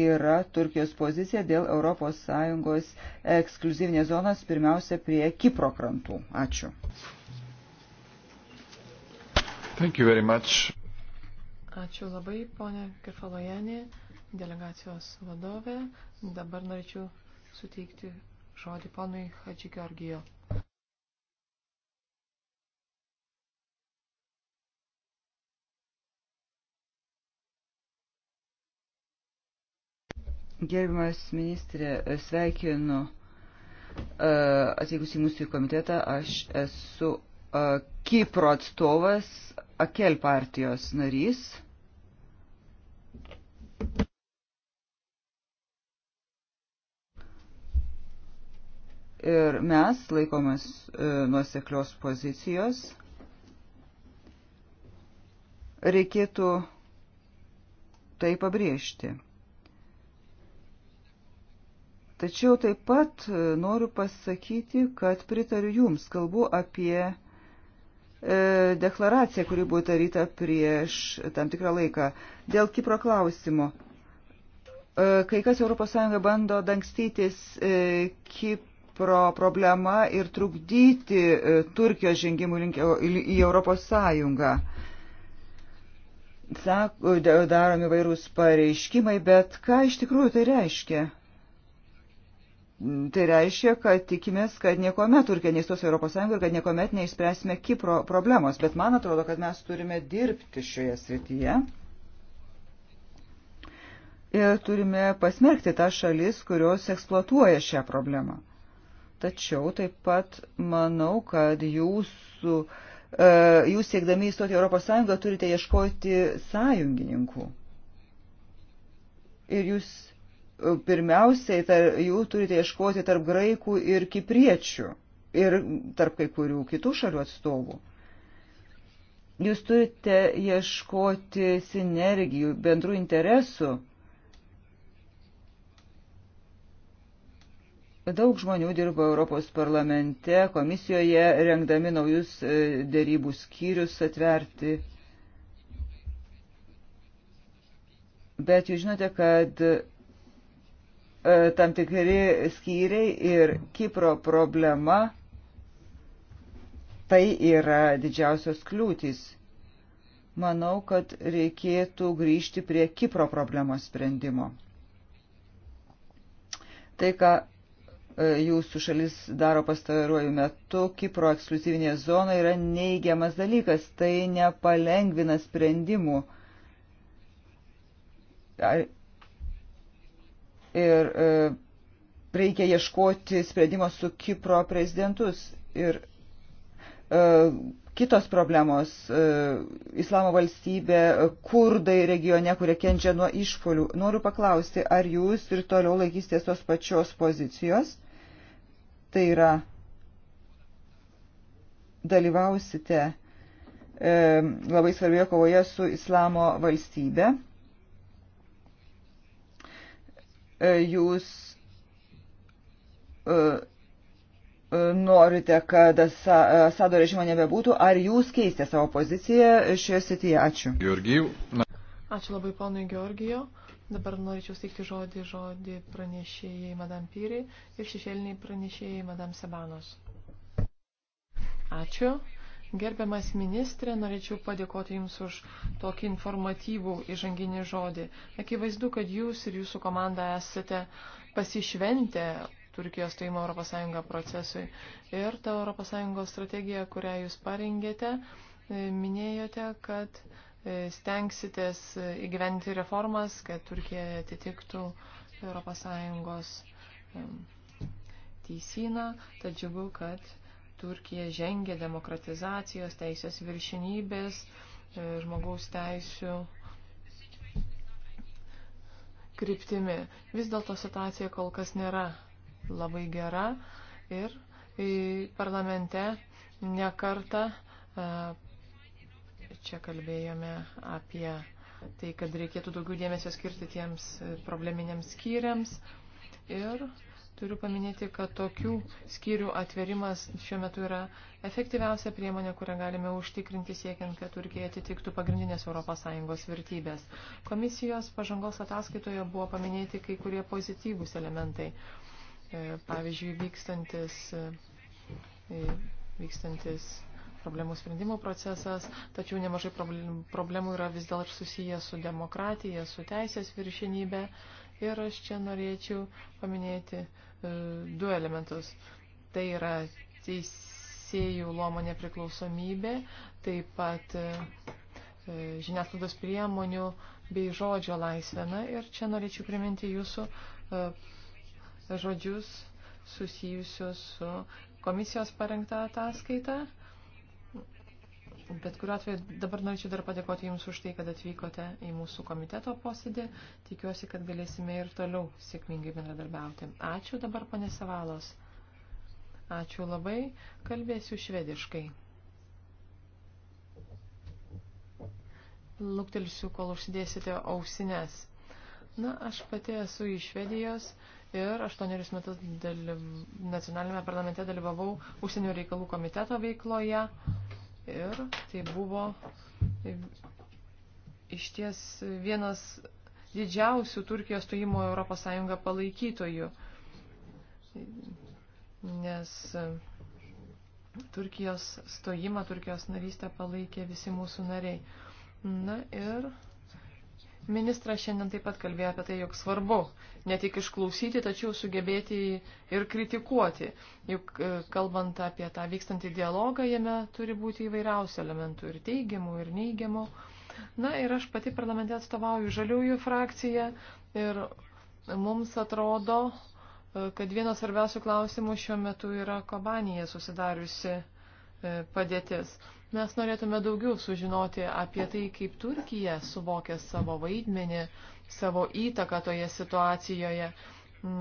yra Turkijos pozicija dėl ES ekskluzivinės zonos, pirmiausia, prie Kipro krantų. Ačiū. Ačiū labai, ponė Kefalojanė, delegacijos vadovė. Dabar norėčiau suteikti žodį ponui Hadži Georgijo. Gerbimas ministrė, sveikinu e, atvykus į mūsų komitetą. Aš esu e, Kipro atstovas, Akel partijos narys. Ir mes laikomės e, nuoseklios pozicijos. Reikėtų tai pabrėžti. Tačiau taip pat e, noriu pasakyti, kad pritariu Jums, kalbu apie E, deklaraciją, kuri buvo taryta prieš tam tikrą laiką. Dėl Kipro klausimo. E, kai kas ES bando dangstytis e, Kipro problema ir trukdyti Turkijos žengimų link į ES. Daromi vairūs pareiškimai, bet ką iš tikrųjų tai reiškia? Tai reiškia, kad tikimės, kad niekuomet Turkija neįstos Europos Sąjungą ir kad niekuomet neišspręsime Kipro problemos. Bet man atrodo, kad mes turime dirbti šioje srityje. Ir turime pasmerkti tą šalis, kurios eksploatuoja šią problemą. Tačiau taip pat manau, kad jūsų, e, jūs siekdami įstoti Europos Sąjungą turite ieškoti sąjungininkų. Ir jūs pirmiausiai tar, jų turite ieškoti tarp graikų ir kipriečių ir tarp kai kurių kitų šalių atstovų. Jūs turite ieškoti sinergijų, bendrų interesų. Daug žmonių dirbo Europos parlamente, komisijoje, rengdami naujus e, dėrybų skyrius atverti. Bet jūs žinote, kad E, tam tikri skyriai ir Kipro problema tai yra didžiausios kliūtys. Manau, kad reikėtų grįžti prie Kipro problemos sprendimo. Tai, ką e, jūsų šalis daro pastaruoju metu, Kipro ekskluzivinė zona yra neigiamas dalykas, tai nepalengvina sprendimų. Ar ir e, reikia ieškoti sprendimo su Kipro prezidentus. Ir e, kitos problemos e, - islamo valstybė, kurdai regione, kurie kenčia nuo išpolių. Noriu paklausti, ar jūs ir toliau laikysitės tos pačios pozicijos? Tai yra, dalyvausite e, labai svarbioje kovoje su islamo valstybe E, jūs e, e, norite, kad Asado režimo nebebūtų, ar jūs keistė savo poziciją šioje srityje? Ačiū. Georgijų. Ačiū labai ponui Georgijo. Dabar norėčiau steikti žodį, žodį pranešėjai Madame Pyri ir šešėliniai pranešėjai Madame Sebanos. Ačiū. Gerbiamas ministrė, norėčiau padėkoti Jums už tokį informatyvų įžanginį žodį. Akivaizdu, kad Jūs ir Jūsų komanda esate pasišventę Turkijos stojimo Europos Sąjunga procesui. Ir ta Europos Sąjungos strategija, kurią Jūs parengėte, e, minėjote, kad e, stengsitės e, įgyventi reformas, kad Turkija atitiktų Europos Sąjungos teisyną. Tad džiugu, kad Turkija žengia demokratizacijos, teisės viršinybės, e, žmogaus teisų kryptimi. Vis dėlto situacija kol kas nėra labai gera ir parlamente nekarta e, čia kalbėjome apie tai, kad reikėtų daugiau dėmesio skirti tiems probleminiams skyriams ir Turiu paminėti, kad tokių skyrių atverimas šiuo metu yra efektyviausia priemonė, kurią galime užtikrinti siekiant, kad Turkija atitiktų pagrindinės ES vertybės. Komisijos pažangos ataskaitoje buvo paminėti kai kurie pozityvūs elementai. E, pavyzdžiui, vykstantis, e, vykstantis problemų sprendimo procesas, tačiau nemažai problemų yra vis dėl ir susiję su demokratija, su teisės viršinybė. Ir aš čia norėčiau paminėti E, du elementus. Tai yra teisėjų lomo nepriklausomybė, taip pat e, e, žiniasklaidos priemonių bei žodžio laisvę. Na ir čia norėčiau priminti jūsų žodžius susijusius su komisijos parengta ataskaita Bet kuriuo atveju dabar norėčiau dar padėkoti Jums už tai, kad atvykote į mūsų komiteto posėdį. Tikiuosi, kad galėsime ir toliau sėkmingai bendradarbiauti. Ačiū dabar, pane Savalos. Ačiū labai. Kalbėsiu švediškai. Luktelsiu, kol užsidėsite ausines. Na, aš pati esu iš Švedijos ir aštuonerius metus dalyv... nacionalinėme parlamente dalyvavau užsienio reikalų komiteto veikloje. Ir tai buvo iš ties vienas didžiausių Turkijos stojimo Europos Sąjunga palaikytojų. Nes Turkijos stojimą, Turkijos narystę palaikė visi mūsų nariai. Na ir Ministras šiandien taip pat kalbėjo apie tai, jog svarbu ne tik išklausyti, tačiau sugebėti ir kritikuoti. Juk e, kalbant apie tą vykstantį dialogą, jame turi būti įvairiausių elementų ir teigiamų, ir neigiamų. Na ir aš pati parlamente atstovauju žaliųjų frakciją ir mums atrodo, e, kad vienas svarbiausių klausimų šiuo metu yra Kobanija susidariusi e, padėtis. Mes norėtume daugiau sužinoti apie tai, kaip Turkija suvokia savo vaidmenį, savo įtaką toje situacijoje,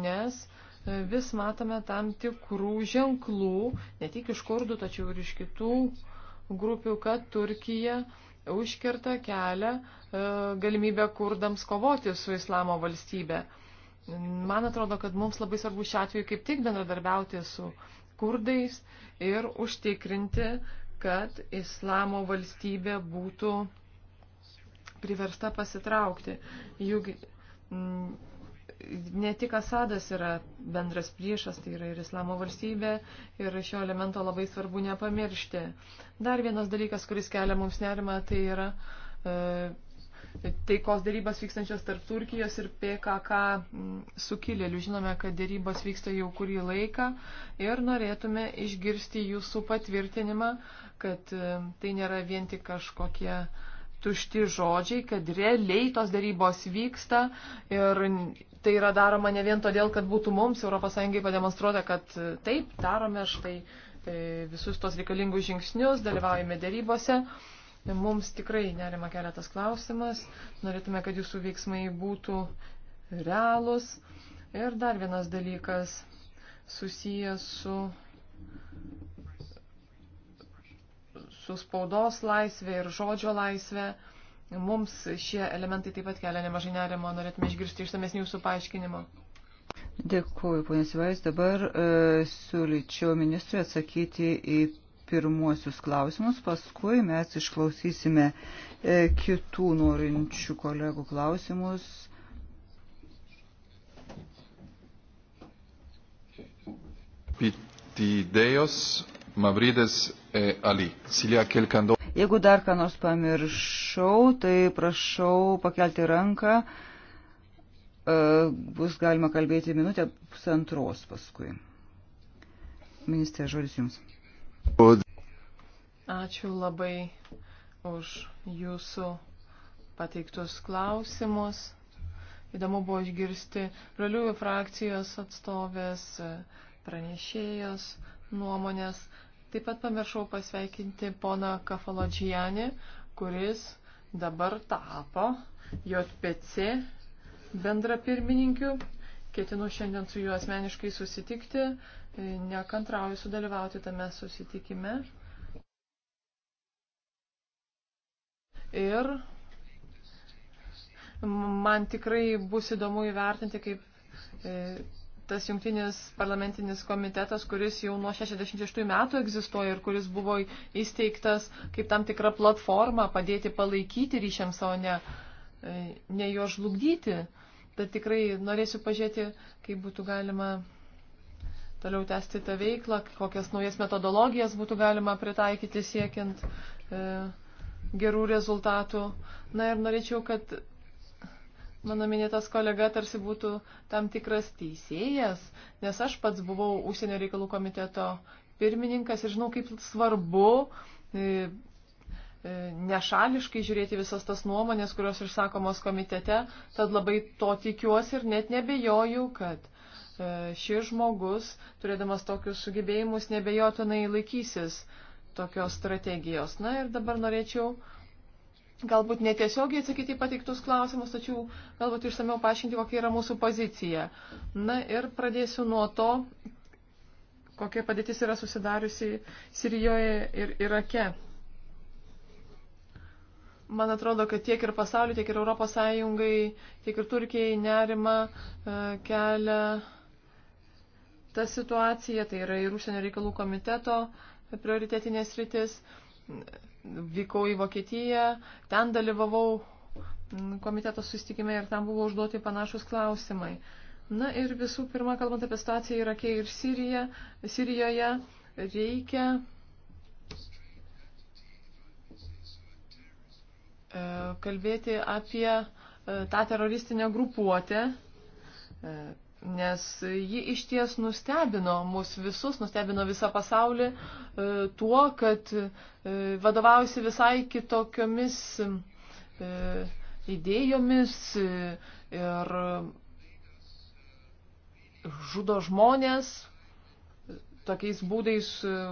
nes e, vis matome tam tikrų ženklų, ne tik iš kurdų, tačiau ir iš kitų grupių, kad Turkija užkerta kelią e, galimybę kurdams kovoti su islamo valstybe. Man atrodo, kad mums labai svarbu šiuo atveju kaip tik bendradarbiauti su kurdais ir užtikrinti, kad islamo valstybė būtų priversta pasitraukti. Juk mm, ne tik Asadas yra bendras priešas, tai yra ir islamo valstybė, ir šio elemento labai svarbu nepamiršti. Dar vienas dalykas, kuris kelia mums nerimą, tai yra e, taikos dėrybos vykstančios tarp Turkijos ir PKK mm, sukilėlių. Žinome, kad dėrybos vyksta jau kurį laiką ir norėtume išgirsti jūsų patvirtinimą, kad e, tai nėra vien tik kažkokie tušti žodžiai, kad realiai tos darybos vyksta ir tai yra daroma ne vien todėl, kad būtų mums ES pademonstruota, kad e, taip, darome štai e, visus tos reikalingus žingsnius, dalyvaujame darybose. Mums tikrai nerima keletas klausimas, norėtume, kad jūsų veiksmai būtų realūs. Ir dar vienas dalykas susijęs su su spaudos laisvė ir žodžio laisvė. Mums šie elementai taip pat kelia nemažai nerimo, norėtume išgirsti išsamesnių jūsų paaiškinimų. Dėkuoju, ponės Vais. Dabar e, siūlyčiau ministrui atsakyti į pirmuosius klausimus, paskui mes išklausysime e, kitų norinčių kolegų klausimus. Pitydėjos Mavridės E, Ali. Jeigu dar ką nors pamiršau, tai prašau pakelti ranką. E, bus galima kalbėti minutę pusantros paskui. Ministrė, žodis Jums. Ačiū labai už Jūsų pateiktus klausimus. Įdomu buvo išgirsti žaliųjų frakcijos atstovės, pranešėjos nuomonės. Taip pat pamiršau pasveikinti poną Kafalodžianį, kuris dabar tapo JPC bendra pirmininkiu. Ketinu šiandien su juo asmeniškai susitikti, nekantrauju sudalyvauti tame susitikime. Ir man tikrai bus įdomu įvertinti, kaip e, tas jungtinis parlamentinis komitetas, kuris jau nuo 66 metų egzistuoja ir kuris buvo įsteigtas kaip tam tikra platforma padėti palaikyti ryšiams, o ne, ne jo žlugdyti. Tad tikrai norėsiu pažiūrėti, kaip būtų galima toliau tęsti tą veiklą, kokias naujas metodologijas būtų galima pritaikyti siekiant e, gerų rezultatų. Na ir norėčiau, kad Mano minėtas kolega tarsi būtų tam tikras teisėjas, nes aš pats buvau užsienio reikalų komiteto pirmininkas ir žinau, kaip svarbu e, e, nešališkai žiūrėti visas tas nuomonės, kurios išsakomos komitete, tad labai to tikiuosi ir net nebejoju, kad e, šis žmogus, turėdamas tokius sugebėjimus, nebejotinai laikysis tokios strategijos. Na ir dabar norėčiau uh, galbūt netiesiogiai atsakyti į pateiktus klausimus, tačiau galbūt išsameu paaiškinti, kokia yra mūsų pozicija. Na ir pradėsiu nuo to, kokia padėtis yra susidariusi Sirijoje ir Irake. Man atrodo, kad tiek ir pasauliu, tiek ir Europos Sąjungai, tiek ir Turkijai nerima e, kelia ta situacija, tai yra ir užsienio reikalų komiteto prioritetinės rytis vykau į Vokietiją, ten dalyvavau komiteto susitikime ir tam buvo užduoti panašus klausimai. Na ir visų pirma, kalbant apie situaciją Irake ir Siriją, Sirijoje, reikia e, kalbėti apie e, tą teroristinę grupuotę, e, nes ji iš ties nustebino mus visus, nustebino visą pasaulį e, tuo, kad e, vadovausi visai kitokiomis e, idėjomis ir žudo žmonės tokiais būdais,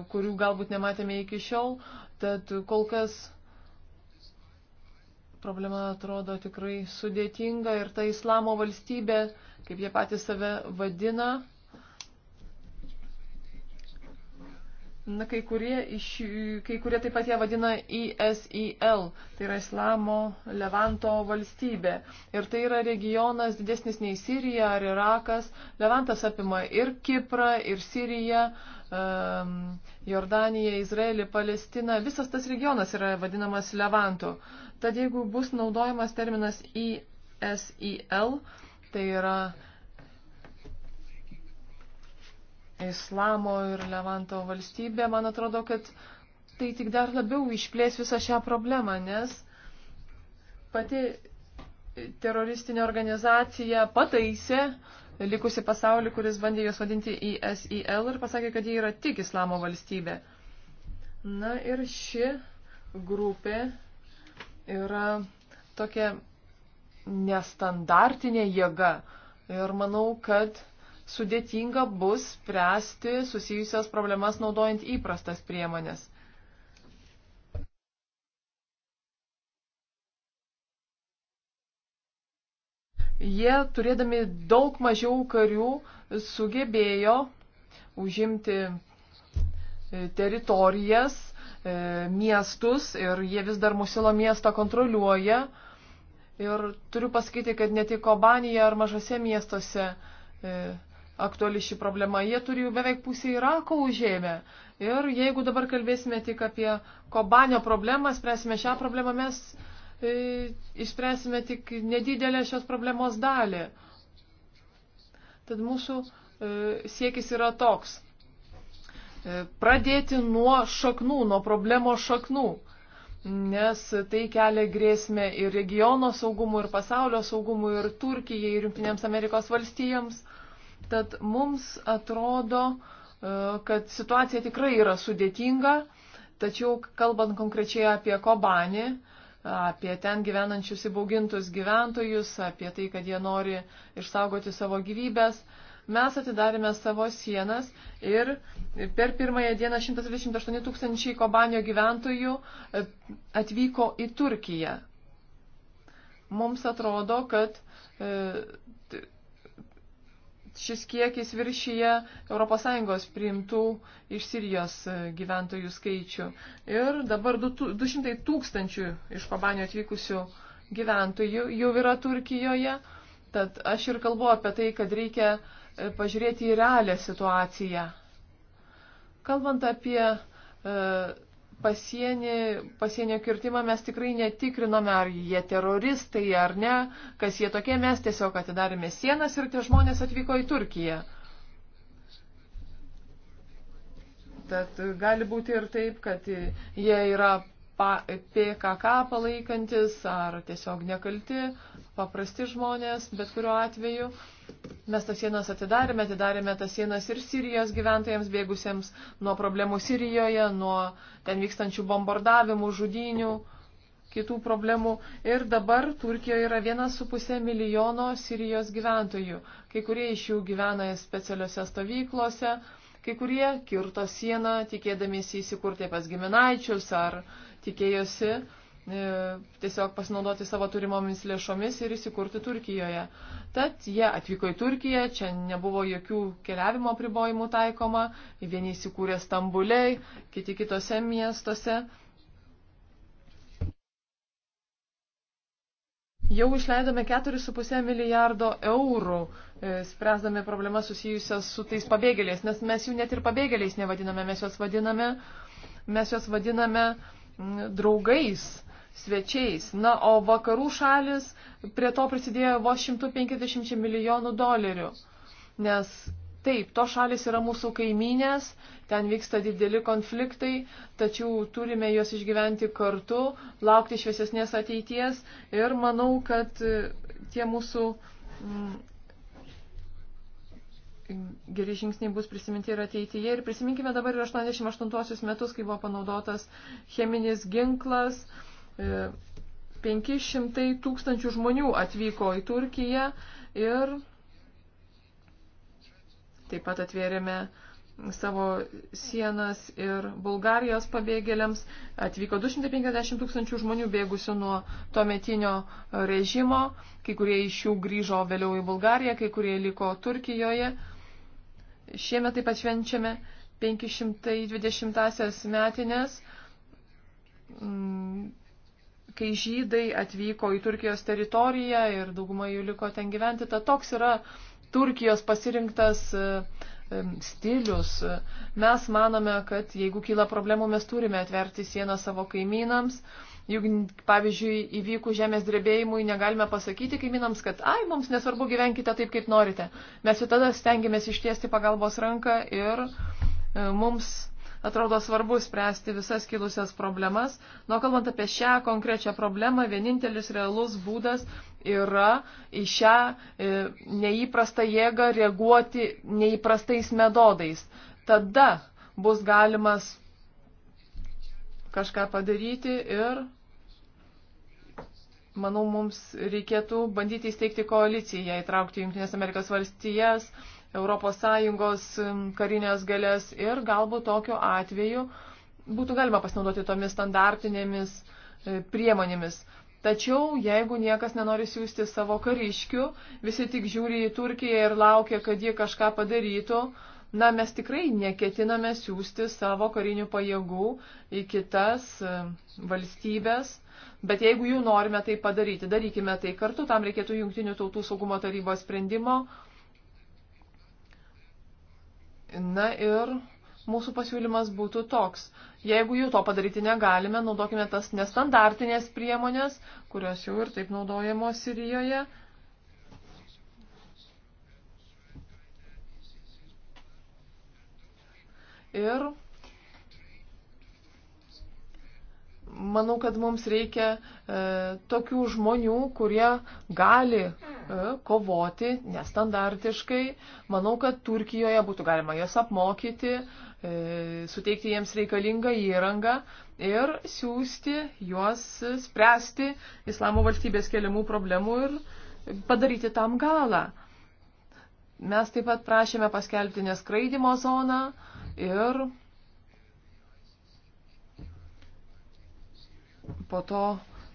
kurių galbūt nematėme iki šiol. Tad kol kas problema atrodo tikrai sudėtinga ir ta islamo valstybė, kaip jie patys save vadina, Na, kai kurie, iš, kai kurie taip pat ją vadina ISIL, tai yra Islamo Levanto valstybė. Ir tai yra regionas didesnis nei Sirija ar Irakas. Levantas apima ir Kiprą, ir Siriją, uh, Ehm, Jordanija, Izraelį, Palestina, visas tas regionas yra vadinamas Levantu. Tad jeigu bus naudojamas terminas ISIL, tai yra Islamo ir Levanto valstybė, man atrodo, kad tai tik dar labiau išplės visą šią problemą, nes pati teroristinė organizacija pataisė uh, likusi pasaulį, kuris bandė juos vadinti ISIL e e ir pasakė, kad jie yra tik islamo valstybė. Na ir ši grupė yra tokia nestandartinė jėga ir manau, kad sudėtinga bus spręsti susijusias problemas naudojant įprastas priemonės. jie turėdami daug mažiau karių sugebėjo užimti e, teritorijas, e, miestus ir jie vis dar Musilo miestą kontroliuoja. Ir turiu pasakyti, kad ne tik Obanija ar mažose miestuose e, aktuali ši problema. Jie turi jau beveik pusę Irako užėmę. Ir jeigu dabar kalbėsime tik apie Kobanio problemą, spręsime šią problemą, mes E, išspręsime tik nedidelę šios problemos dalį. Tad mūsų e, siekis yra toks. E, pradėti nuo šaknų, nuo problemos šaknų, nes tai kelia grėsmę ir regiono saugumui, ir pasaulio saugumui, ir Turkijai, ir Junktinėms Amerikos valstijams. Tad mums atrodo, kad situacija tikrai yra sudėtinga, tačiau kalbant konkrečiai apie Kobanį, apie ten gyvenančius įbaugintus gyventojus, apie tai, kad jie nori išsaugoti savo gyvybės. Mes atidarėme savo sienas ir per pirmąją dieną 128 tūkstančiai Kobanio gyventojų e, atvyko į Turkiją. Mums atrodo, kad e, šis kiekis viršyje ES priimtų iš Sirijos e, gyventojų skaičių. Ir dabar 200 tūkstančių iš Pabanio atvykusių gyventojų jau yra Turkijoje. Tad aš ir kalbu apie tai, kad reikia e, pažiūrėti į realią situaciją. Kalbant apie e, pasienį, pasienio kirtimą mes tikrai netikrinome, ar jie teroristai ar ne, kas jie tokie, mes tiesiog atidarėme sienas ir tie žmonės atvyko į Turkiją. Tad gali būti ir taip, kad jie yra PKK palaikantis ar tiesiog nekalti, paprasti žmonės, bet kuriuo atveju. Mes tas sienas atidarėme, atidarėme tas sienas ir Sirijos gyventojams bėgusiems nuo problemų Sirijoje, nuo ten vykstančių bombardavimų, žudinių, kitų problemų. Ir dabar Turkijoje yra 1,5 milijono Sirijos gyventojų. Kai kurie iš jų gyvena specialiuose stovyklose, kai kurie kirto sieną, tikėdamiesi įsikurti pas giminaičius ar uh, tikėjosi e, tiesiog pasinaudoti savo turimomis lėšomis ir įsikurti Turkijoje. Tad jie atvyko į Turkiją, čia nebuvo jokių keliavimo pribojimų taikoma, vieni įsikūrė Stambuliai, kiti kitose miestuose. Jau išleidome 4,5 milijardo eurų, e, spręsdami problemas susijusias su tais pabėgėliais, nes mes jų net ir pabėgėliais nevadiname, mes juos vadiname, mes juos vadiname uh, draugais, svečiais. Na, o vakarų šalis prie to prisidėjo vos 150 milijonų dolerių. Nes taip, to šalis yra mūsų kaiminės, ten vyksta dideli konfliktai, tačiau turime juos išgyventi kartu, laukti šviesesnės ateities ir manau, kad tie mūsų mm, geri žingsniai bus prisiminti ir ateityje. Ir prisiminkime dabar ir 88 metus, kai buvo panaudotas cheminis ginklas. 500 e, tūkstančių žmonių atvyko į Turkiją ir taip pat atvėrėme savo sienas ir Bulgarijos pabėgėliams. Atvyko 250 tūkstančių žmonių bėgusių nuo to metinio režimo. Kai kurie iš jų grįžo vėliau į Bulgariją, kai kurie liko Turkijoje. Šiemet taip pat švenčiame 520-asias metinės, mm, kai žydai atvyko į Turkijos teritoriją ir dauguma jų liko ten gyventi. Ta toks yra Turkijos pasirinktas e, e, stilius. Mes manome, kad jeigu kyla problemų, mes turime atverti sieną savo kaimynams. Juk, pavyzdžiui, įvykų žemės drebėjimui negalime pasakyti kaimynams, kad ai, mums nesvarbu gyvenkite taip, kaip norite. Mes jau tada stengiamės ištiesti pagalbos ranką ir e, mums atrodo svarbu spręsti visas kilusias problemas. Nuo kalbant apie šią konkrečią problemą, vienintelis realus būdas yra į šią e, neįprastą jėgą reaguoti neįprastais metodais. Tada bus galimas kažką padaryti ir Manau, mums reikėtų bandyti įsteigti koaliciją, įtraukti Junktinės Amerikos valstijas, Europos Sąjungos um, karinės galės ir galbūt tokiu atveju būtų galima pasinaudoti tomis standartinėmis e, priemonėmis. Tačiau, jeigu niekas nenori siūsti savo kariškių, visi tik žiūri į Turkiją ir laukia, kad jie kažką padarytų, na, mes tikrai neketiname siūsti savo karinių pajėgų į kitas e, valstybės, bet jeigu jų norime tai padaryti, darykime tai kartu, tam reikėtų Junktinių tautų saugumo tarybos sprendimo. Na ir mūsų pasiūlymas būtų toks. Jeigu jų to padaryti negalime, naudokime tas nestandartinės priemonės, kurios jau ir taip naudojamos Sirijoje. ir manau, kad mums reikia e, tokių žmonių, kurie gali e, kovoti nestandartiškai. Manau, kad Turkijoje būtų galima juos apmokyti, e, suteikti jiems reikalingą įrangą ir siūsti juos spręsti islamo valstybės keliamų problemų ir padaryti tam galą. Mes taip pat prašėme paskelbti neskraidimo zoną. E, ir po to,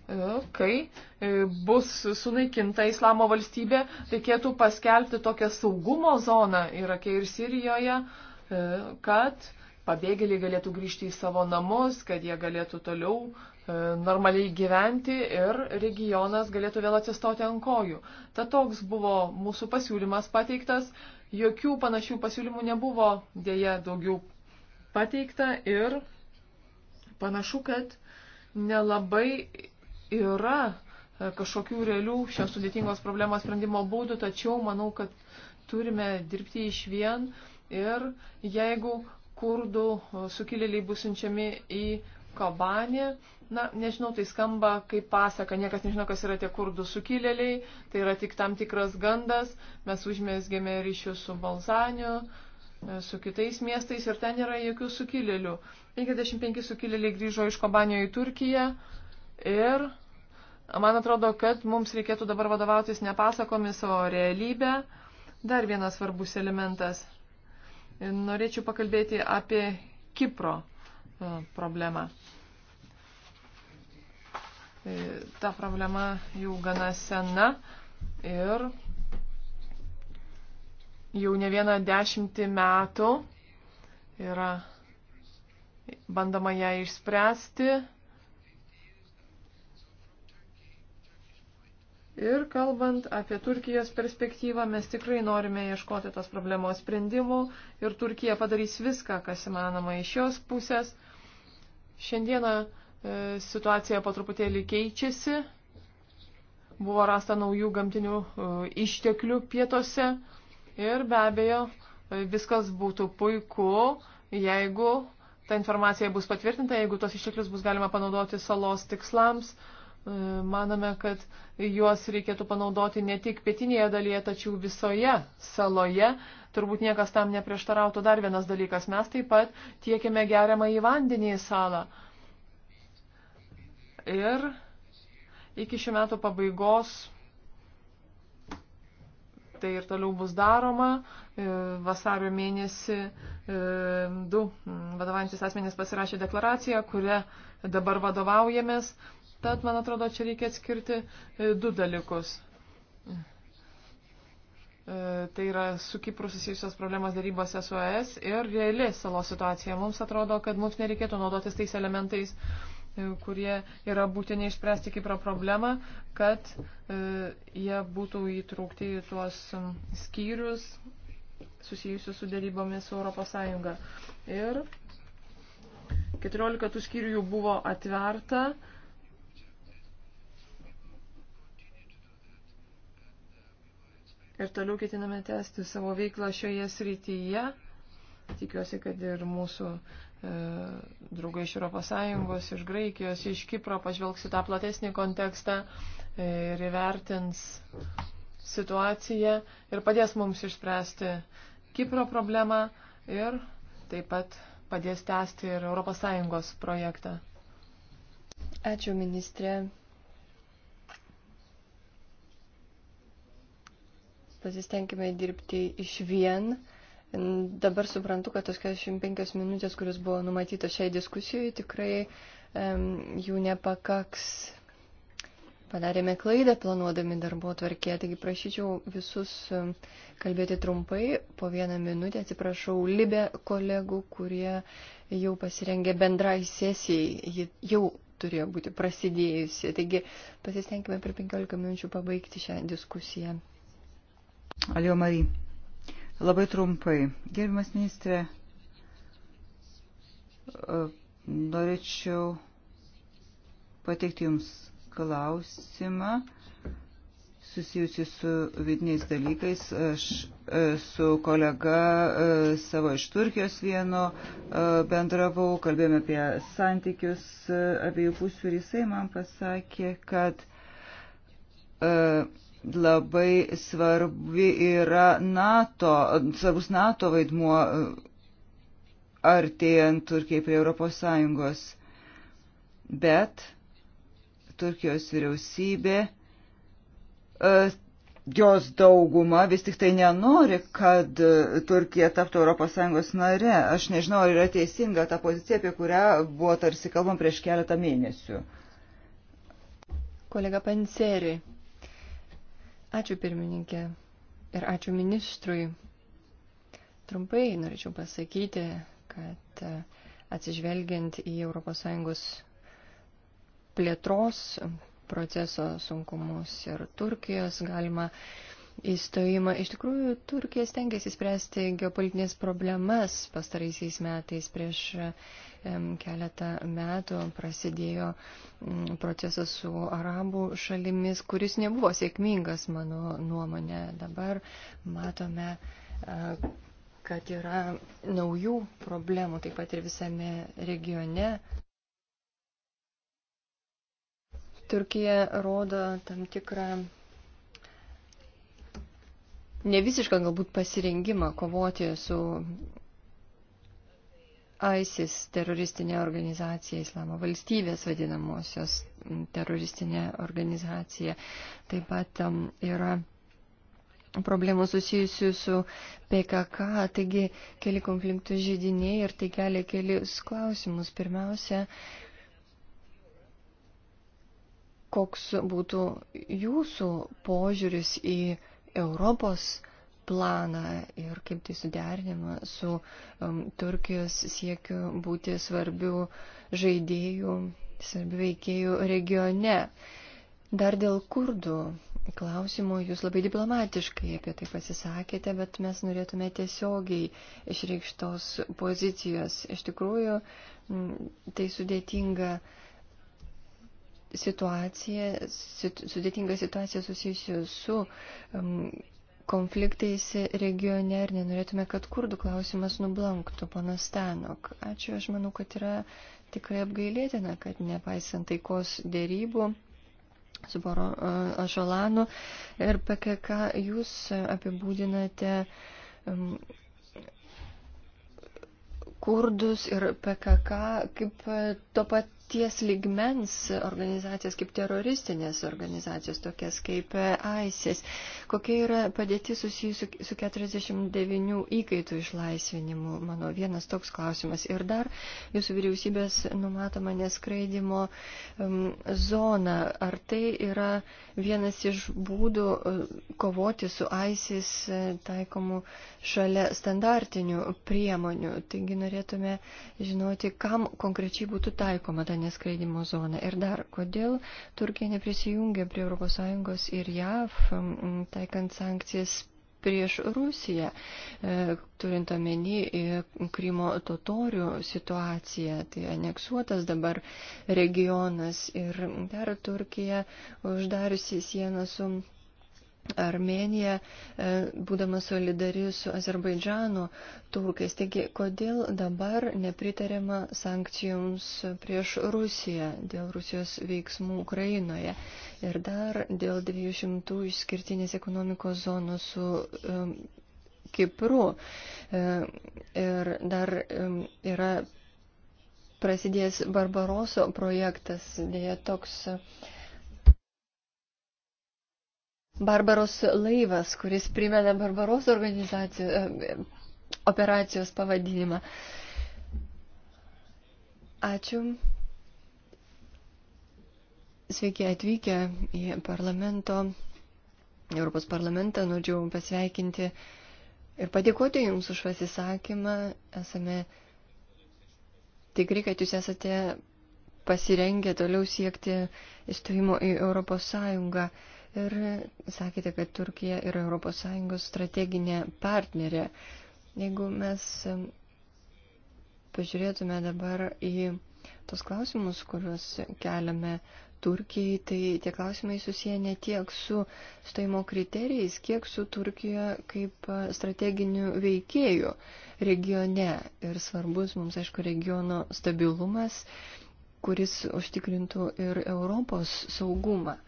e, kai e, bus sunaikinta Islamo valstybė, reikėtų paskelbti tokią saugumo zoną Irake ir Sirijoje, e, kad pabėgėliai galėtų grįžti į savo namus, kad jie galėtų toliau normaliai gyventi ir regionas galėtų vėl atsistoti ant kojų. Ta toks buvo mūsų pasiūlymas pateiktas Jokių panašių pasiūlymų nebuvo dėja daugiau pateikta ir panašu, kad nelabai yra e, kažkokių realių šios sudėtingos problemos sprendimo būdų, tačiau manau, kad turime dirbti iš vien ir jeigu kurdų e, sukilėliai bus siunčiami į Kabanį, Na, nežinau, tai skamba kaip pasaka, niekas nežino, kas yra tie kurdų sukilėliai, tai yra tik tam tikras gandas, mes užmėsgėme ryšius su Balzaniu, e, su kitais miestais ir ten nėra jokių sukilėlių. 55 sukilėliai grįžo iš Kobanio į Turkiją ir man atrodo, kad mums reikėtų dabar vadovautis ne pasakomis, o realybę. Dar vienas svarbus elementas. Norėčiau pakalbėti apie Kipro e, problemą. Tai ta problema jau gana sena ir jau ne vieną dešimtį metų yra bandama ją išspręsti. Ir kalbant apie Turkijos perspektyvą, mes tikrai norime ieškoti tos problemos sprendimų ir Turkija padarys viską, kas įmanoma iš jos pusės. Šiandieną E, situacija po truputėlį keičiasi. Buvo rasta naujų gamtinių e, išteklių pietose ir be abejo e, viskas būtų puiku, jeigu ta informacija bus patvirtinta, jeigu tos išteklius bus galima panaudoti salos tikslams. Manome, kad juos reikėtų panaudoti ne tik pietinėje dalyje, tačiau visoje saloje. Turbūt niekas tam neprieštarautų. Dar vienas dalykas, mes taip pat tiekime geriamą į vandenį į salą ir iki šių metų pabaigos tai ir toliau bus daroma. E, vasario mėnesį e, du vadovaujantis asmenys pasirašė deklaraciją, kurią dabar vadovaujamės. Tad, man atrodo, čia reikia atskirti e, du dalykus. Tai yra su Kipru susijusios problemos darybose su ES ir reali salos situacija. Mums atrodo, kad mums nereikėtų naudotis tais elementais, E, kurie yra būtini išspręsti Kipro problemą, kad e, jie būtų įtraukti į tuos skyrius susijusius su dėrybomis su ES. Ir 14 tų skyrių jau buvo atverta. Ir toliau ketiname tęsti savo veiklą šioje srityje. Tikiuosi, kad ir mūsų E, draugai iš ES, iš Graikijos, iš Kipro pažvelgs į tą platesnį kontekstą e, ir įvertins situaciją ir padės mums išspręsti Kipro problemą ir taip pat padės tęsti ir ES projektą. Ačiū, ministrė. Pasistengime dirbti iš vien Dabar suprantu, kad tos 45 minutės, kuris buvo numatytos šiai diskusijai, tikrai um, jų nepakaks. Padarėme klaidą planuodami darbo tvarkė, taigi prašyčiau visus kalbėti trumpai, po vieną minutę atsiprašau Libė kolegų, kurie jau pasirengė bendrai sesijai, ji jau turėjo būti prasidėjusi. Taigi pasistengime per 15 minučių pabaigti šią diskusiją. Alio Marija. Labai trumpai. Gerbimas ministrė, e, norėčiau pateikti Jums klausimą susijusi su vidiniais dalykais. Aš e, su kolega e, savo iš Turkijos vieno bendravau, kalbėjome apie santykius abiejų pusių ir jisai man pasakė, kad labai svarbi yra NATO, svarbus NATO vaidmuo e, artėjant Turkiai prie Europos Sąjungos. Bet Turkijos vyriausybė, e, jos dauguma vis tik tai nenori, kad e, Turkija taptų ES nare. Aš nežinau, ar yra teisinga ta pozicija, apie kurią buvo tarsi kalbam prieš keletą mėnesių. Kolega Panseri, Ačiū pirmininkė ir ačiū ministrui. Trumpai norėčiau pasakyti, kad e, atsižvelgiant į ES plėtros proceso sunkumus ir Turkijos galima uh, įstojimą. Iš tikrųjų, Turkija stengiasi spręsti geopolitinės problemas pastaraisiais metais. Prieš keletą metų prasidėjo procesas su arabų šalimis, kuris nebuvo sėkmingas, mano nuomonė. Dabar matome kad yra naujų problemų taip pat ir visame regione. Turkija rodo tam tikrą nevisišką galbūt pasirengimą kovoti su ISIS teroristinė organizacija, Islamo valstybės vadinamosios teroristinė organizacija. Taip pat um, yra problemų susijusių su PKK, taigi keli konfliktų žydiniai ir tai kelia kelius klausimus. Pirmiausia, koks būtų jūsų požiūris į Europos planą ir kaip tai suderinama su um, Turkijos siekiu būti svarbių žaidėjų, svarbių veikėjų regione. Dar dėl kurdų klausimų jūs labai diplomatiškai apie tai pasisakėte, bet mes norėtume tiesiogiai išreikštos pozicijos. Iš tikrųjų, tai sudėtinga uh, situacija, sudėtinga situacija susijusi su um, konfliktais regione ir nenorėtume, kad kurdų klausimas nublanktų, panas Stanok. Ačiū, aš manau, kad yra tikrai apgailėtina, kad nepaisant taikos dėrybų su Boro e, Ašolanu ir PKK jūs apibūdinate um, kurdus ir PKK kaip e, to pat ties ligmens organizacijas kaip teroristinės organizacijos, tokias kaip ISIS. Kokia yra padėtis susijusi su 49 įkaitų išlaisvinimu, mano vienas toks klausimas. Ir dar jūsų vyriausybės numatoma neskraidimo um, zona. Ar tai yra vienas iš būdų uh, kovoti su ISIS uh, taikomu šalia standartinių priemonių? Taigi norėtume žinoti, kam konkrečiai būtų taikoma ta neskraidimo zoną. Ir dar, kodėl Turkija neprisijungia prie ES ir JAV, taikant sankcijas prieš Rusiją, e, turint omeny e, Krymo totorių situaciją, tai aneksuotas dabar regionas ir dar Turkija uždariusi sieną su Armenija, e, būdama solidari su Azerbaidžano turkais. Taigi, kodėl dabar nepritarėma sankcijoms prieš Rusiją dėl Rusijos veiksmų Ukrainoje ir dar dėl 200 išskirtinės ekonomikos zonų su um, Kipru. E, ir dar um, yra prasidėjęs Barbaroso projektas, dėja toks. Uh, Barbaros laivas, kuris primena Barbaros organizacijos eh, operacijos pavadinimą. Ačiū. Sveiki atvykę į parlamento, Europos parlamentą. Noriu pasveikinti ir padėkoti Jums už pasisakymą. Esame tikri, kad Jūs esate pasirengę toliau siekti įstojimo į Europos Sąjungą ir sakėte, kad Turkija yra ES strateginė partnerė. Jeigu mes pažiūrėtume dabar į tos klausimus, kuriuos keliame Turkijai, tai tie klausimai susiję ne tiek su stojimo kriterijais, kiek su Turkija kaip strateginiu veikėju regione. Ir svarbus mums, aišku, regiono stabilumas, kuris užtikrintų ir Europos saugumą.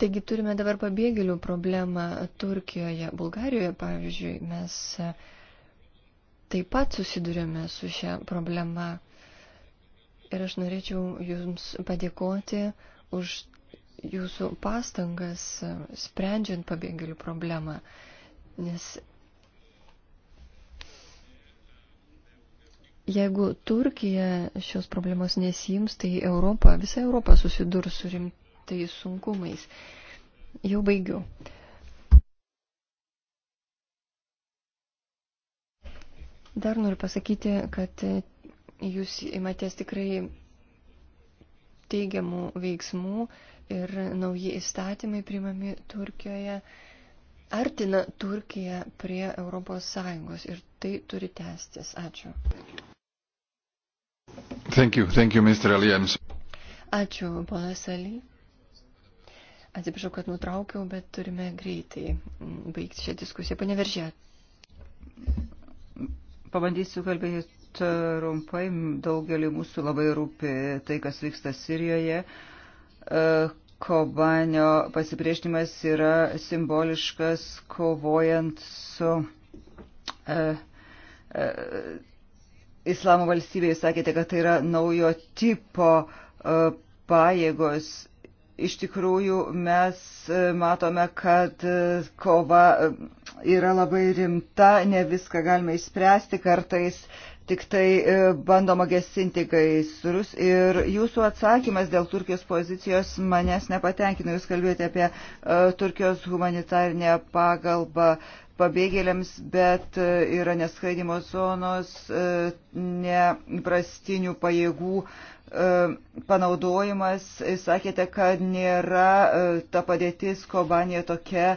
Taigi turime dabar pabėgėlių problemą Turkijoje, Bulgarijoje, pavyzdžiui, mes e, taip pat susidurėme su šia problema. Ir aš norėčiau Jums padėkoti už Jūsų pastangas e, sprendžiant pabėgėlių problemą, nes jeigu Turkija šios problemos nesijims, tai Europa, visa Europa susidurs su rim, ištiktais sunkumais. Jau baigiu. Dar noriu pasakyti, kad jūs imatės tikrai teigiamų veiksmų ir nauji įstatymai primami Turkijoje artina Turkiją prie ES ir tai turi tęstis. Ačiū. Thank you, thank you, Mr. Ali. Ačiū, ponas Ali. Atsiprašau, kad nutraukiau, bet turime greitai mm, baigti šią diskusiją. Pane Veržė. Pabandysiu kalbėti trumpai. Daugelį mūsų labai rūpi tai, kas vyksta Sirijoje. E, Kobanio pasipriešinimas yra simboliškas kovojant su. E, e, islamo valstybėje sakėte, kad tai yra naujo tipo pajėgos iš tikrųjų mes e, matome, kad e, kova e, yra labai rimta, ne viską galime išspręsti kartais. Tik tai bandoma gesinti gaisrus ir jūsų atsakymas dėl Turkijos pozicijos manęs nepatenkino. Jūs kalbėjote apie uh, Turkijos humanitarinę pagalbą uh, pabėgėliams, bet e, yra neskraidimo zonos, e, neprastinių pajėgų e, panaudojimas. Sakėte, kad nėra ta padėtis Kobanėje tokia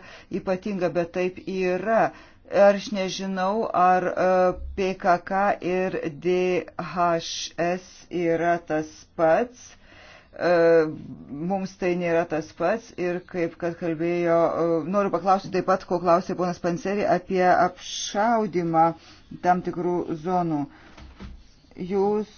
ypatinga, bet taip yra. Ar aš nežinau, ar PKK ir DHS yra tas pats E, mums tai nėra tas pats ir kaip kad kalbėjo, e, noriu paklausti taip pat, ko klausė ponas Panseri apie apšaudimą tam tikrų zonų. Jūs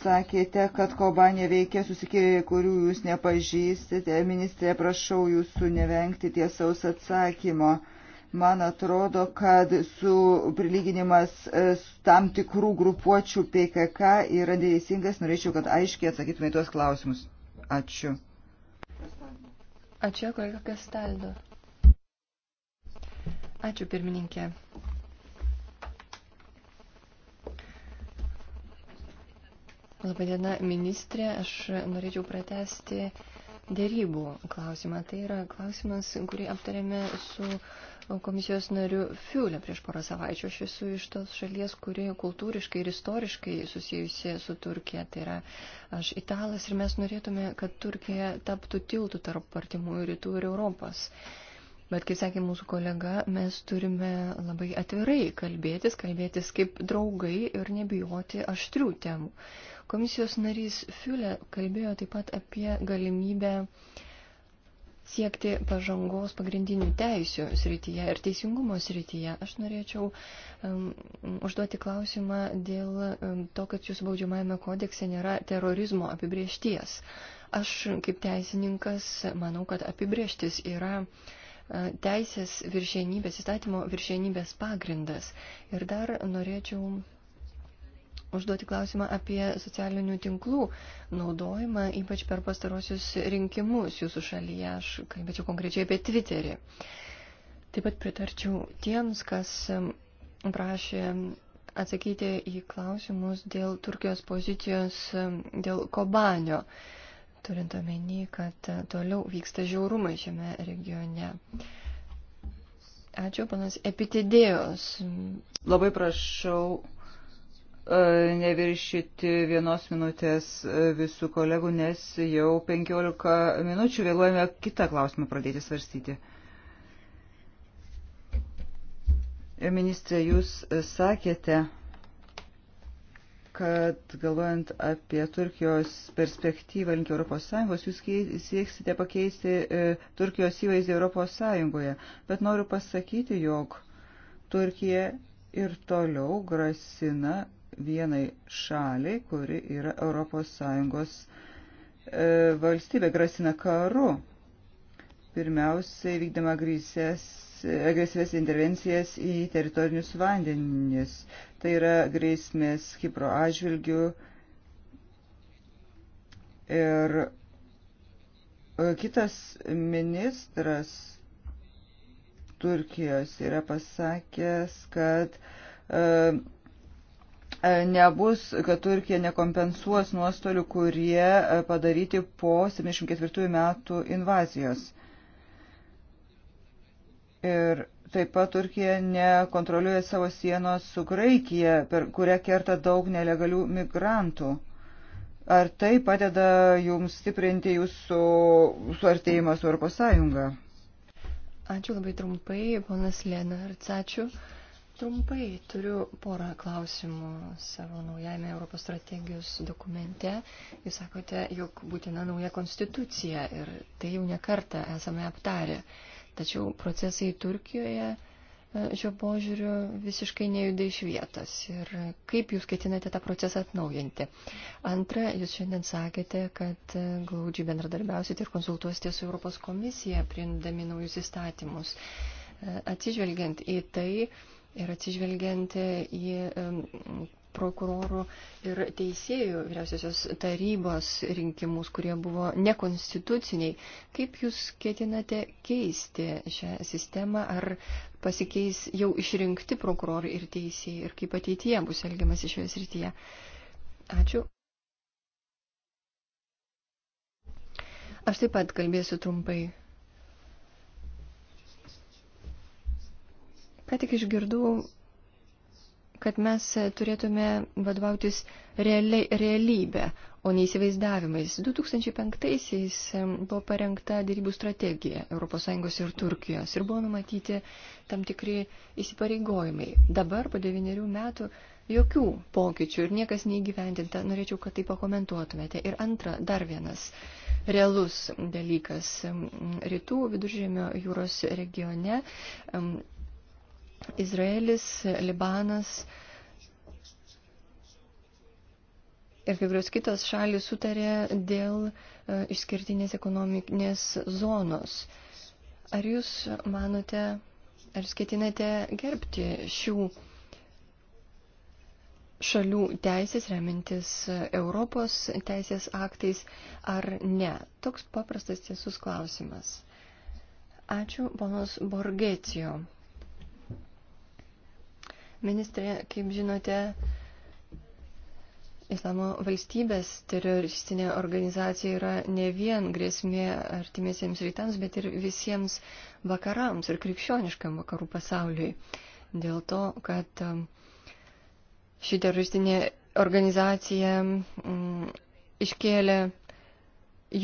sakėte, kad Kobanė veikia susikėlė, kurių jūs nepažįstate. Ministrė, prašau jūsų nevengti tiesaus atsakymo. Uh, Man atrodo, kad su prilyginimas e, tam tikrų grupuočių PKK yra dėsingas. Norėčiau, kad aiškiai atsakytume į tuos klausimus. Ačiū. Ačiū, kolega Kastaldo. Ačiū, pirmininkė. Labadiena, ministrė. Aš norėčiau pratesti dėrybų klausimą. Tai yra klausimas, kurį aptarėme su komisijos nariu Fiulė prieš porą savaičių. Aš esu iš tos šalies, kuri kultūriškai ir istoriškai susijusi su Turkija. Tai yra aš italas ir mes norėtume, kad Turkija taptų tiltų tarp artimųjų rytų ir Europos. Bet, kaip sakė mūsų kolega, mes turime labai atvirai kalbėtis, kalbėtis kaip draugai ir nebijoti aštrių temų. Komisijos narys Fiulė kalbėjo taip pat apie galimybę uh, siekti pažangos pagrindinių teisių srityje ir teisingumo srityje. Aš norėčiau um, užduoti klausimą dėl um, to, kad jūsų baudžiamajame kodekse nėra terorizmo apibriešties. Aš kaip teisininkas manau, kad apibrieštis yra e, teisės viršienybės, įstatymo viršienybės pagrindas. Ir dar norėčiau užduoti klausimą apie socialinių tinklų naudojimą, ypač per pastarosius rinkimus jūsų šalyje. Aš kalbėčiau konkrečiai apie Twitterį. Taip pat pritarčiau tiems, kas prašė atsakyti į klausimus dėl Turkijos pozicijos dėl Kobanio, turint omeny, kad e, toliau vyksta žiaurumai šiame regione. Ačiū, panas Epitidėjos. Labai prašau E, neviršyti vienos minutės e, visų kolegų, nes jau 15 minučių vėluojame kitą klausimą pradėti svarstyti. E, Ministrė, jūs sakėte, kad galvojant apie Turkijos perspektyvą link ES, jūs sieksite pakeisti Turkijos įvaizdį ES. Bet noriu pasakyti, jog Turkija ir toliau grasina vienai šaliai, kuri yra ES e, valstybė, grasina karu. Pirmiausiai vykdama agresyvės intervencijas į teritorinius vandenis. Tai yra grėsmės Kipro atžvilgių ir e, kitas ministras Turkijos yra pasakęs, kad uh, E, nebus, kad Turkija nekompensuos nuostolių, kurie e, padaryti po 74 metų invazijos. Ir taip pat Turkija nekontroliuoja savo sienos su Graikija, per kurią kerta daug nelegalių migrantų. Ar tai padeda jums stiprinti jūsų suartėjimą su Europos Sąjunga? Ačiū labai trumpai, ponas Lena, ar ačiū. Uh, Trumpai turiu porą klausimų savo naujame Europos strategijos dokumente. Jūs sakote, jog būtina nauja konstitucija ir tai jau nekartą esame aptarę. Tačiau procesai Turkijoje e, šio požiūriu visiškai nejuda iš vietos. Ir kaip jūs ketinate tą procesą atnaujinti? Antra, jūs šiandien sakėte, kad e, glaudžiai bendradarbiausite ir konsultuosite su Europos komisija, priimdami naujus įstatymus. E, atsižvelgiant į tai, ir atsižvelgianti į prokurorų ir teisėjų vyriausiosios tarybos rinkimus, kurie buvo nekonstituciniai. Kaip jūs ketinate keisti šią sistemą, ar pasikeis jau išrinkti prokurorai ir teisėjai ir kaip ateityje bus elgiamasi šioje srityje? Ačiū. Aš taip pat kalbėsiu trumpai. Ką tik išgirdau, kad mes turėtume vadovautis realiai, realybę, o ne įsivaizdavimais. 2005-aisiais buvo parengta dėrybų strategija ES ir Turkijos ir buvo numatyti tam tikri įsipareigojimai. Dabar po devyniarių metų jokių pokyčių ir niekas neįgyvendinta. Norėčiau, kad tai pakomentuotumėte. Ir antra, dar vienas realus dalykas. Rytų viduržėmio jūros regione Izraelis, Libanas ir kai kurios kitos šalis sutarė dėl e, išskirtinės ekonominės zonos. Ar jūs manote, ar jūs ketinate gerbti šių šalių teisės remintis Europos teisės aktais ar ne? Toks paprastas tiesus klausimas. Ačiū, ponas Borgecijo. Ministrė, kaip žinote, Islamo valstybės teroristinė organizacija yra ne vien grėsmė artimiesiems rytams, bet ir visiems vakarams ir krikščioniškam vakarų pasauliui. Dėl to, kad um, ši teroristinė organizacija mm, iškėlė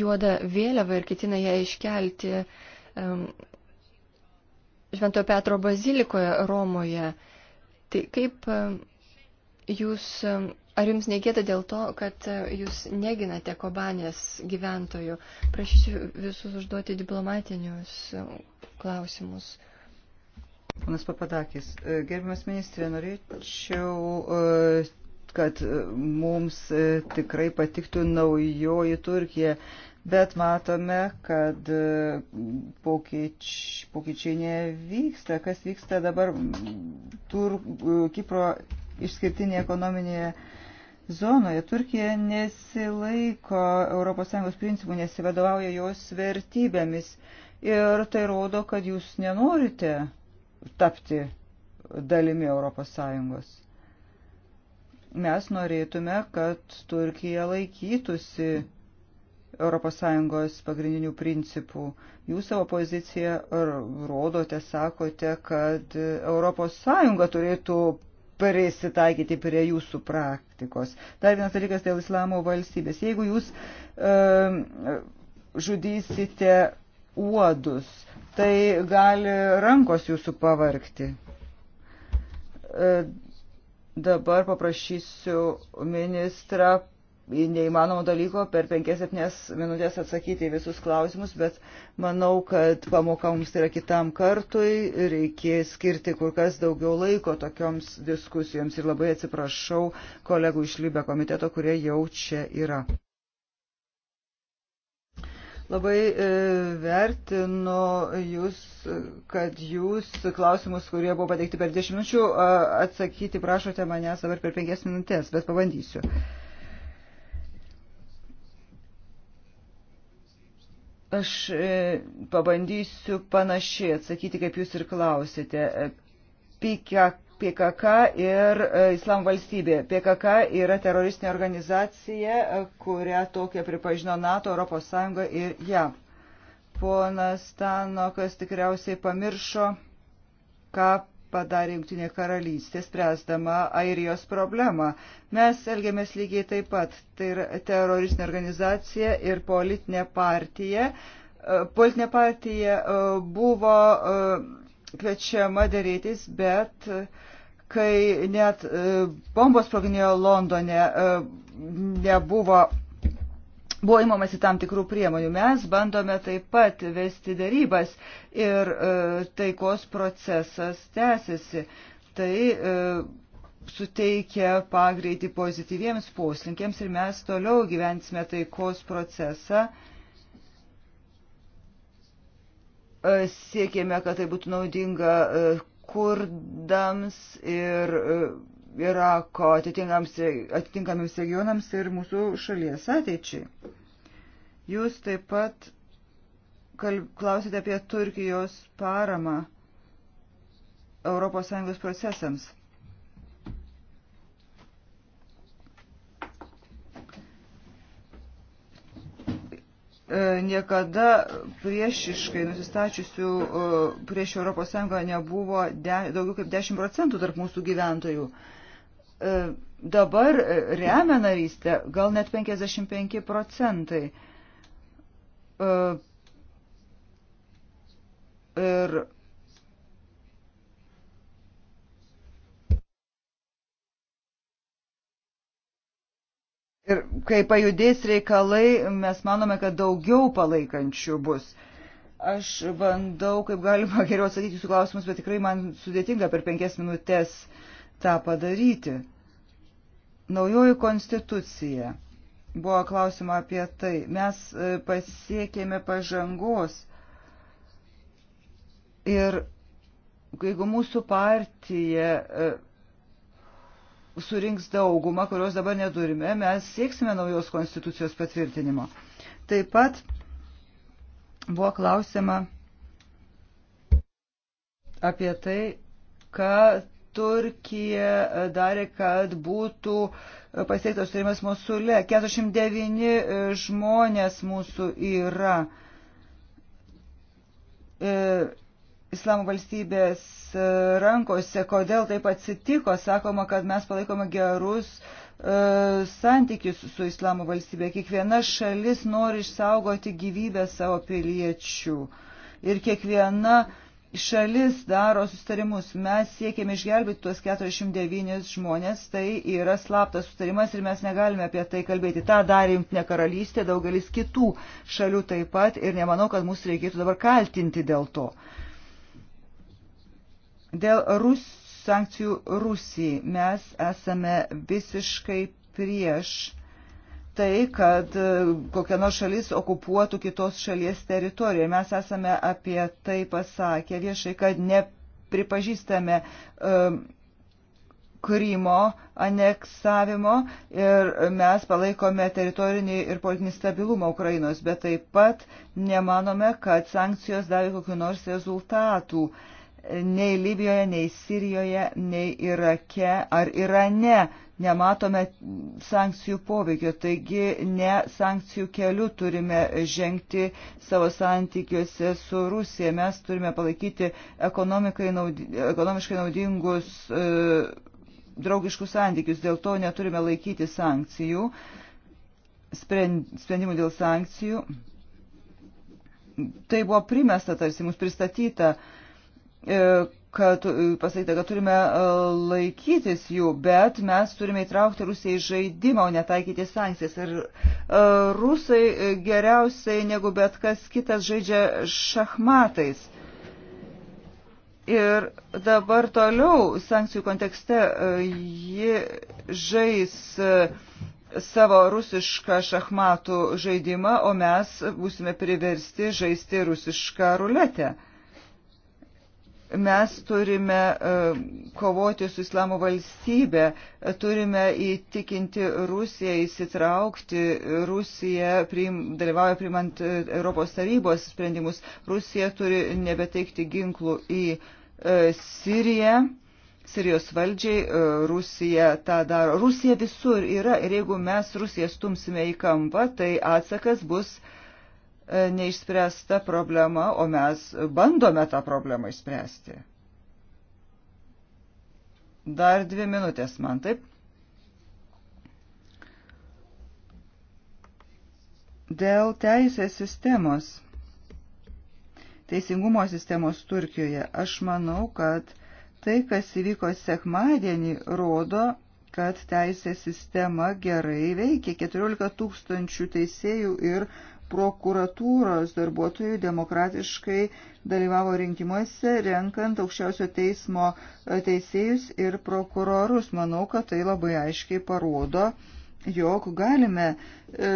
juodą vėliavą ir ketina ją iškelti mm, Švento Petro bazilikoje Romoje. Mm, Tai kaip e, jūs, e, ar jums negėda dėl to, kad e, jūs neginate Kobanės gyventojų? Prašysiu visus užduoti diplomatinius klausimus. Panas Papadakis, gerbimas ministrė, norėčiau, kad mums tikrai patiktų naujoji Turkija bet matome, kad e, pokyč, pokyčiai nevyksta. Kas vyksta dabar Tur, e, Kipro išskirtinėje ekonominėje zonoje? Turkija nesilaiko ES principų, nesivadovauja jos vertybėmis. Ir tai rodo, kad jūs nenorite tapti dalimi ES. Mes norėtume, kad Turkija laikytųsi ES pagrindinių principų. Jūs savo poziciją rodote, sakote, kad ES turėtų prisitaikyti prie jūsų praktikos. Dar vienas dalykas dėl islamo valstybės. Jeigu jūs e, žudysite uodus, tai gali rankos jūsų pavarkti. E, dabar paprašysiu ministrą neįmanomo dalyko per 5-7 minutės atsakyti į visus klausimus, bet manau, kad pamoka mums yra kitam kartui, reikės skirti kur kas daugiau laiko tokioms diskusijoms ir labai atsiprašau kolegų iš Libė komiteto, kurie jau čia yra. Labai e, vertinu jūs, kad jūs klausimus, kurie buvo pateikti per 10 minučių, atsakyti prašote manęs dabar per 5 minutės, bet pabandysiu. E, Aš e, pabandysiu panašiai atsakyti, kaip jūs ir klausėte. PKK ir e, Islam valstybė. PKK yra teroristinė organizacija, e, kurią tokia pripažino NATO, ES ir JAV. Ponas Tanokas tikriausiai pamiršo, ką padarė Junktinė karalystė, spręsdama Airijos problemą. Mes elgiamės lygiai taip pat. Tai yra teroristinė organizacija ir politinė partija. E, politinė partija e, buvo e, kviečiama darytis, bet kai net bombos sproginėjo Londone, nebuvo buvo įmamasi tam tikrų priemonių. Mes bandome taip pat vesti darybas ir e, taikos procesas tęsiasi. Tai e, suteikia pagreitį pozityviems poslinkiams ir mes toliau gyvensime taikos procesą. E, siekėme, kad tai būtų naudinga e, kurdams ir. E, Irako atitinkamiems regionams ir mūsų šalies ateičiai. Jūs taip pat klausite apie Turkijos paramą ES procesams. E, niekada priešiškai nusistačiusių e, prieš ES nebuvo de, daugiau kaip 10 procentų tarp mūsų gyventojų. E, dabar remia narystę, gal net 55 procentai. E, ir Ir kai pajudės reikalai, mes manome, kad daugiau palaikančių bus. Aš bandau, kaip galima geriau atsakyti jūsų klausimus, bet tikrai man sudėtinga per penkias minutės tą padaryti. Naujoji konstitucija. Buvo klausima apie tai. Mes e, pasiekėme pažangos ir jeigu mūsų partija e, surinks daugumą, kurios dabar neturime, mes sieksime naujos konstitucijos patvirtinimo. Taip pat buvo klausima apie tai, ką Turkija e, darė, kad būtų e, pasiektas turimas Mosule. 49 e, žmonės mūsų yra. Islamo valstybės rankose. Kodėl taip atsitiko? Sakoma, kad mes palaikome gerus santykius su Islamo valstybė. Kiekviena šalis nori išsaugoti gyvybę savo piliečių. Ir kiekviena uh, šalis daro sustarimus. Mes siekėme išgelbėti tuos 49 žmonės, tai yra slaptas sustarimas ir mes negalime apie tai kalbėti. Ta darė Junktinė karalystė, daugelis kitų šalių taip pat ir nemanau, kad mus reikėtų dabar kaltinti dėl to. Dėl Rus, sankcijų Rusijai mes esame visiškai prieš tai, kad e, kokia nors šalis okupuotų kitos šalies teritoriją. Mes esame apie tai pasakę viešai, kad nepripažįstame um, Krymo aneksavimo ir mes palaikome teritorinį ir politinį stabilumą Ukrainos, bet taip pat nemanome, kad sankcijos davė kokiu nors rezultatų nei Libijoje, nei Sirijoje, nei Irake ar Irane nematome sankcijų poveikio. Taigi ne sankcijų keliu turime žengti savo santykiuose su Rusija. Mes turime palaikyti naudi, ekonomiškai naudingus e, draugiškus santykius. Dėl to neturime laikyti sankcijų, sprendimų dėl sankcijų. Tai buvo primesta, tarsi mums pristatyta. E, kad e, pasakyta, kad turime e, laikytis jų, bet mes turime įtraukti Rusiją į žaidimą, o netaikyti sankcijas. Ir e, rusai geriausiai negu bet kas kitas žaidžia šachmatais. Ir dabar toliau sankcijų kontekste ji žais savo rusišką šachmatų žaidimą, o mes būsime priversti žaisti rusišką ruletę mes turime e, kovoti su islamo valstybė, turime įtikinti Rusiją įsitraukti, Rusija priim, dalyvauja priimant e, Europos tarybos sprendimus, Rusija turi nebeteikti ginklų į e, Siriją. Sirijos valdžiai, Rusija tą daro. Rusija visur yra ir jeigu mes Rusiją stumsime į kampą, tai atsakas bus uh, E, neišspręsta problema, o mes bandome tą problemą išspręsti. Dar dvi minutės man taip. Dėl teisės sistemos, teisingumo sistemos Turkijoje, aš manau, kad tai, kas įvyko sekmadienį, rodo, kad teisės sistema gerai veikia. 14 tūkstančių teisėjų ir prokuratūros darbuotojų demokratiškai dalyvavo rinkimuose, renkant aukščiausio teismo e, teisėjus ir prokurorus. Manau, kad tai labai aiškiai parodo, jog galime e,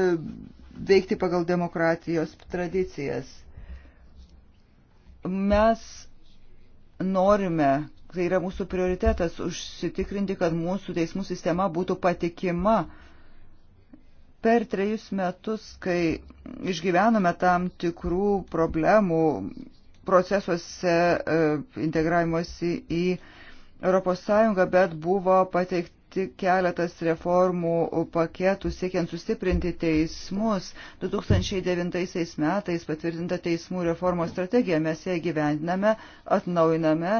veikti pagal demokratijos tradicijas. Mes norime, tai yra mūsų prioritetas, užsitikrinti, kad mūsų teismų sistema būtų patikima Per trejus metus, kai išgyvenome tam tikrų problemų procesuose e, integravimuose į ES, bet buvo pateikti pateikti keletas reformų paketų siekiant sustiprinti teismus. 2009 metais patvirtinta teismų reformos strategija, mes ją gyvendiname, atnaujiname,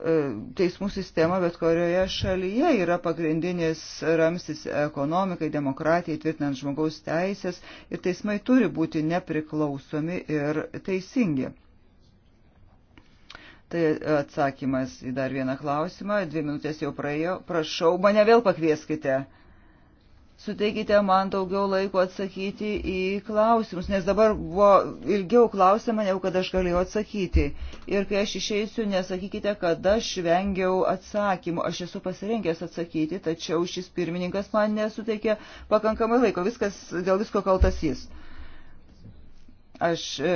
E, teismų sistema bet kurioje šalyje yra pagrindinis ramstis ekonomikai, demokratijai, tvirtinant žmogaus teisės ir teismai turi būti nepriklausomi ir teisingi. Tai atsakymas į dar vieną klausimą. Dvi minutės jau praėjo. Prašau, mane vėl pakvieskite suteikite man daugiau laiko atsakyti į klausimus, nes dabar buvo ilgiau klausima, negu kad aš galėjau atsakyti. Ir kai aš išeisiu, nesakykite, kad aš vengiau atsakymų. Aš esu pasirengęs atsakyti, tačiau šis pirmininkas man nesuteikė pakankamai laiko. Viskas, dėl visko kaltas jis. Aš e,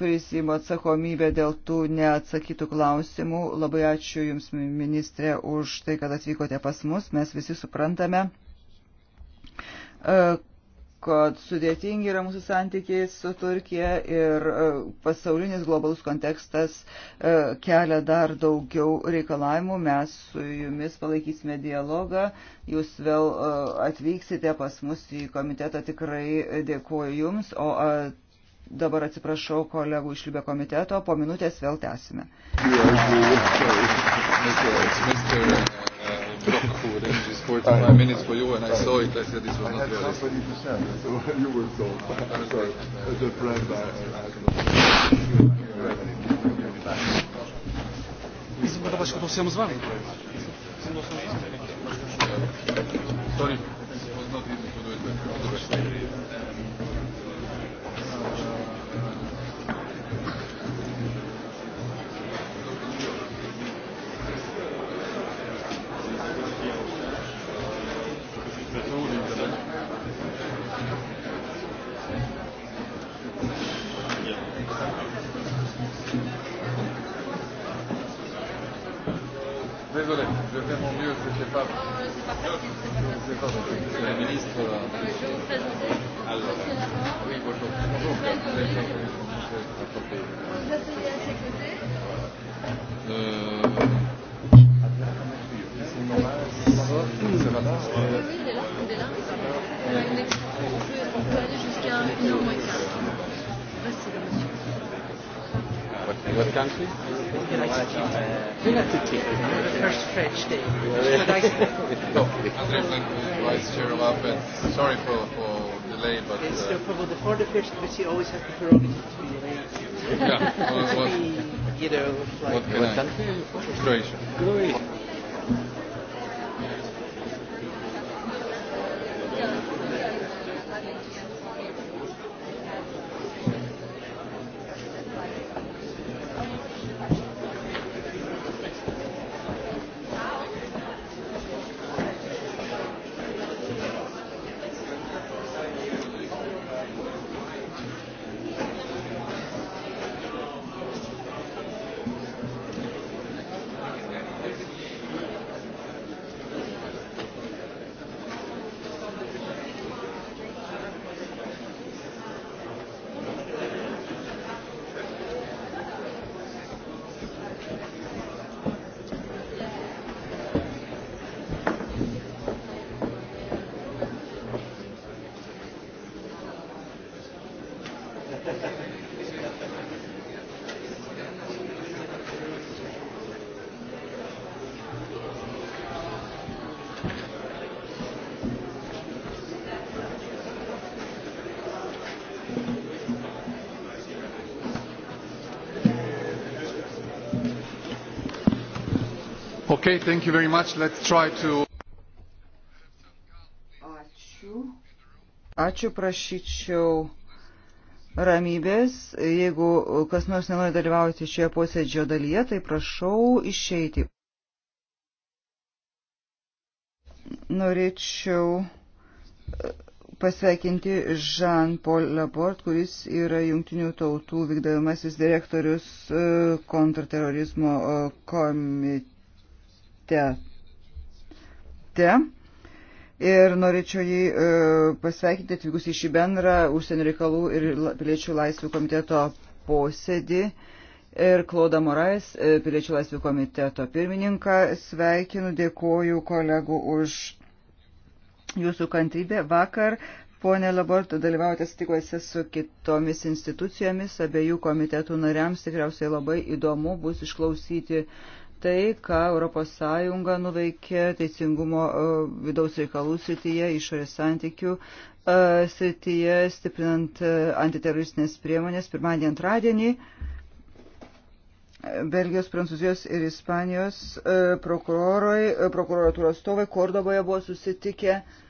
prisimu atsakomybę dėl tų neatsakytų klausimų. Labai ačiū Jums, ministrė, už tai, kad atvykote pas mus. Mes visi suprantame kad sudėtingi yra mūsų santykiai su Turkija ir pasaulinis globalus kontekstas kelia dar daugiau reikalavimų. Mes su jumis palaikysime dialogą. Jūs vėl atvyksite pas mus į komitetą. Tikrai dėkuoju jums. O dabar atsiprašau kolegų iš Libė komiteto. Po minutės vėl tęsime. Yes, yes, yes, yes, yes, yes, yes, yes, yes, yes, were two I, minutes for you, and I saw it. I said this was I not realistic. somebody to send, so you were told. I'm sorry. As a friend, I, I Nie zbudować, którą się z wami. Sorry. always happy for Robin to be late. Yeah, well, what, you know, like what can what I? country? Croatia. Okay, thank you very much. Let's try to. Ačiū. Ačiū, prašyčiau ramybės. Jeigu kas nors nenori dalyvauti šioje posėdžio dalyje, tai prašau išeiti. Norėčiau e, pasveikinti Jean-Paul Laporte, kuris yra Junktinių tautų vykdomasis direktorius e, kontraterorizmo e, komitete komitete. Ir norėčiau jį e, pasveikinti atvykus į šį bendrą užsienio reikalų ir piliečių laisvių komiteto posėdį. Ir Klaudą Morais, e, piliečių laisvių komiteto pirmininką, sveikinu, dėkoju kolegų už jūsų kantrybę. Vakar Pone Labort, dalyvaujate stikuose su kitomis institucijomis, abiejų komitetų nariams tikriausiai labai įdomu bus išklausyti tai, ką ES nuveikė teisingumo e, vidaus reikalų srityje, išorės santykių e, srityje, stiprinant e, antiteroristinės priemonės pirmadienį antradienį. Belgijos, Prancūzijos ir Ispanijos prokurorai, prokuratūros atstovai Kordoboje buvo susitikę. Uh,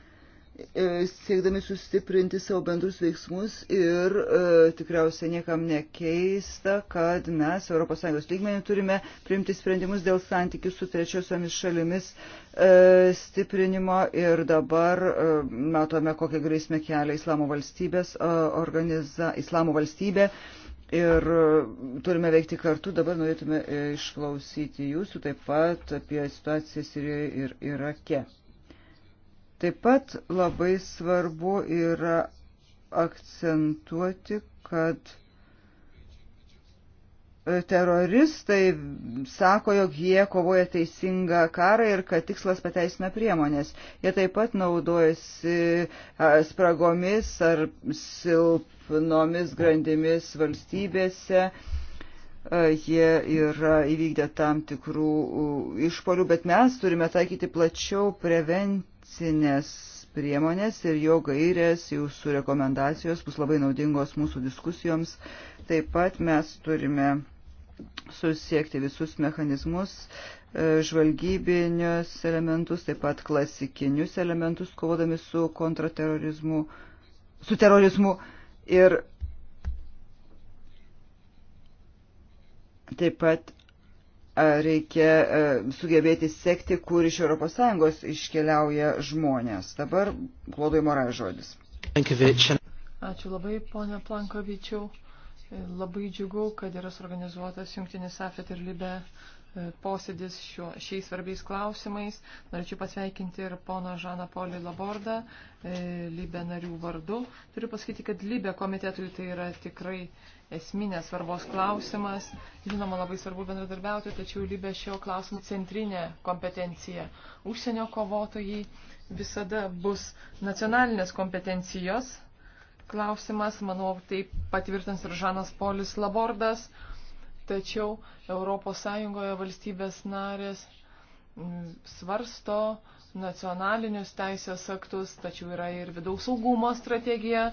E, siekdami sustiprinti savo bendrus veiksmus ir e, tikriausiai niekam nekeista, kad mes ES lygmenį turime priimti sprendimus dėl santykių su trečiosiomis šalimis e, stiprinimo ir dabar e, matome, kokią grėsmę kelia Islamo, valstybės, e, organiza, Islamo valstybė. Ir e, turime veikti kartu, dabar norėtume e, išklausyti jūsų taip pat apie situaciją Sirijoje ir Irake. Ir Taip pat labai svarbu yra akcentuoti, kad teroristai sako, jog jie kovoja teisingą karą ir kad tikslas pateisina priemonės. Jie taip pat naudojasi spragomis ar silpnomis grandimis valstybėse. Jie yra įvykdę tam tikrų išpolių, bet mes turime taikyti plačiau prevenciją antikorupcinės priemonės ir jo gairės, jūsų rekomendacijos bus labai naudingos mūsų diskusijoms. Taip pat mes turime susiekti visus mechanizmus, e, žvalgybinius elementus, taip pat klasikinius elementus, kovodami su kontraterorizmu, su terorizmu ir taip pat reikia sugebėti sekti, kur iš ES iškeliauja žmonės. Dabar Klodai Morai žodis. Ačiū labai, ponia Plankovičiau. Labai džiugu, kad yra suorganizuotas jungtinis AFET ir LIBE posėdis šiuo, šiais svarbiais klausimais. Norėčiau pasveikinti ir pono Žaną Polį Labordą, e, Libė narių vardu. Turiu pasakyti, kad Libė komitetui tai yra tikrai esminės svarbos klausimas. Žinoma, labai svarbu bendradarbiauti, tačiau Libė šio klausimo centrinė kompetencija. Užsienio kovotojai visada bus nacionalinės kompetencijos klausimas. Manau, tai patvirtins ir Žanas Polis Labordas tačiau ES valstybės narės mm, svarsto nacionalinius teisės aktus, tačiau yra ir vidaus saugumo strategija,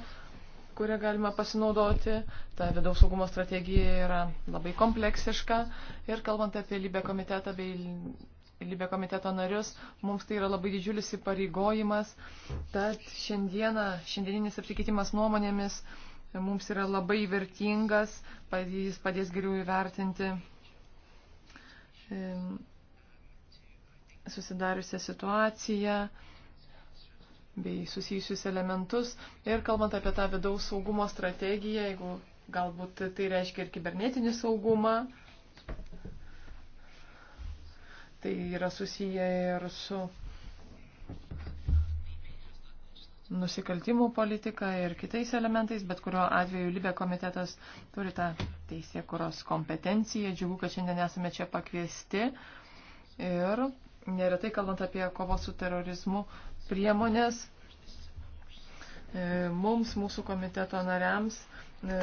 kurią galima pasinaudoti. Ta vidaus saugumo strategija yra labai kompleksiška ir kalbant apie Libę komitetą bei Libė komiteto narius, mums tai yra labai didžiulis įpareigojimas, tad šiandieną, šiandieninis apsikeitimas nuomonėmis mums yra labai vertingas, jis padės geriau įvertinti susidariusią situaciją bei susijusius elementus. Ir kalbant apie tą vidaus saugumo strategiją, jeigu galbūt tai reiškia ir kibernetinį saugumą, tai yra susiję ir su nusikaltimų politika ir kitais elementais, bet kurio atveju Libė komitetas turi tą teisė, kurios kompetenciją. Džiugu, kad šiandien esame čia pakviesti. Ir neretai kalbant apie kovos su terorizmu priemonės, e, mums, mūsų komiteto nariams, e,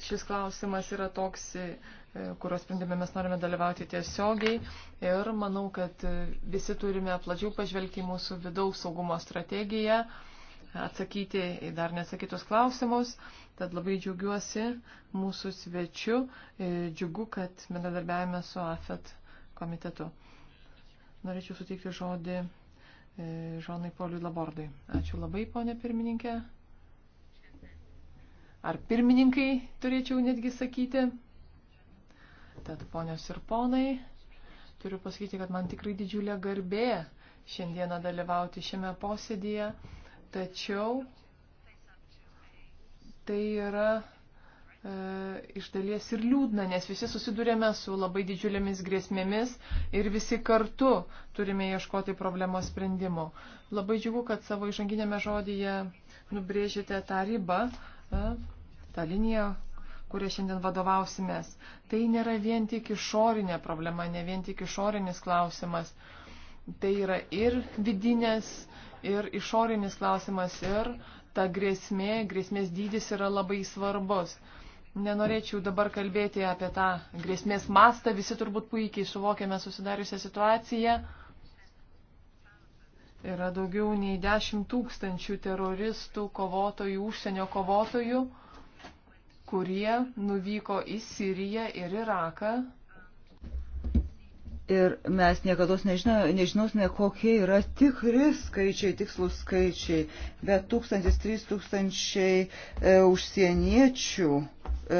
šis klausimas yra toks, e, kurio sprendime mes norime dalyvauti tiesiogiai ir manau, kad e, visi turime plačiau pažvelgti į mūsų vidaus saugumo strategiją, atsakyti į dar nesakytus klausimus. Tad labai džiaugiuosi mūsų svečiu, e, džiugu, kad bendradarbiavime su AFET komitetu. Norėčiau suteikti žodį Žonai Poliui Labordui. Ačiū labai, ponė pirmininkė ar pirmininkai, turėčiau netgi sakyti. Tad, ponios ir ponai, turiu pasakyti, kad man tikrai didžiulė garbė šiandieną dalyvauti šiame posėdėje, tačiau tai yra e, iš dalies ir liūdna, nes visi susidurėme su labai didžiulėmis grėsmėmis ir visi kartu turime ieškoti problemos sprendimo. Labai džiugu, kad savo įžanginėme žodėje nubrėžėte tą ribą, E, ta linija, kuria šiandien vadovausimės, tai nėra vien tik išorinė problema, ne vien tik išorinis klausimas. Tai yra ir vidinės, ir išorinis klausimas, ir ta grėsmė, grėsmės dydis yra labai svarbus. Nenorėčiau dabar kalbėti apie tą grėsmės mastą, visi turbūt puikiai suvokiame susidariusią situaciją. Yra daugiau nei 10 tūkstančių teroristų, kovotojų, užsienio kovotojų, kurie nuvyko į Siriją ir Iraką. Ir mes niekada nežinosime, kokie yra tikri skaičiai, tikslus skaičiai, bet 1000-3000 e, užsieniečių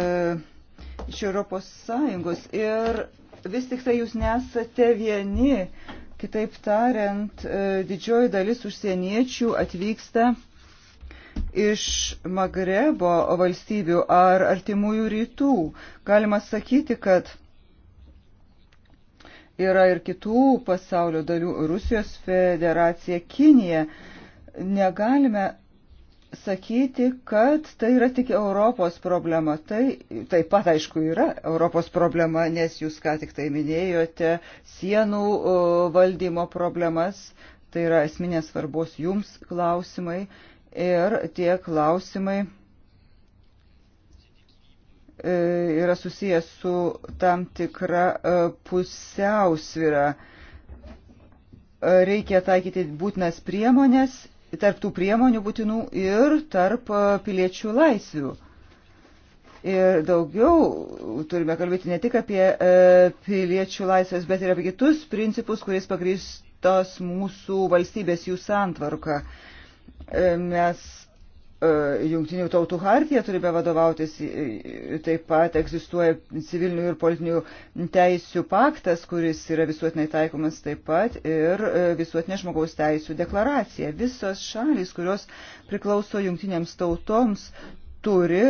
e, iš Europos Sąjungos. Ir vis tik tai jūs nesate vieni. E, Kitaip tariant, e, didžioji dalis užsieniečių atvyksta iš Magrebo valstybių ar artimųjų rytų. Galima sakyti, kad yra ir kitų pasaulio dalių - Rusijos federacija, Kinija. Negalime sakyti, kad tai yra tik Europos problema. Tai taip pat, aišku, yra Europos problema, nes jūs ką tik tai minėjote sienų valdymo problemas. Tai yra esminės svarbos jums klausimai ir tie klausimai e, yra susijęs su tam tikra e, pusiausvyra. E, reikia taikyti būtinas priemonės tarptų priemonių būtinų ir tarp e, piliečių laisvių. Ir daugiau turime kalbėti ne tik apie e, piliečių laisvės, bet ir apie kitus principus, kuriais pagrįstos mūsų valstybės jų santvarka. E, mes E, Jungtinių tautų hartija turime vadovautis, e, taip pat egzistuoja civilinių ir politinių teisių paktas, kuris yra visuotinai taikomas taip pat ir e, visuotinė žmogaus teisų deklaracija. Visos šalys, kurios priklauso jungtinėms tautoms, turi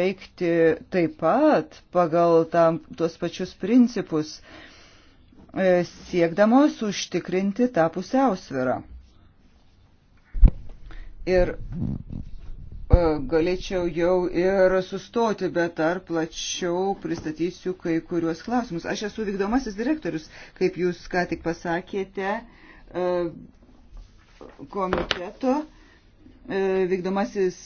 veikti taip pat pagal tam, tuos pačius principus, siekdamos užtikrinti tą pusiausvirą. Ir e, galėčiau jau ir sustoti, bet dar plačiau pristatysiu kai kuriuos klausimus. Aš esu vykdomasis direktorius, kaip jūs ką tik pasakėte, e, komiteto e, vykdomasis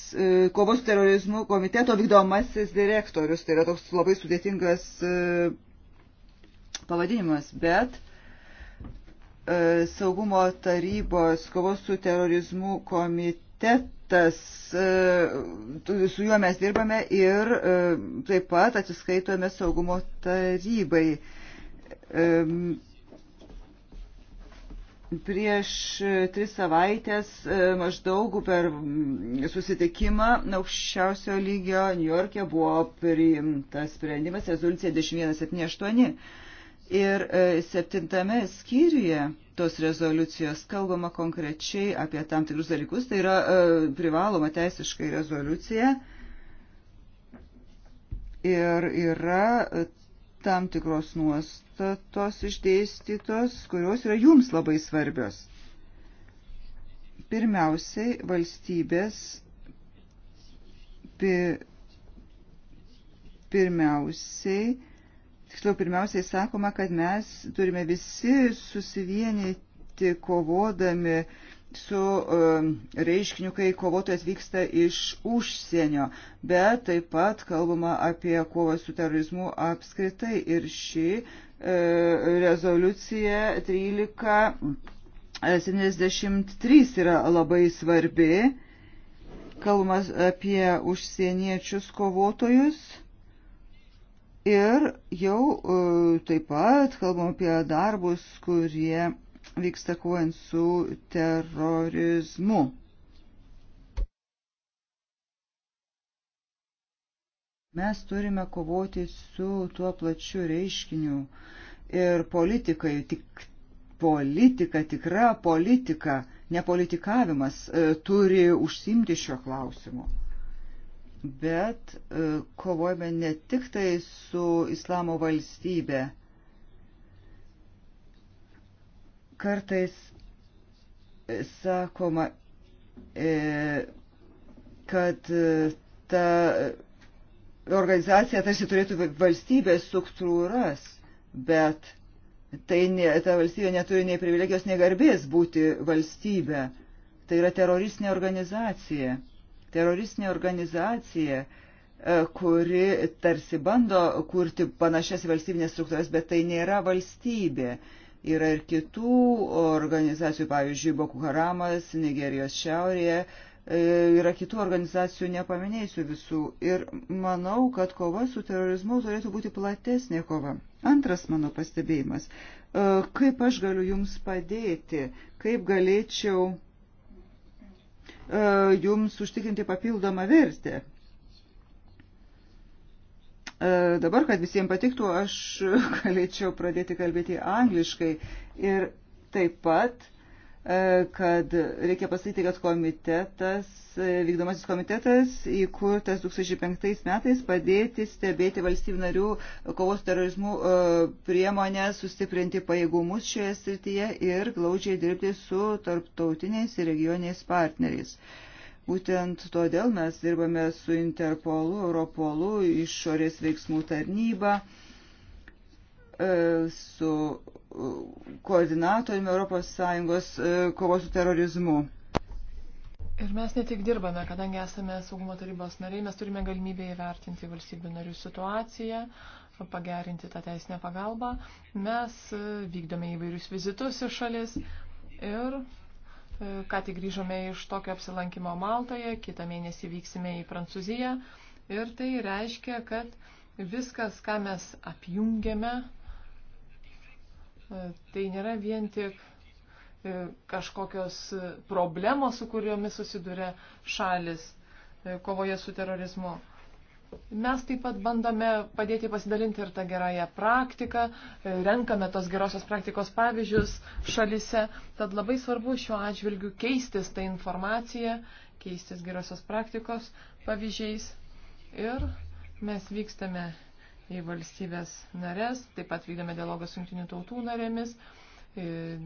kovos su terorizmu komiteto vykdomasis direktorius. Tai yra toks labai sudėtingas pavadinimas, bet saugumo tarybos kovos su terorizmu komiteto komitetas, e, su juo mes dirbame ir e, taip pat atsiskaitome saugumo tarybai. Prieš tris savaitės e, maždaug per susitikimą aukščiausio lygio New York'e buvo priimtas sprendimas rezoliucija 1178 Ir e, septintame skyriuje tos rezoliucijos kalbama konkrečiai apie tam tikrus dalykus, tai yra e, privaloma teisiškai rezoliucija ir yra e, tam tikros nuostatos išdėstytos, kurios yra jums labai svarbios. Pirmiausiai valstybės pi, pirmiausiai Tiksliau, pirmiausiai sakoma, kad mes turime visi susivienyti kovodami su um, reiškiniu, kai kovotojas vyksta iš užsienio, bet taip pat kalbama apie kovą su terorizmu apskritai ir ši e, rezoliucija 1373 e, yra labai svarbi. Kalbamas apie užsieniečius kovotojus Ir jau e, taip pat kalbam apie darbus, kurie vyksta kovojant su terorizmu. Mes turime kovoti su tuo plačiu reiškiniu ir politikai, tik politika, tikra politika, nepolitikavimas e, turi užsimti šio klausimu bet e, kovojame ne tik tai su islamo valstybė. Kartais e, sakoma, e, kad ta organizacija tarsi turėtų valstybės struktūras, bet tai ne, ta valstybė neturi nei privilegijos, nei garbės būti valstybė. Tai yra teroristinė organizacija teroristinė organizacija, e, kuri tarsi bando kurti panašias valstybinės struktūras, bet tai nėra valstybė. Yra ir kitų organizacijų, pavyzdžiui, Boko Haramas, Nigerijos šiaurėje, e, yra kitų organizacijų, nepaminėsiu visų. Ir manau, kad kova su terorizmu turėtų būti platesnė kova. Antras mano pastebėjimas. E, kaip aš galiu jums padėti? Kaip galėčiau E, jums užtikrinti papildomą vertę. E, dabar, kad visiems patiktų, aš galėčiau pradėti kalbėti angliškai ir taip pat E, kad reikia pasakyti, kad komitetas, e, vykdomasis komitetas įkurtas 2005 metais padėti stebėti valstybių narių kovos terorizmų e, priemonę, sustiprinti pajėgumus šioje srityje ir glaudžiai dirbti su tarptautiniais ir regioniais partneriais. Būtent todėl mes dirbame su Interpolu, Europolu, išorės veiksmų tarnyba, su koordinatoriumi ES e, kovos su terorizmu. Ir mes ne tik dirbame, kadangi esame saugumo tarybos nariai, mes turime galimybę įvertinti valstybių narių situaciją, pagerinti tą teisinę pagalbą. Mes e, vykdome įvairius vizitus į šalis ir e, ką tik grįžome iš tokio apsilankimo Maltoje, kitą mėnesį vyksime į Prancūziją ir tai reiškia, kad viskas, ką mes apjungiame, E, tai nėra vien tik e, kažkokios problemos, su kuriomis susiduria šalis e, kovoje su terorizmu. Mes taip pat bandome padėti pasidalinti ir tą gerąją praktiką, renkame tos gerosios praktikos pavyzdžius šalise, tad labai svarbu šiuo atžvilgiu keistis tą informaciją, keistis gerosios praktikos pavyzdžiais ir mes vykstame į valstybės narės, taip pat vykdome dialogą su jungtinių tautų narėmis ir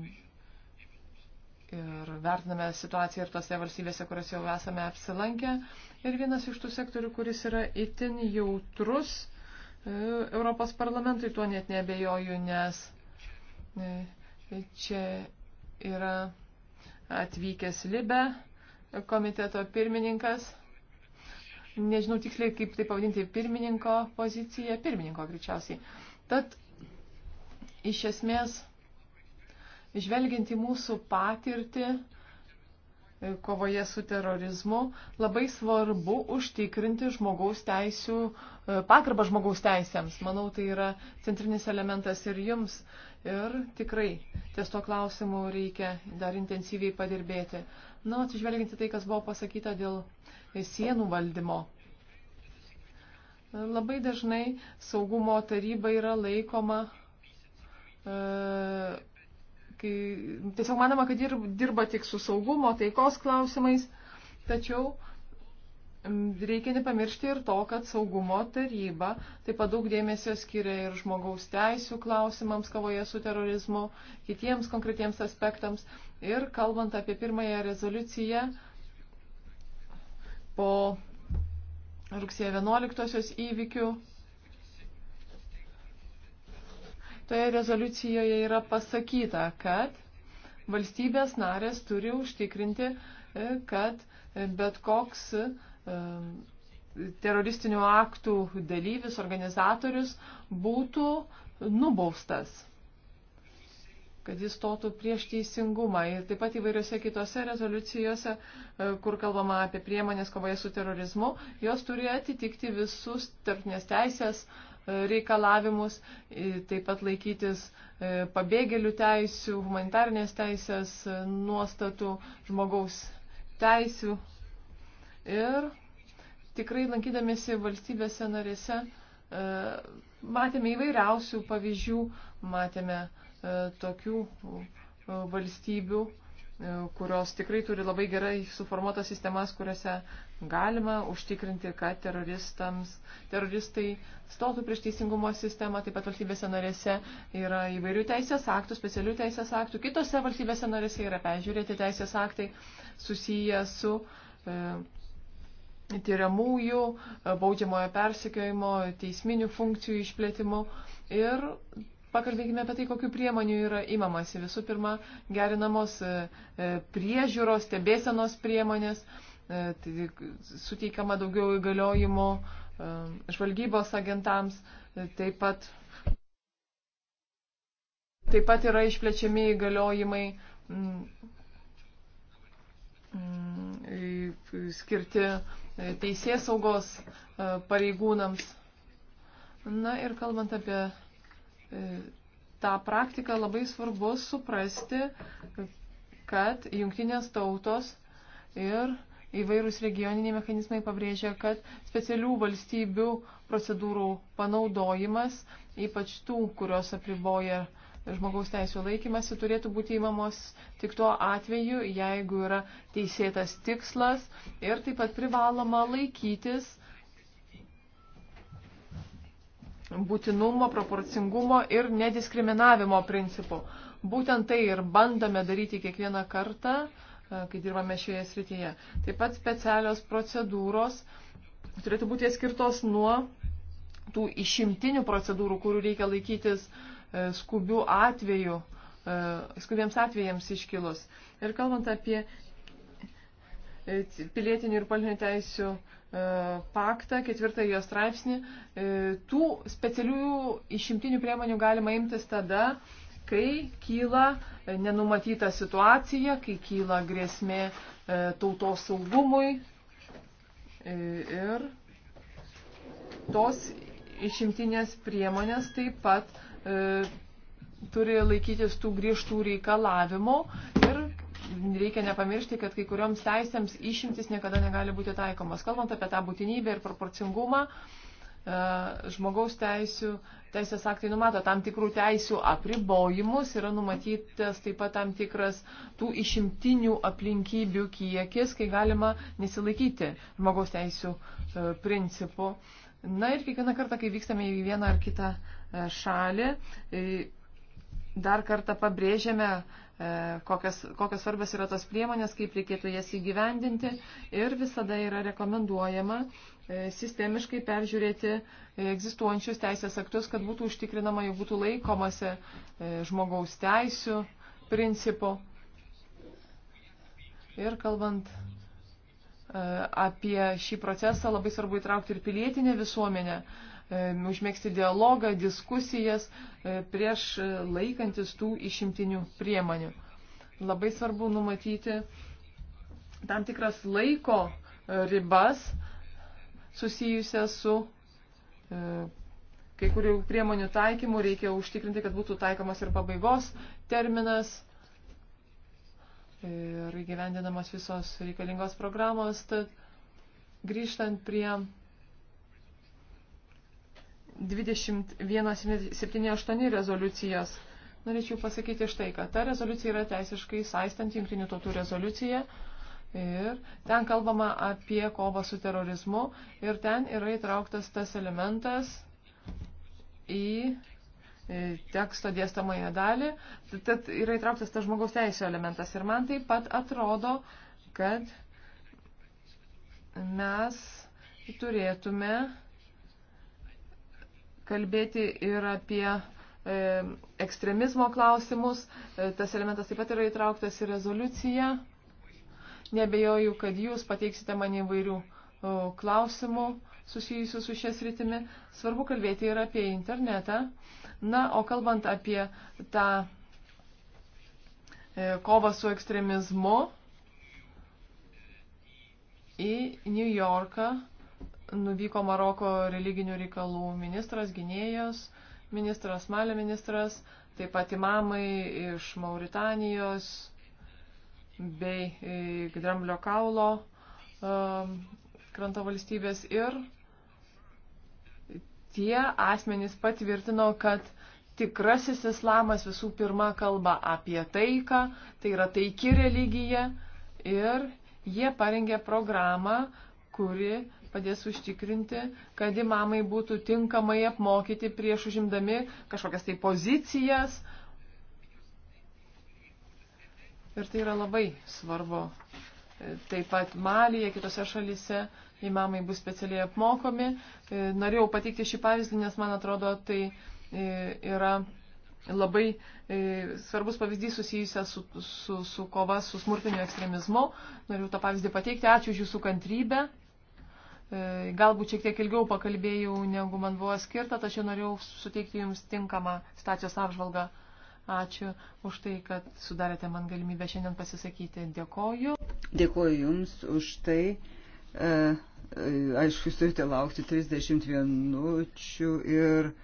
vertiname situaciją ir tose valstybėse, kurias jau esame apsilankę. Ir vienas iš tų sektorių, kuris yra itin jautrus Europos parlamentui, tuo net nebejoju, nes čia yra atvykęs Libe komiteto pirmininkas nežinau tiksliai, kaip tai pavadinti, pirmininko poziciją, pirmininko greičiausiai. Tad iš esmės, žvelgiant į mūsų patirtį, kovoje su terorizmu, labai svarbu užtikrinti žmogaus teisų, e, pagarbą žmogaus teisėms. Manau, tai yra centrinis elementas ir jums. Ir tikrai ties to klausimu reikia dar intensyviai padirbėti. Na, atsižvelginti tai, kas buvo pasakyta dėl sienų valdymo. Labai dažnai saugumo taryba yra laikoma e, kai, tiesiog manoma, kad dirba tik su saugumo, taikos klausimais, tačiau reikia nepamiršti ir to, kad saugumo taryba taip pat daug dėmesio skiria ir žmogaus teisų klausimams kovoje su terorizmu, kitiems konkretiems aspektams. Ir kalbant apie pirmąją rezoliuciją po rugsėjo 11 įvykių, Toje rezoliucijoje yra pasakyta, kad valstybės narės turi užtikrinti, e, kad bet koks e, teroristinių aktų dalyvis, organizatorius būtų nubaustas kad jis stotų prieš teisingumą. Ir taip pat įvairiose kitose rezoliucijose, e, kur kalbama apie priemonės kovoje su terorizmu, jos turi atitikti visus tarpinės teisės uh, reikalavimus, taip pat laikytis e, pabėgėlių teisių, humanitarnės teisės e, nuostatų, žmogaus teisių. Ir tikrai lankydamėsi valstybėse narėse e, matėme įvairiausių pavyzdžių, matėme tokių valstybių, kurios tikrai turi labai gerai suformuotas sistemas, kuriuose galima užtikrinti, kad teroristai stotų prieš teisingumo sistemą, taip pat valstybėse narėse yra įvairių teisės aktų, specialių teisės aktų, kitose valstybėse narėse yra peržiūrėti teisės aktai susiję su e, tyriamųjų, e, baudžiamojo persikiojimo, teisminių funkcijų išplėtimu ir Pakalbėkime apie tai, kokiu priemonių yra imamasi. Visų pirma, gerinamos e, e, priežiūros, stebėsenos priemonės. E, E, tai suteikiama daugiau įgaliojimų e, žvalgybos agentams, e, taip pat, taip pat yra išplečiami įgaliojimai mm, mm, skirti teisės saugos pareigūnams. Na ir kalbant apie tą praktiką, labai svarbu suprasti, kad jungtinės tautos ir Įvairūs regioniniai mechanizmai pabrėžia, kad specialių valstybių procedūrų panaudojimas, ypač tų, kurios apriboja žmogaus teisų laikymasi, turėtų būti įmamos tik tuo atveju, jeigu yra teisėtas tikslas ir taip pat privaloma laikytis būtinumo, proporcingumo ir nediskriminavimo principų. Būtent tai ir bandome daryti kiekvieną kartą, E, kai dirbame šioje srityje. Taip pat specialios procedūros turėtų būti skirtos nuo tų išimtinių procedūrų, kurių reikia laikytis e, skubių atvejų, e, skubiems atvejams iškilus. Ir kalbant apie pilietinių ir palinių teisių paktą, ketvirtąjį jo straipsnį, tų specialiųjų išimtinių priemonių galima imtis tada, kai kyla e, nenumatyta situacija, kai kyla grėsmė e, tautos saugumui e, ir tos išimtinės priemonės taip pat turi laikytis tų griežtų reikalavimų ir reikia nepamiršti, kad kai kurioms teisėms išimtis niekada negali būti taikomas. Kalbant apie tą būtinybę ir proporcingumą, e, E, žmogaus teisų, teisės aktai numato tam tikrų teisų apribojimus, yra numatytas taip pat tam tikras tų išimtinių aplinkybių kiekis, kai galima nesilaikyti žmogaus teisų e, principų. Na ir kiekvieną kartą, kai vykstame į vieną ar kitą e, šalį, dar kartą pabrėžiame, kokios, kokios svarbios yra tos priemonės, kaip reikėtų jas įgyvendinti ir visada yra rekomenduojama E, sistemiškai peržiūrėti e, egzistuojančius teisės aktus, kad būtų užtikrinama, jog būtų laikomasi e, žmogaus teisų principų. Ir kalbant apie šį procesą, labai svarbu įtraukti ir pilietinę visuomenę, užmėgsti dialogą, diskusijas prieš laikantis tų išimtinių priemonių. Labai svarbu numatyti tam tikras laiko ribas, susijusią su e, kai kurių priemonių taikymų reikia užtikrinti, kad būtų taikomas ir pabaigos terminas ir įgyvendinamas visos reikalingos programos. Tad grįžtant prie 2178 rezoliucijos, norėčiau pasakyti štai, kad ta rezoliucija yra teisiškai saistant jungtinių tautų rezoliuciją 2178 Ir ten kalbama apie kovą su terorizmu ir ten yra įtrauktas tas elementas į e, teksto dėstamąją dalį, tad yra įtrauktas tas žmogaus teisų elementas. Ir man taip pat atrodo, kad mes turėtume kalbėti ir apie e, ekstremizmo klausimus. E, tas elementas taip pat yra įtrauktas į rezoliuciją. Nebejoju, kad jūs pateiksite man įvairių klausimų susijusių su šias rytimi. Svarbu kalbėti ir apie internetą. Na, o kalbant apie tą e, kovą su ekstremizmu, į New Yorką nuvyko Maroko religinių reikalų ministras, gynėjos, ministras, malė ministras, taip pat imamai iš Mauritanijos, bei e, Gdramblio kaulo e, kranto valstybės ir tie asmenys patvirtino, kad tikrasis islamas visų pirma kalba apie taiką, tai yra taiki religija ir jie parengė programą, kuri padės užtikrinti, kad imamai būtų tinkamai apmokyti prieš užimdami kažkokias tai pozicijas, Ir tai yra labai svarbu. E, taip pat Malija, kitose šalise imamai bus specialiai apmokomi. E, norėjau pateikti šį pavyzdį, nes man atrodo, tai e, yra labai svarbus pavyzdys susijusias su, su, su kova su smurtiniu ekstremizmu. Noriu tą pavyzdį pateikti. Ačiū už jūsų kantrybę. Galbūt šiek tiek ilgiau pakalbėjau, negu man buvo skirta, tačiau norėjau suteikti jums tinkamą stacijos apžvalgą. Ačiū už tai, kad sudarėte man galimybę šiandien pasisakyti. Dėkoju. Dėkoju Jums už tai. E, e aišku, jūs turite laukti 30 minučių ir e,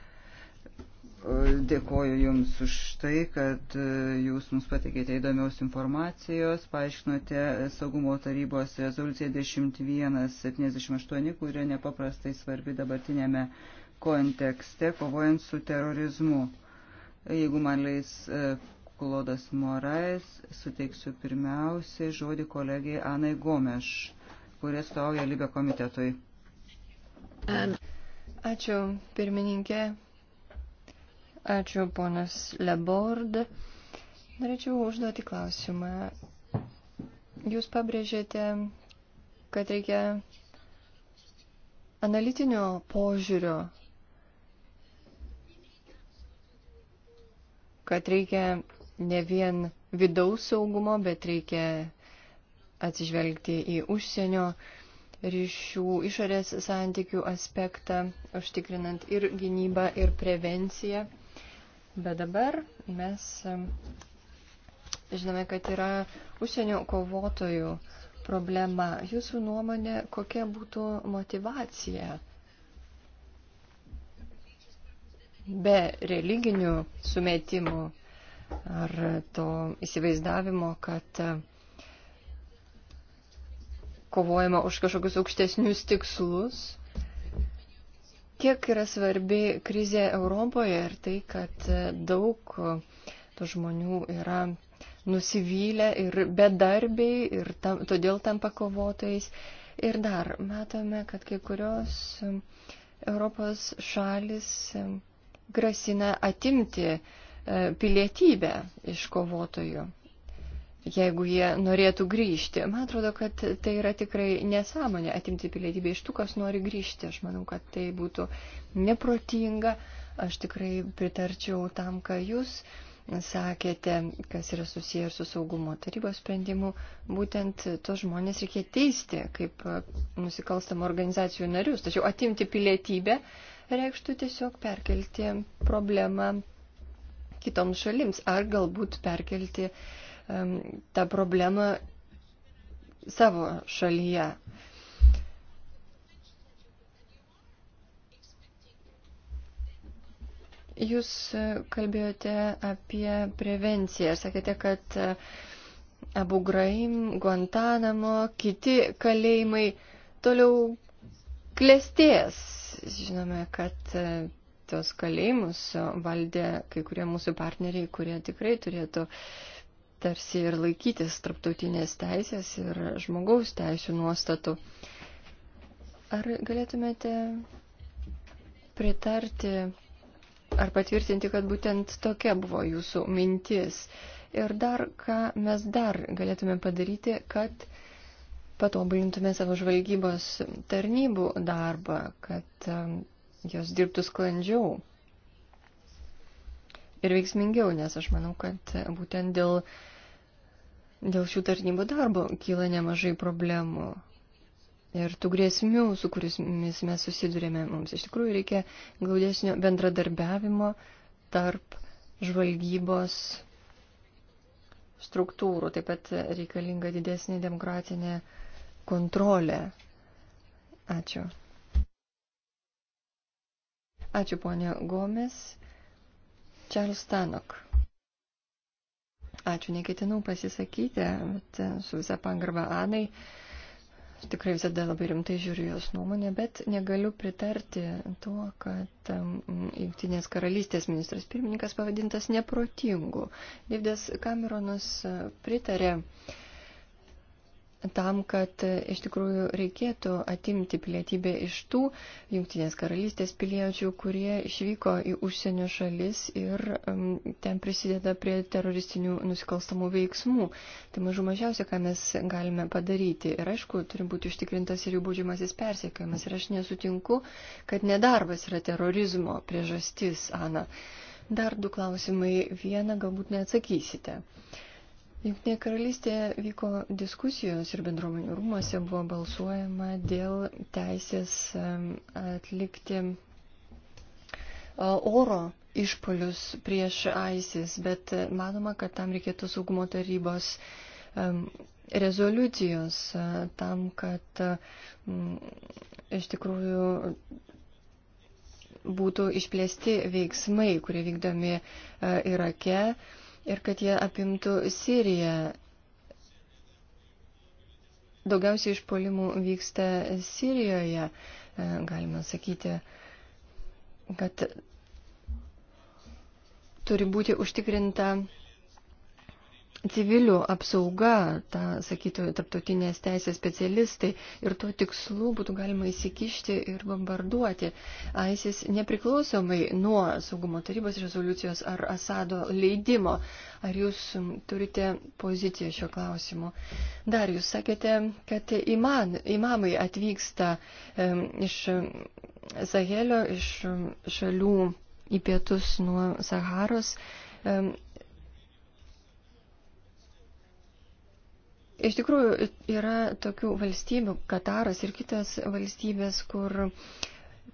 dėkoju Jums už tai, kad e, Jūs mums patikėte įdomiaus informacijos, paaiškinote saugumo tarybos rezoliuciją 1178, kuri nepaprastai svarbi dabartinėme kontekste, kovojant su terorizmu. Jeigu man leis e, Klodas Morais, suteiksiu pirmiausiai žodį kolegijai Anai Gomeš, kurie stovauja Libė komitetui. Ačiū, pirmininkė. Ačiū, ponas Lebord. Norėčiau užduoti klausimą. Jūs pabrėžėte, kad reikia analitinio požiūrio kad reikia ne vien vidaus saugumo, bet reikia atsižvelgti į užsienio ryšių išorės santykių aspektą, užtikrinant ir gynybą, ir prevenciją. Bet dabar mes žinome, kad yra užsienio kovotojų problema. Jūsų nuomonė, kokia būtų motivacija be religinių sumetimų ar to įsivaizdavimo, kad e, kovojama už kažkokius aukštesnius tikslus. Kiek yra svarbi krizė Europoje ir tai, kad e, daug e, tų žmonių yra nusivylę ir bedarbiai ir tam, todėl tampa kovotojais. Ir dar matome, kad kai kurios Europos šalis grasina atimti e, pilietybę iš kovotojų, jeigu jie norėtų grįžti. Man atrodo, kad tai yra tikrai nesąmonė atimti pilietybę iš tų, kas nori grįžti. Aš manau, kad tai būtų neprotinga. Aš tikrai pritarčiau tam, ką jūs sakėte, kas yra susijęs su saugumo tarybos sprendimu, būtent tos žmonės reikia teisti kaip nusikalstamų organizacijų narius. Tačiau atimti pilietybę, uh, reikštų tiesiog perkelti problemą kitoms šalims ar galbūt perkelti um, tą problemą savo šalyje. Jūs e, kalbėjote apie prevenciją ir sakėte, kad e, Abu Graim, Guantanamo, kiti kalėjimai toliau klestės žinome, kad e, tos kalėjimus valdė kai kurie mūsų partneriai, kurie tikrai turėtų tarsi ir laikytis tarptautinės teisės ir žmogaus teisų nuostatų. Ar galėtumėte pritarti ar patvirtinti, kad būtent tokia buvo jūsų mintis? Ir dar, ką mes dar galėtume padaryti, kad patobulintume savo žvalgybos tarnybų darbą, kad um, jos dirbtų sklandžiau ir veiksmingiau, nes aš manau, kad būtent dėl, dėl šių tarnybų darbo kyla nemažai problemų. Ir tų grėsmių, su kuriamis mes susidurėme, mums iš tikrųjų reikia glaudesnio bendradarbiavimo tarp žvalgybos struktūrų. Taip pat reikalinga didesnė demokratinė uh, kontrolę. Ačiū. Ačiū, ponė Gomes. Čarlis Tanok. Ačiū, neketinau pasisakyti, bet e, su visa pangarba Anai. Tikrai visada labai rimtai žiūriu jos nuomonę, bet negaliu pritarti tuo, kad um, Junktinės karalystės ministras pirmininkas pavadintas neprotingu. Davidas Cameronas e, pritarė uh, tam, kad e, iš tikrųjų reikėtų atimti pilietybę iš tų Junktinės karalystės piliečių, kurie išvyko į užsienio šalis ir um, ten prisideda prie teroristinių nusikalstamų veiksmų. Tai mažų mažiausia, ką mes galime padaryti. Ir aišku, turi būti užtikrintas ir jų būdžiamasis persiekiamas. Ir aš nesutinku, kad nedarbas yra terorizmo priežastis, Ana. Dar du klausimai. Vieną galbūt neatsakysite. Uh, Junktinėje karalystėje vyko diskusijos ir bendruomenių rūmose buvo balsuojama dėl teisės atlikti oro išpolius prieš ISIS, bet manoma, kad tam reikėtų saugumo tarybos rezoliucijos tam, kad iš tikrųjų būtų išplėsti veiksmai, kurie vykdomi Irake ir kad jie apimtų Siriją. Daugiausiai išpolimų vyksta Sirijoje, e, galima sakyti, kad turi būti užtikrinta civilių apsauga, tą sakytų taptautinės teisės specialistai ir tuo tikslu būtų galima įsikišti ir bombarduoti ISIS nepriklausomai nuo saugumo tarybos rezoliucijos ar Asado leidimo. Ar jūs turite poziciją šio klausimu? Dar jūs sakėte, kad iman, imamai atvyksta um, iš Sahelio, iš šalių į pietus nuo Saharos. Um, Iš tikrųjų, yra tokių valstybių, Kataras ir kitas valstybės, kur,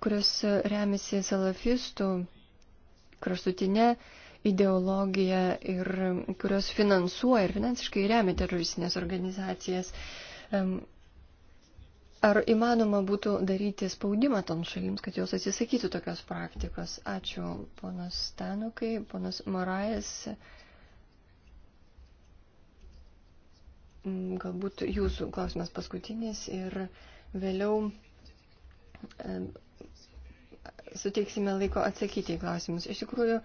kurios remiasi salafistų kraštutinė ideologija ir kurios finansuoja ir finansiškai remia teroristinės organizacijas. Ar įmanoma būtų daryti spaudimą toms šalims, kad jos atsisakytų tokios praktikos? Ačiū, ponas Stanukai, ponas Morais. Mm, galbūt jūsų klausimas paskutinis ir vėliau suteiksime laiko atsakyti į klausimus. Iš tikrųjų,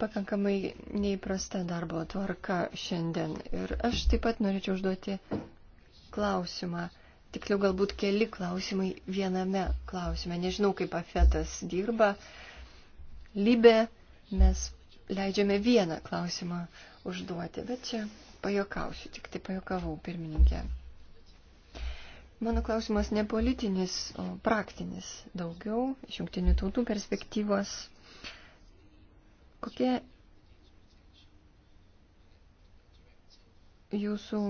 pakankamai neįprasta darbo tvarka šiandien. Ir aš taip pat norėčiau užduoti klausimą. Tikliau galbūt keli klausimai viename klausime. Nežinau, kaip afetas dirba. Libė mes leidžiame vieną klausimą užduoti, bet čia pajokausiu, tik tai pajokavau pirmininkė. Mano klausimas ne politinis, o praktinis daugiau, iš jungtinių tautų perspektyvos. Kokie jūsų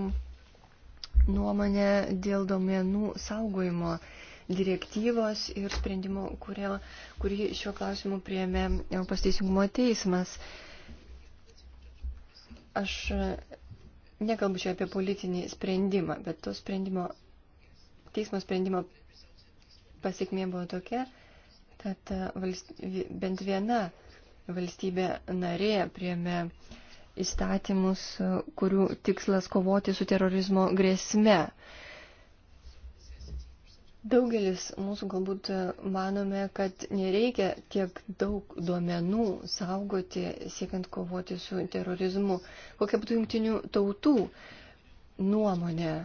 nuomonė dėl domenų saugojimo direktyvos ir sprendimo, kurie, kurį šiuo klausimu prieėmė pasteisingumo teismas? Uh, Aš e, nekalbu čia apie politinį sprendimą, bet to sprendimo, teismo sprendimo pasiekmė buvo tokia, kad e, valst, bent viena valstybė narė priėmė įstatymus, e, kurių tikslas kovoti su terorizmo grėsme. Uh, Daugelis mūsų galbūt manome, kad nereikia tiek daug duomenų saugoti, siekiant kovoti su terorizmu. Kokia būtų jungtinių tautų nuomonė,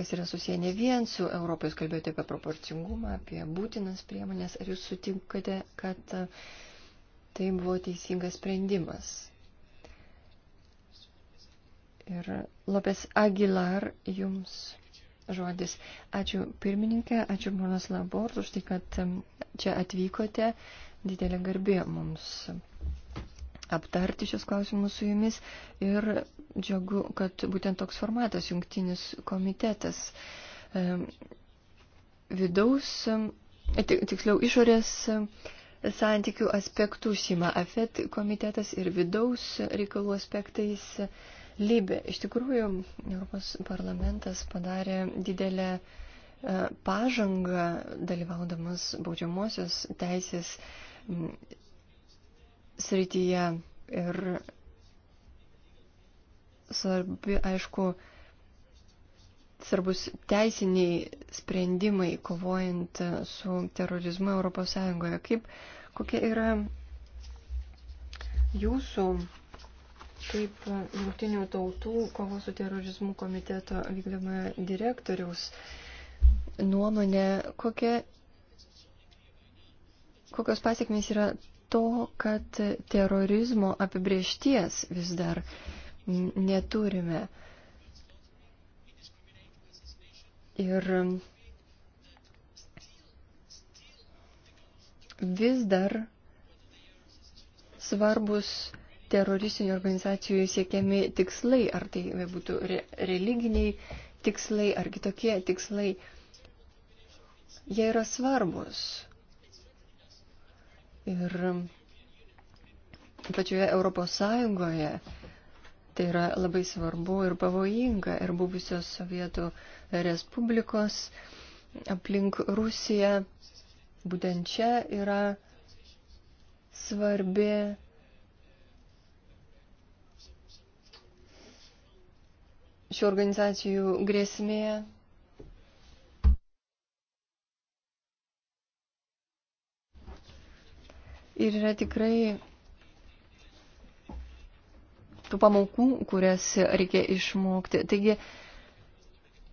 kas yra susiję ne vien su Europos, kalbėjote apie proporcingumą, apie būtinas priemonės, ar jūs sutinkate, kad tai buvo teisingas sprendimas? Ir Lopes Aguilar jums žodis. Ačiū pirmininkė, ačiū ponas Labort už tai, kad čia atvykote. Didelė garbė mums aptarti šios klausimus su jumis ir džiugu, kad būtent toks formatas, jungtinis komitetas vidaus, tiksliau išorės santykių aspektų užsima AFET komitetas ir vidaus reikalų aspektais Libė. Iš tikrųjų, Europos parlamentas padarė didelę e, pažangą dalyvaudamas baudžiamosios teisės srityje ir svarbi, aišku, svarbus teisiniai sprendimai kovojant su terorizmu ES. Kaip, kokia yra jūsų kaip Junktinių tautų kovos su terorizmu komiteto vykdomojo direktoriaus nuomonė, kokia, kokios pasiekmės yra to, kad terorizmo apibriešties vis dar neturime. Ir vis dar svarbus teroristinių organizacijų siekiami tikslai, ar tai būtų re, religiniai tikslai ar kitokie tikslai, jie yra svarbus. Ir pačioje Europos Sąjungoje tai yra labai svarbu ir pavojinga. Ir buvusios Sovietų Respublikos aplink Rusiją būtent čia yra svarbi šių organizacijų grėsmė. Ir yra tikrai tų pamokų, kurias reikia išmokti. Taigi,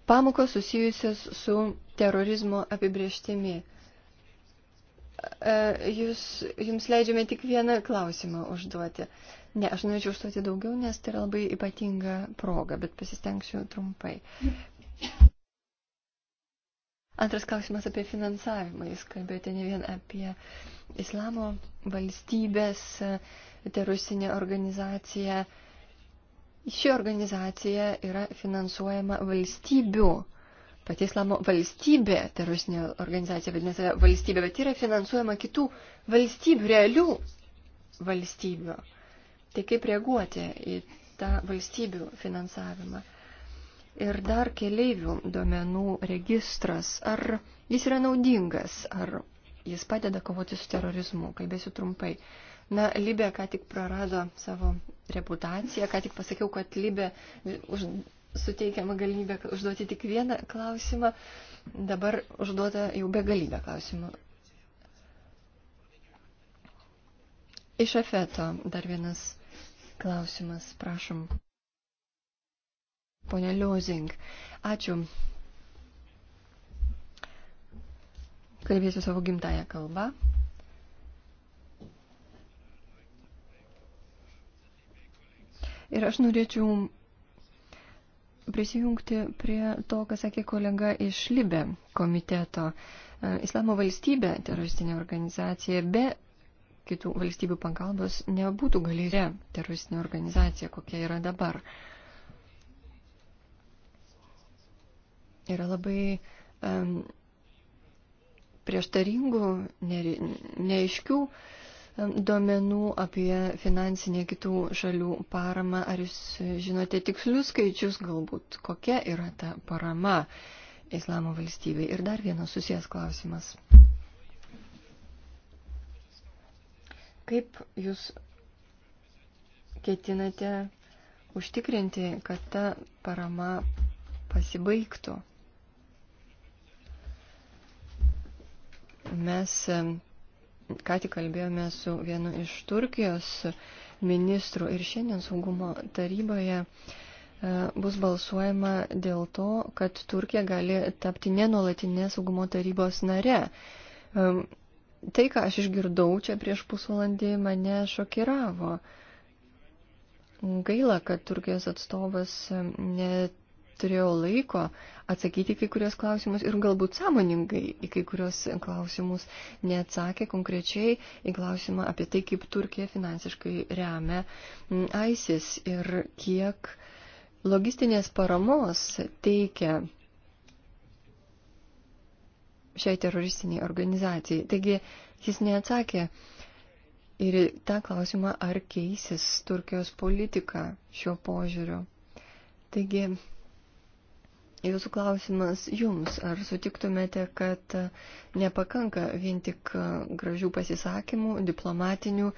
pamokos susijusios su terorizmo apibrieštimi. E, jūs, jums leidžiame tik vieną klausimą užduoti. Ne, aš norėčiau užstoti daugiau, nes tai yra labai ypatinga proga, bet pasistengsiu trumpai. Antras klausimas apie finansavimą. Jūs kalbėjote ne vien apie islamo valstybės teroristinę organizaciją. Ši organizacija yra finansuojama valstybių pati islamo valstybė, teroristinė organizacija vadinasi valstybė, bet yra finansuojama kitų valstybių, realių valstybių. Tai kaip reaguoti į tą valstybių finansavimą? Ir dar keleivių duomenų registras, ar jis yra naudingas, ar jis padeda kovoti su terorizmu, kalbėsiu trumpai. Na, Libė ką tik prarado savo reputaciją, ką tik pasakiau, kad Libė už, suteikiama galimybė užduoti tik vieną klausimą, dabar užduota jau be galybę klausimų. Iš efeto dar vienas klausimas, prašom. Pone Liozing, ačiū. Kalbėsiu savo gimtają kalbą. Ir aš norėčiau prisijungti prie to, ką sakė kolega iš Libė komiteto. Islamo valstybė, teroristinė organizacija, be kitų valstybių pagalbos nebūtų galėję teroristinė organizacija, kokia yra dabar. Yra labai um, prieštaringų, neaiškių duomenų apie finansinę kitų šalių paramą. Ar jūs žinote tikslius skaičius galbūt, kokia yra ta parama Islamo valstybei? Ir dar vienas susijęs klausimas. Kaip jūs ketinate užtikrinti, kad ta parama pasibaigtų? Mes ką tik kalbėjome su vienu iš Turkijos ministrų ir šiandien saugumo taryboje e, bus balsuojama dėl to, kad Turkija gali tapti nenolatinė saugumo tarybos nare tai, ką aš išgirdau čia prieš pusvalandį, mane šokiravo. Gaila, kad Turkijos atstovas neturėjo laiko atsakyti kai kurios klausimus ir galbūt sąmoningai į kai kurios klausimus neatsakė konkrečiai į klausimą apie tai, kaip Turkija finansiškai remia ISIS ir kiek logistinės paramos teikia šiai teroristiniai organizacijai. Taigi jis neatsakė ir tą klausimą, ar keisis Turkijos politika šiuo požiūriu. Taigi, jūsų klausimas jums, ar sutiktumėte, kad nepakanka vien tik gražių pasisakymų, diplomatinių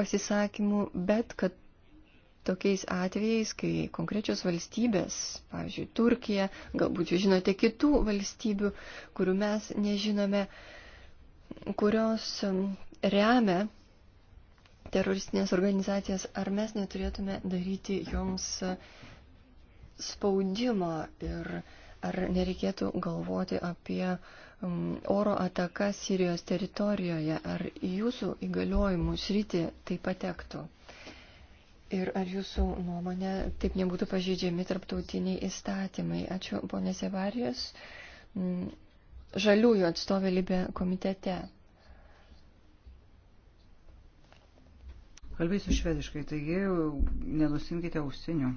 pasisakymų, bet kad tokiais atvejais, kai konkrečios valstybės, pavyzdžiui, Turkija, galbūt jūs žinote kitų valstybių, kurių mes nežinome, kurios um, remia teroristinės organizacijas, ar mes neturėtume daryti joms uh, spaudimo ir ar nereikėtų galvoti apie um, oro atakas Sirijos teritorijoje, ar jūsų įgaliojimų sritį tai patektų. Ir ar jūsų nuomonė taip nebūtų pažydžiami tarptautiniai įstatymai? Ačiū, ponė Sevarijos, mm, žaliųjų atstovė Libė komitete. Kalbėsiu švediškai, taigi nenusimkite ausinių.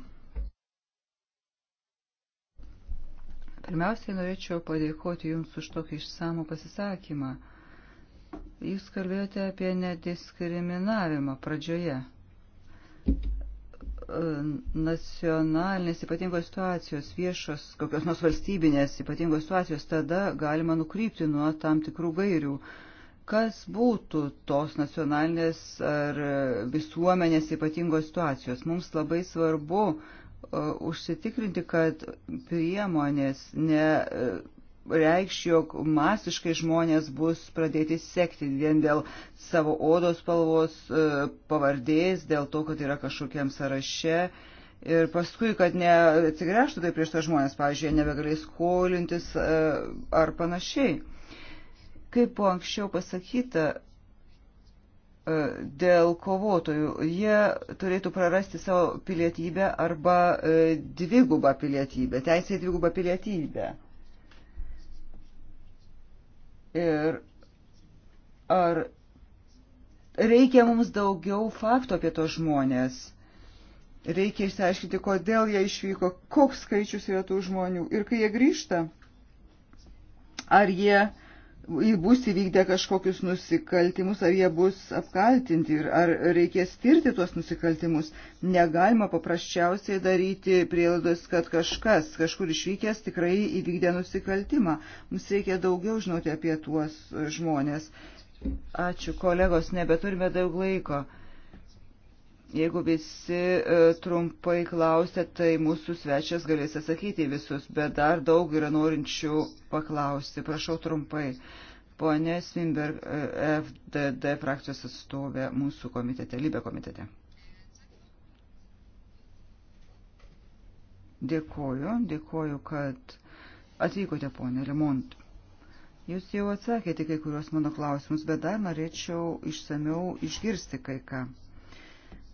Pirmiausiai norėčiau padėkoti Jums už tokį išsamų pasisakymą. Jūs kalbėjote apie nediskriminavimą pradžioje nacionalinės ypatingos situacijos, viešos kokios nors valstybinės ypatingos situacijos, tada galima nukrypti nuo tam tikrų gairių. Kas būtų tos nacionalinės ar visuomenės ypatingos situacijos? Mums labai svarbu uh, užsitikrinti, kad priemonės ne uh, reikš, jog masiškai žmonės bus pradėti sekti vien dėl savo odos spalvos, e, pavardės, dėl to, kad yra kažkokiam sąraše. Ir paskui, kad neatsigręžtų tai prieš tą žmonės, pavyzdžiui, jie nebegalės skolintis e, ar panašiai. Kaip buvo anksčiau pasakyta, e, dėl kovotojų, jie turėtų prarasti savo pilietybę arba dvigubą pilietybę, teisę į dvigubą pilietybę. Ir ar reikia mums daugiau faktų apie tos žmonės? Reikia išsiaiškinti, kodėl jie išvyko, koks skaičius yra tų žmonių ir kai jie grįžta, ar jie bus įvykdę kažkokius nusikaltimus, ar jie bus apkaltinti ir ar reikės tirti tuos nusikaltimus. Negalima paprasčiausiai daryti prielaidos, kad kažkas kažkur išvykęs tikrai įvykdė nusikaltimą. Mums reikia daugiau žinoti apie tuos žmonės. Ačiū kolegos, nebeturime daug laiko. Jeigu visi e, trumpai klausia, tai mūsų svečias galės atsakyti visus, bet dar daug yra norinčių paklausti. Prašau trumpai. Pone Svimberg, e, FDD frakcijos atstovė mūsų komitete, Libė komitete. Dėkoju, dėkoju, kad atvykote, ponė Limont. Jūs jau atsakėte kai kurios mano klausimus, bet dar norėčiau išsameu išgirsti kai ką.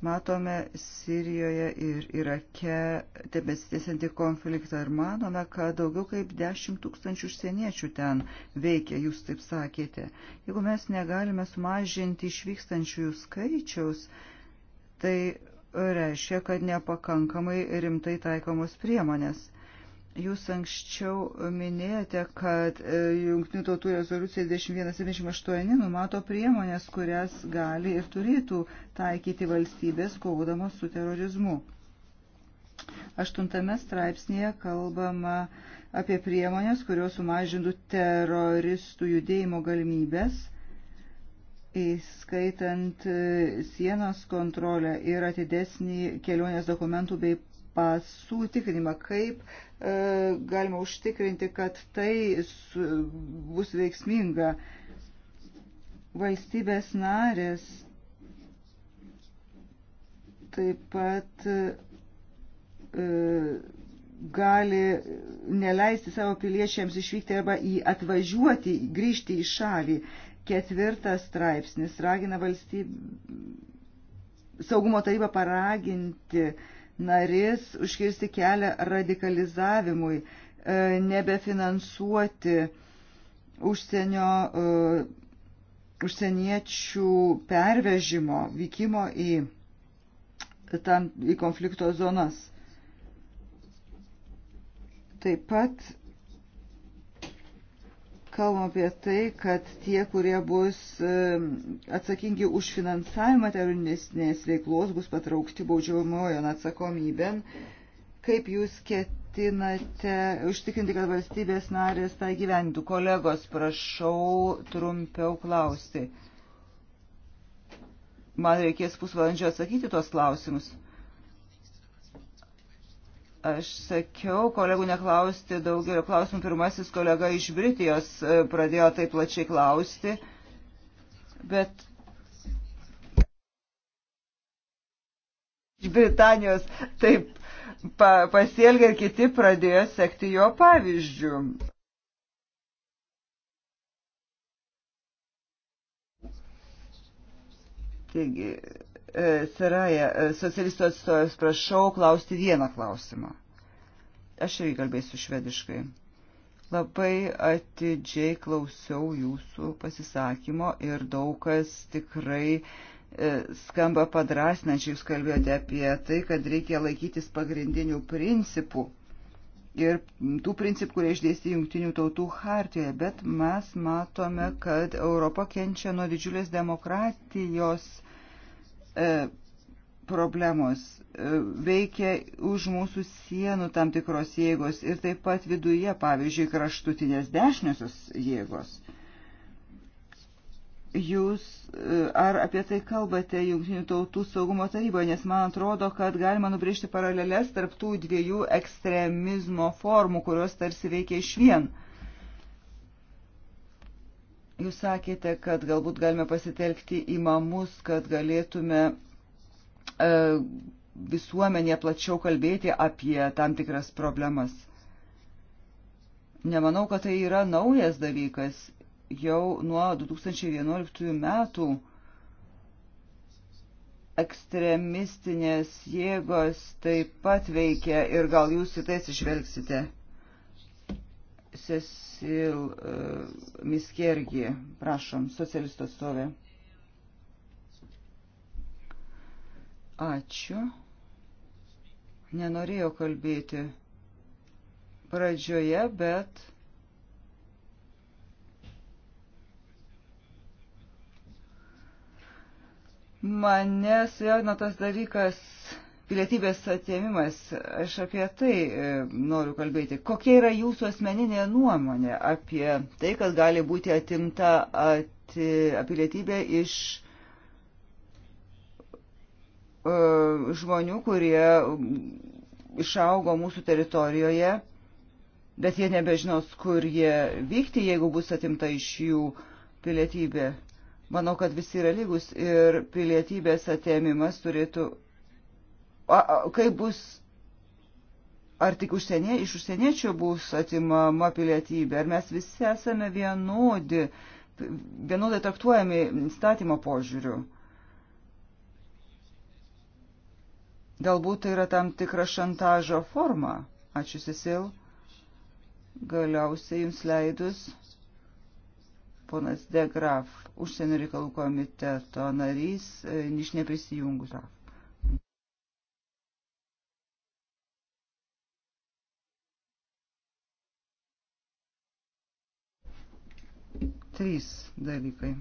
Matome Sirijoje ir Irake tebesitėsianti konfliktą ir manome, kad daugiau kaip 10 tūkstančių užsieniečių ten veikia, jūs taip sakėte. Jeigu mes negalime sumažinti išvykstančiųjų skaičiaus, tai reiškia, kad nepakankamai rimtai taikomos priemonės. Jūs anksčiau minėjote, kad e, Junktinių tautų rezoliucija 2178 numato priemonės, kurias gali ir turėtų taikyti valstybės kovodamos su terorizmu. Aštuntame straipsnėje kalbama apie priemonės, kurios sumažintų teroristų judėjimo galimybės, įskaitant e, sienos kontrolę ir atidesnį kelionės dokumentų bei pasų tikrinimą, kaip e, galima užtikrinti, kad tai su, bus veiksminga. Valstybės narės taip pat e, gali neleisti savo piliečiams išvykti arba į atvažiuoti, grįžti į šalį. Ketvirtas straipsnis ragina valstybė, saugumo taryba paraginti uh, narės užkirsti kelią radikalizavimui, e, nebefinansuoti užsienio, e, užsieniečių pervežimo, vykimo į, tam, į konflikto zonas. Taip pat kalbam apie tai, kad tie, kurie bus e, atsakingi už finansavimą teroristinės veiklos, bus patraukti baudžiamojo atsakomybėn. Kaip jūs ketinate užtikrinti, kad valstybės narės tą gyventų? Kolegos, prašau trumpiau klausti. Man reikės pusvalandžio atsakyti tuos klausimus. Aš sakiau kolegų neklausti daugelio klausimų. Pirmasis kolega iš Britijos e, pradėjo taip plačiai klausti, bet iš Britanijos taip pa, pasielgė ir kiti pradėjo sekti jo pavyzdžių. Taigi, E, Saraja, e, socialistų atstovės, prašau klausti vieną klausimą. Aš irgi kalbėsiu švediškai. Labai atidžiai klausiau jūsų pasisakymo ir daug kas tikrai e, skamba padrasnančiai. Jūs kalbėjote apie tai, kad reikia laikytis pagrindinių principų ir tų principų, kurie išdėsti jungtinių tautų hartijoje, bet mes matome, kad Europa kenčia nuo didžiulės demokratijos E, problemos, e, veikia už mūsų sienų tam tikros jėgos ir taip pat viduje, pavyzdžiui, kraštutinės dešiniosios jėgos. Jūs e, ar apie tai kalbate Junktinių tautų saugumo taryboje, nes man atrodo, kad galima nubrėžti paralelės tarp tų dviejų ekstremizmo formų, kurios tarsi veikia iš vien. Uh, Jūs sakėte, kad galbūt galime pasitelkti įmamus, kad galėtume e, visuomenė plačiau kalbėti apie tam tikras problemas. Nemanau, kad tai yra naujas dalykas. Jau nuo 2011 metų ekstremistinės jėgos taip pat veikia ir gal jūs į tai išvelgsite. Cecil uh, Miskergi, prašom, socialisto atstovė. Ačiū. Nenorėjau kalbėti pradžioje, bet mane sveikina tas dalykas, pilietybės atėmimas, aš apie tai e, noriu kalbėti. Kokia yra jūsų asmeninė nuomonė apie tai, kad gali būti atimta ati, pilietybė iš uh, žmonių, kurie išaugo mūsų teritorijoje, bet jie nebežinos, kur jie vykti, jeigu bus atimta iš jų pilietybė. Manau, kad visi yra lygus ir pilietybės atėmimas turėtų kaip bus, ar tik užsienie, iš užsieniečių bus atimama pilietybė, ar mes visi esame vienodi, vienodai traktuojami statymo požiūriu. Galbūt tai yra tam tikra šantažo forma. Ačiū, Sisil. Galiausiai jums leidus ponas De Graf, užsienio reikalų komiteto narys, e, iš neprisijungų Graf. trys dalykai.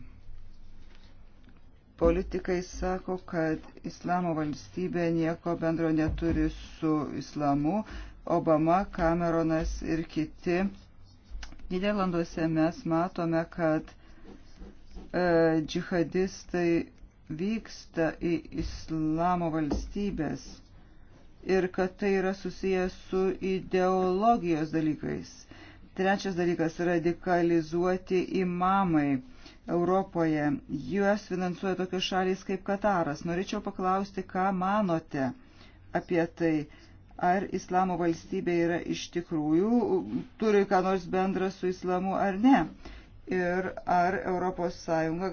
Politikai sako, kad islamo valstybė nieko bendro neturi su islamu. Obama, Cameronas ir kiti. Niderlanduose mes matome, kad e, džihadistai vyksta į islamo valstybės ir kad tai yra susijęs su ideologijos dalykais Trečias dalykas - radikalizuoti imamai Europoje. Juos finansuoja tokios šalys kaip Kataras. Norėčiau paklausti, ką manote apie tai, ar islamo valstybė yra iš tikrųjų, turi ką nors bendra su islamu ar ne. Ir ar ES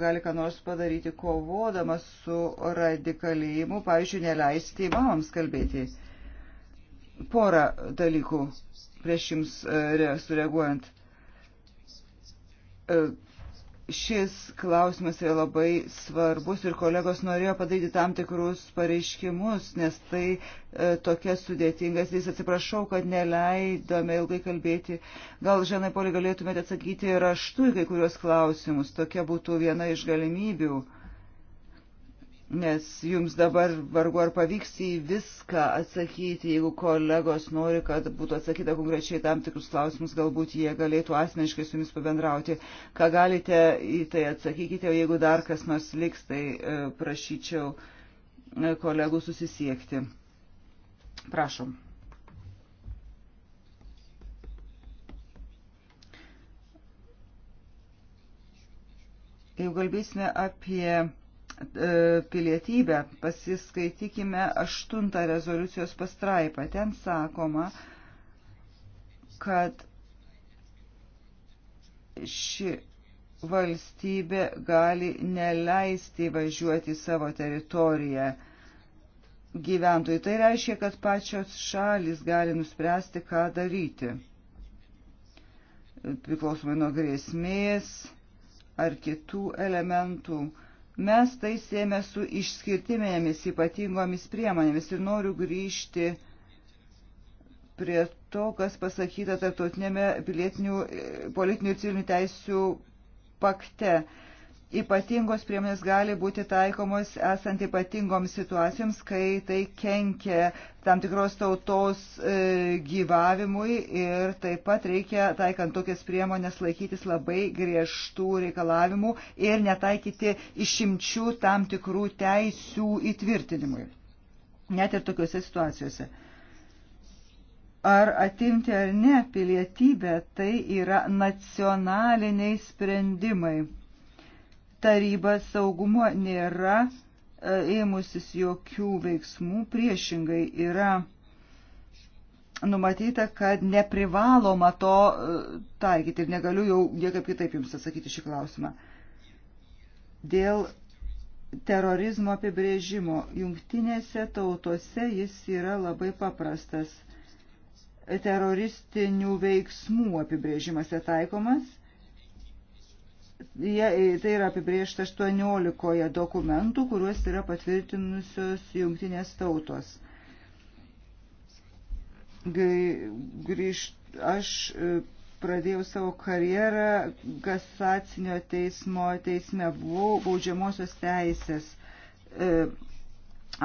gali ką nors padaryti kovodama su radikalėjimu, pavyzdžiui, neleisti įmamams kalbėti. Porą dalykų prieš jums e, sureaguojant. E, šis klausimas yra labai svarbus ir kolegos norėjo padaryti tam tikrus pareiškimus, nes tai e, tokia sudėtingas. Jis atsiprašau, kad neleidome ilgai kalbėti. Gal, Žanai Poli, galėtumėte atsakyti raštu į kai kurios klausimus. Tokia būtų viena iš galimybių. E, nes jums dabar vargu ar pavyks į viską atsakyti, jeigu kolegos nori, kad būtų atsakyta konkrečiai tam tikrus klausimus, galbūt jie galėtų asmeniškai su jumis pabendrauti. Ką galite į tai atsakykite, o jeigu dar kas nors liks, tai e, prašyčiau e, kolegų susisiekti. Prašom. Jeigu kalbėsime apie E, pilietybę. Pasiskaitykime aštuntą rezoliucijos pastraipą. Ten sakoma, kad ši valstybė gali neleisti važiuoti savo teritoriją gyventojų. Tai reiškia, kad pačios šalis gali nuspręsti, ką daryti. Priklausomai nuo grėsmės ar kitų elementų Mes tai sėmė su išskirtiminėmis ypatingomis priemonėmis ir noriu grįžti prie to, kas pasakyta tarptautinėme pilietinių, e, politinių ir civilinių teisių pakte ypatingos priemonės gali būti taikomos esant ypatingoms situacijoms, kai tai kenkia tam tikros tautos e, gyvavimui ir taip pat reikia, taikant tokias priemonės, laikytis labai griežtų reikalavimų ir netaikyti išimčių tam tikrų teisių įtvirtinimui. Net ir tokiuose situacijose. Ar atimti ar ne pilietybę, tai yra nacionaliniai sprendimai taryba saugumo nėra e, ėmusis jokių veiksmų, priešingai yra numatyta, kad neprivaloma to e, taikyti ir negaliu jau niekaip kitaip jums atsakyti šį klausimą. Dėl terorizmo apibrėžimo jungtinėse tautose jis yra labai paprastas. Teroristinių veiksmų apibrėžimas yra taikomas Ja, tai yra apibriešta 18 dokumentų, kuriuos yra patvirtinusios jungtinės tautos. Grįž, aš e, pradėjau savo karjerą kasacinio teismo teisme, buvau baudžiamosios teisės e,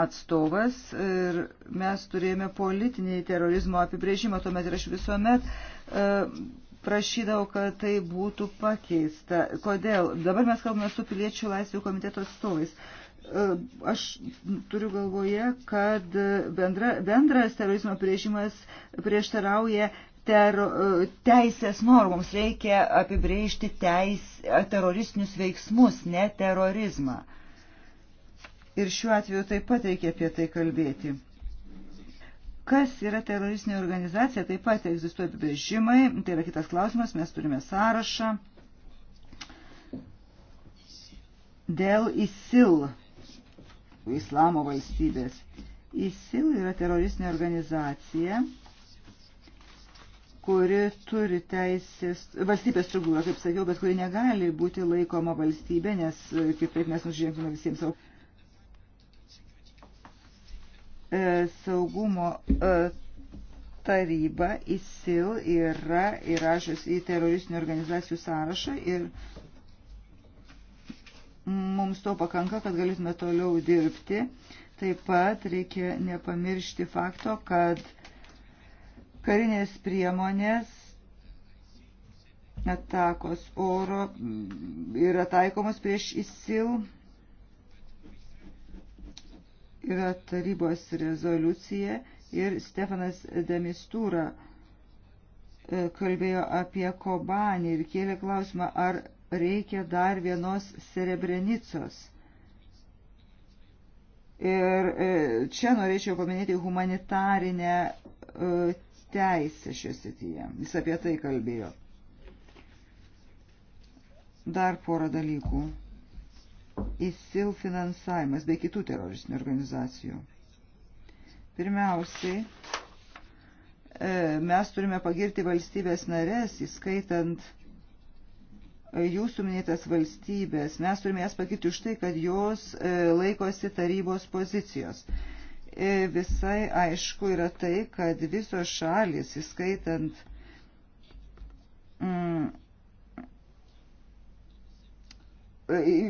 atstovas ir mes turėjome politinį terorizmo apibrėžimą, tuomet ir aš visuomet e, prašydavau, kad tai būtų pakeista. Kodėl? Dabar mes kalbame su piliečių laisvių komiteto atstovais. E, aš turiu galvoje, kad bendra, bendras terorizmo priežimas prieštarauja ter, e, teisės normoms. Reikia apibrėžti teis, teroristinius veiksmus, ne terorizmą. Ir šiuo atveju taip pat reikia apie tai kalbėti. Kas yra teroristinė organizacija, taip pat egzistuoja apibrėžimai, tai yra kitas klausimas, mes turime sąrašą dėl ISIL, islamo valstybės. ISIL yra teroristinė organizacija, kuri turi teisės, valstybės struktūrą, kaip sakiau, bet kuri negali būti laikoma valstybė, nes kitaip mes nužengtume visiems savo E, saugumo e, taryba ISIL yra įrašęs į teroristinių organizacijų sąrašą ir mums to pakanka, kad galėtume toliau dirbti. Taip pat reikia nepamiršti fakto, kad karinės priemonės atakos oro yra taikomos prieš ISIL yra tarybos rezoliucija ir Stefanas Demistūra e, kalbėjo apie Kobanį ir kėlė klausimą, ar reikia dar vienos Serebrenicos. Ir e, čia norėčiau paminėti humanitarinę e, teisę šios sityje. Jis apie tai kalbėjo. Dar porą dalykų. ISIL finansavimas bei kitų teroristinių organizacijų. Pirmiausiai, e, mes turime pagirti valstybės narės, įskaitant e, jūsų minėtas valstybės. Mes turime jas pagirti už tai, kad jos e, laikosi tarybos pozicijos. Visai aišku yra tai, kad visos šalis, įskaitant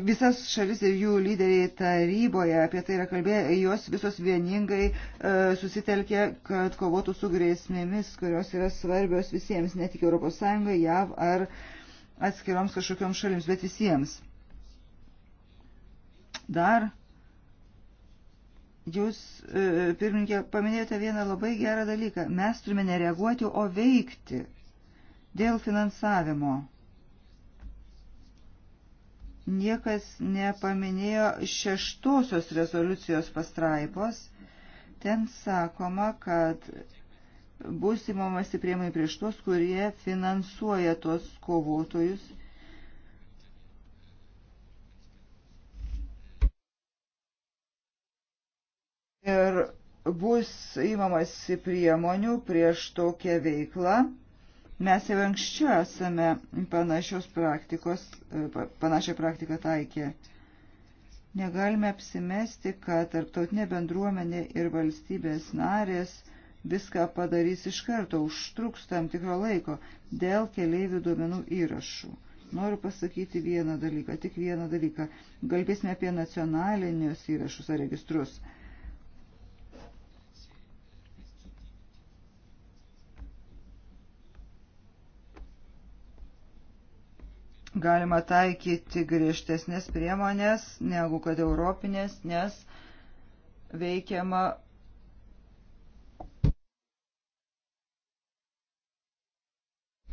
visas šalis ir jų lyderiai taryboje apie tai yra kalbėję, jos visos vieningai e, susitelkė, kad kovotų su grėsmėmis, kurios yra svarbios visiems, ne tik ES, JAV ar atskiroms kažkokioms šalims, bet visiems. Dar jūs, e, pirmininkė, paminėjote vieną labai gerą dalyką. Mes turime nereaguoti, o veikti dėl finansavimo Niekas nepaminėjo šeštosios rezoliucijos pastraipos. Ten sakoma, kad bus įmamasi priemai prieš tos, kurie finansuoja tos kovotojus. Ir bus įmamasi priemonių prieš tokią veiklą. Mes jau anksčiau esame panašios praktikos, e, panašią praktiką taikę. Negalime apsimesti, kad tarptautinė bendruomenė ir valstybės narės viską padarys iš karto, užtruks tam tikro laiko dėl keliaivių duomenų įrašų. Noriu pasakyti vieną dalyką, tik vieną dalyką. Galbėsime apie nacionalinius įrašus ar registrus. galima taikyti griežtesnės priemonės negu kad europinės, nes veikiama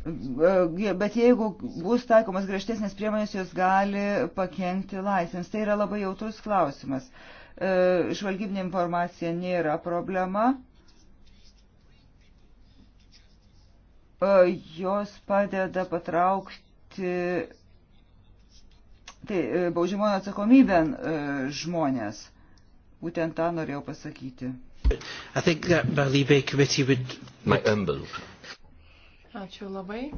Bet jeigu bus taikomas griežtesnės priemonės, jos gali pakengti laisvėms. Tai yra labai jautrus klausimas. E, žvalgybinė informacija nėra problema. E, jos padeda patraukti tai, e, baudžiamojo atsakomybę e, žmonės. Būtent tą norėjau pasakyti. Would... My humble. Ačiū labai.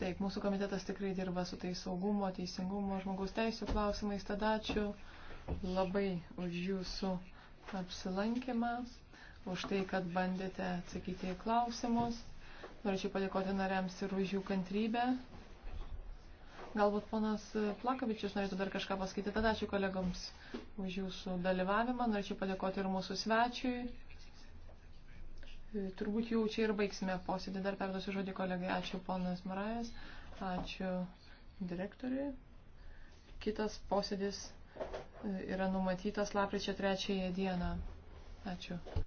Taip, mūsų komitetas tikrai dirba su tai saugumo, teisingumo, žmogaus teisų klausimais. Tada ačiū labai už jūsų apsilankymą, už tai, kad bandėte atsakyti į klausimus. Norėčiau padėkoti nariams ir už jų kantrybę. Galbūt ponas Plakavičius norėtų dar kažką pasakyti. Tada ačiū kolegoms už jūsų dalyvavimą. Norėčiau padėkoti ir mūsų svečiui. Turbūt jau čia ir baigsime posėdį. Dar perduosiu žodį kolegai. Ačiū ponas Marajas. Ačiū direktoriui. Kitas posėdis e, yra numatytas lapkričio 3 dieną. Ačiū.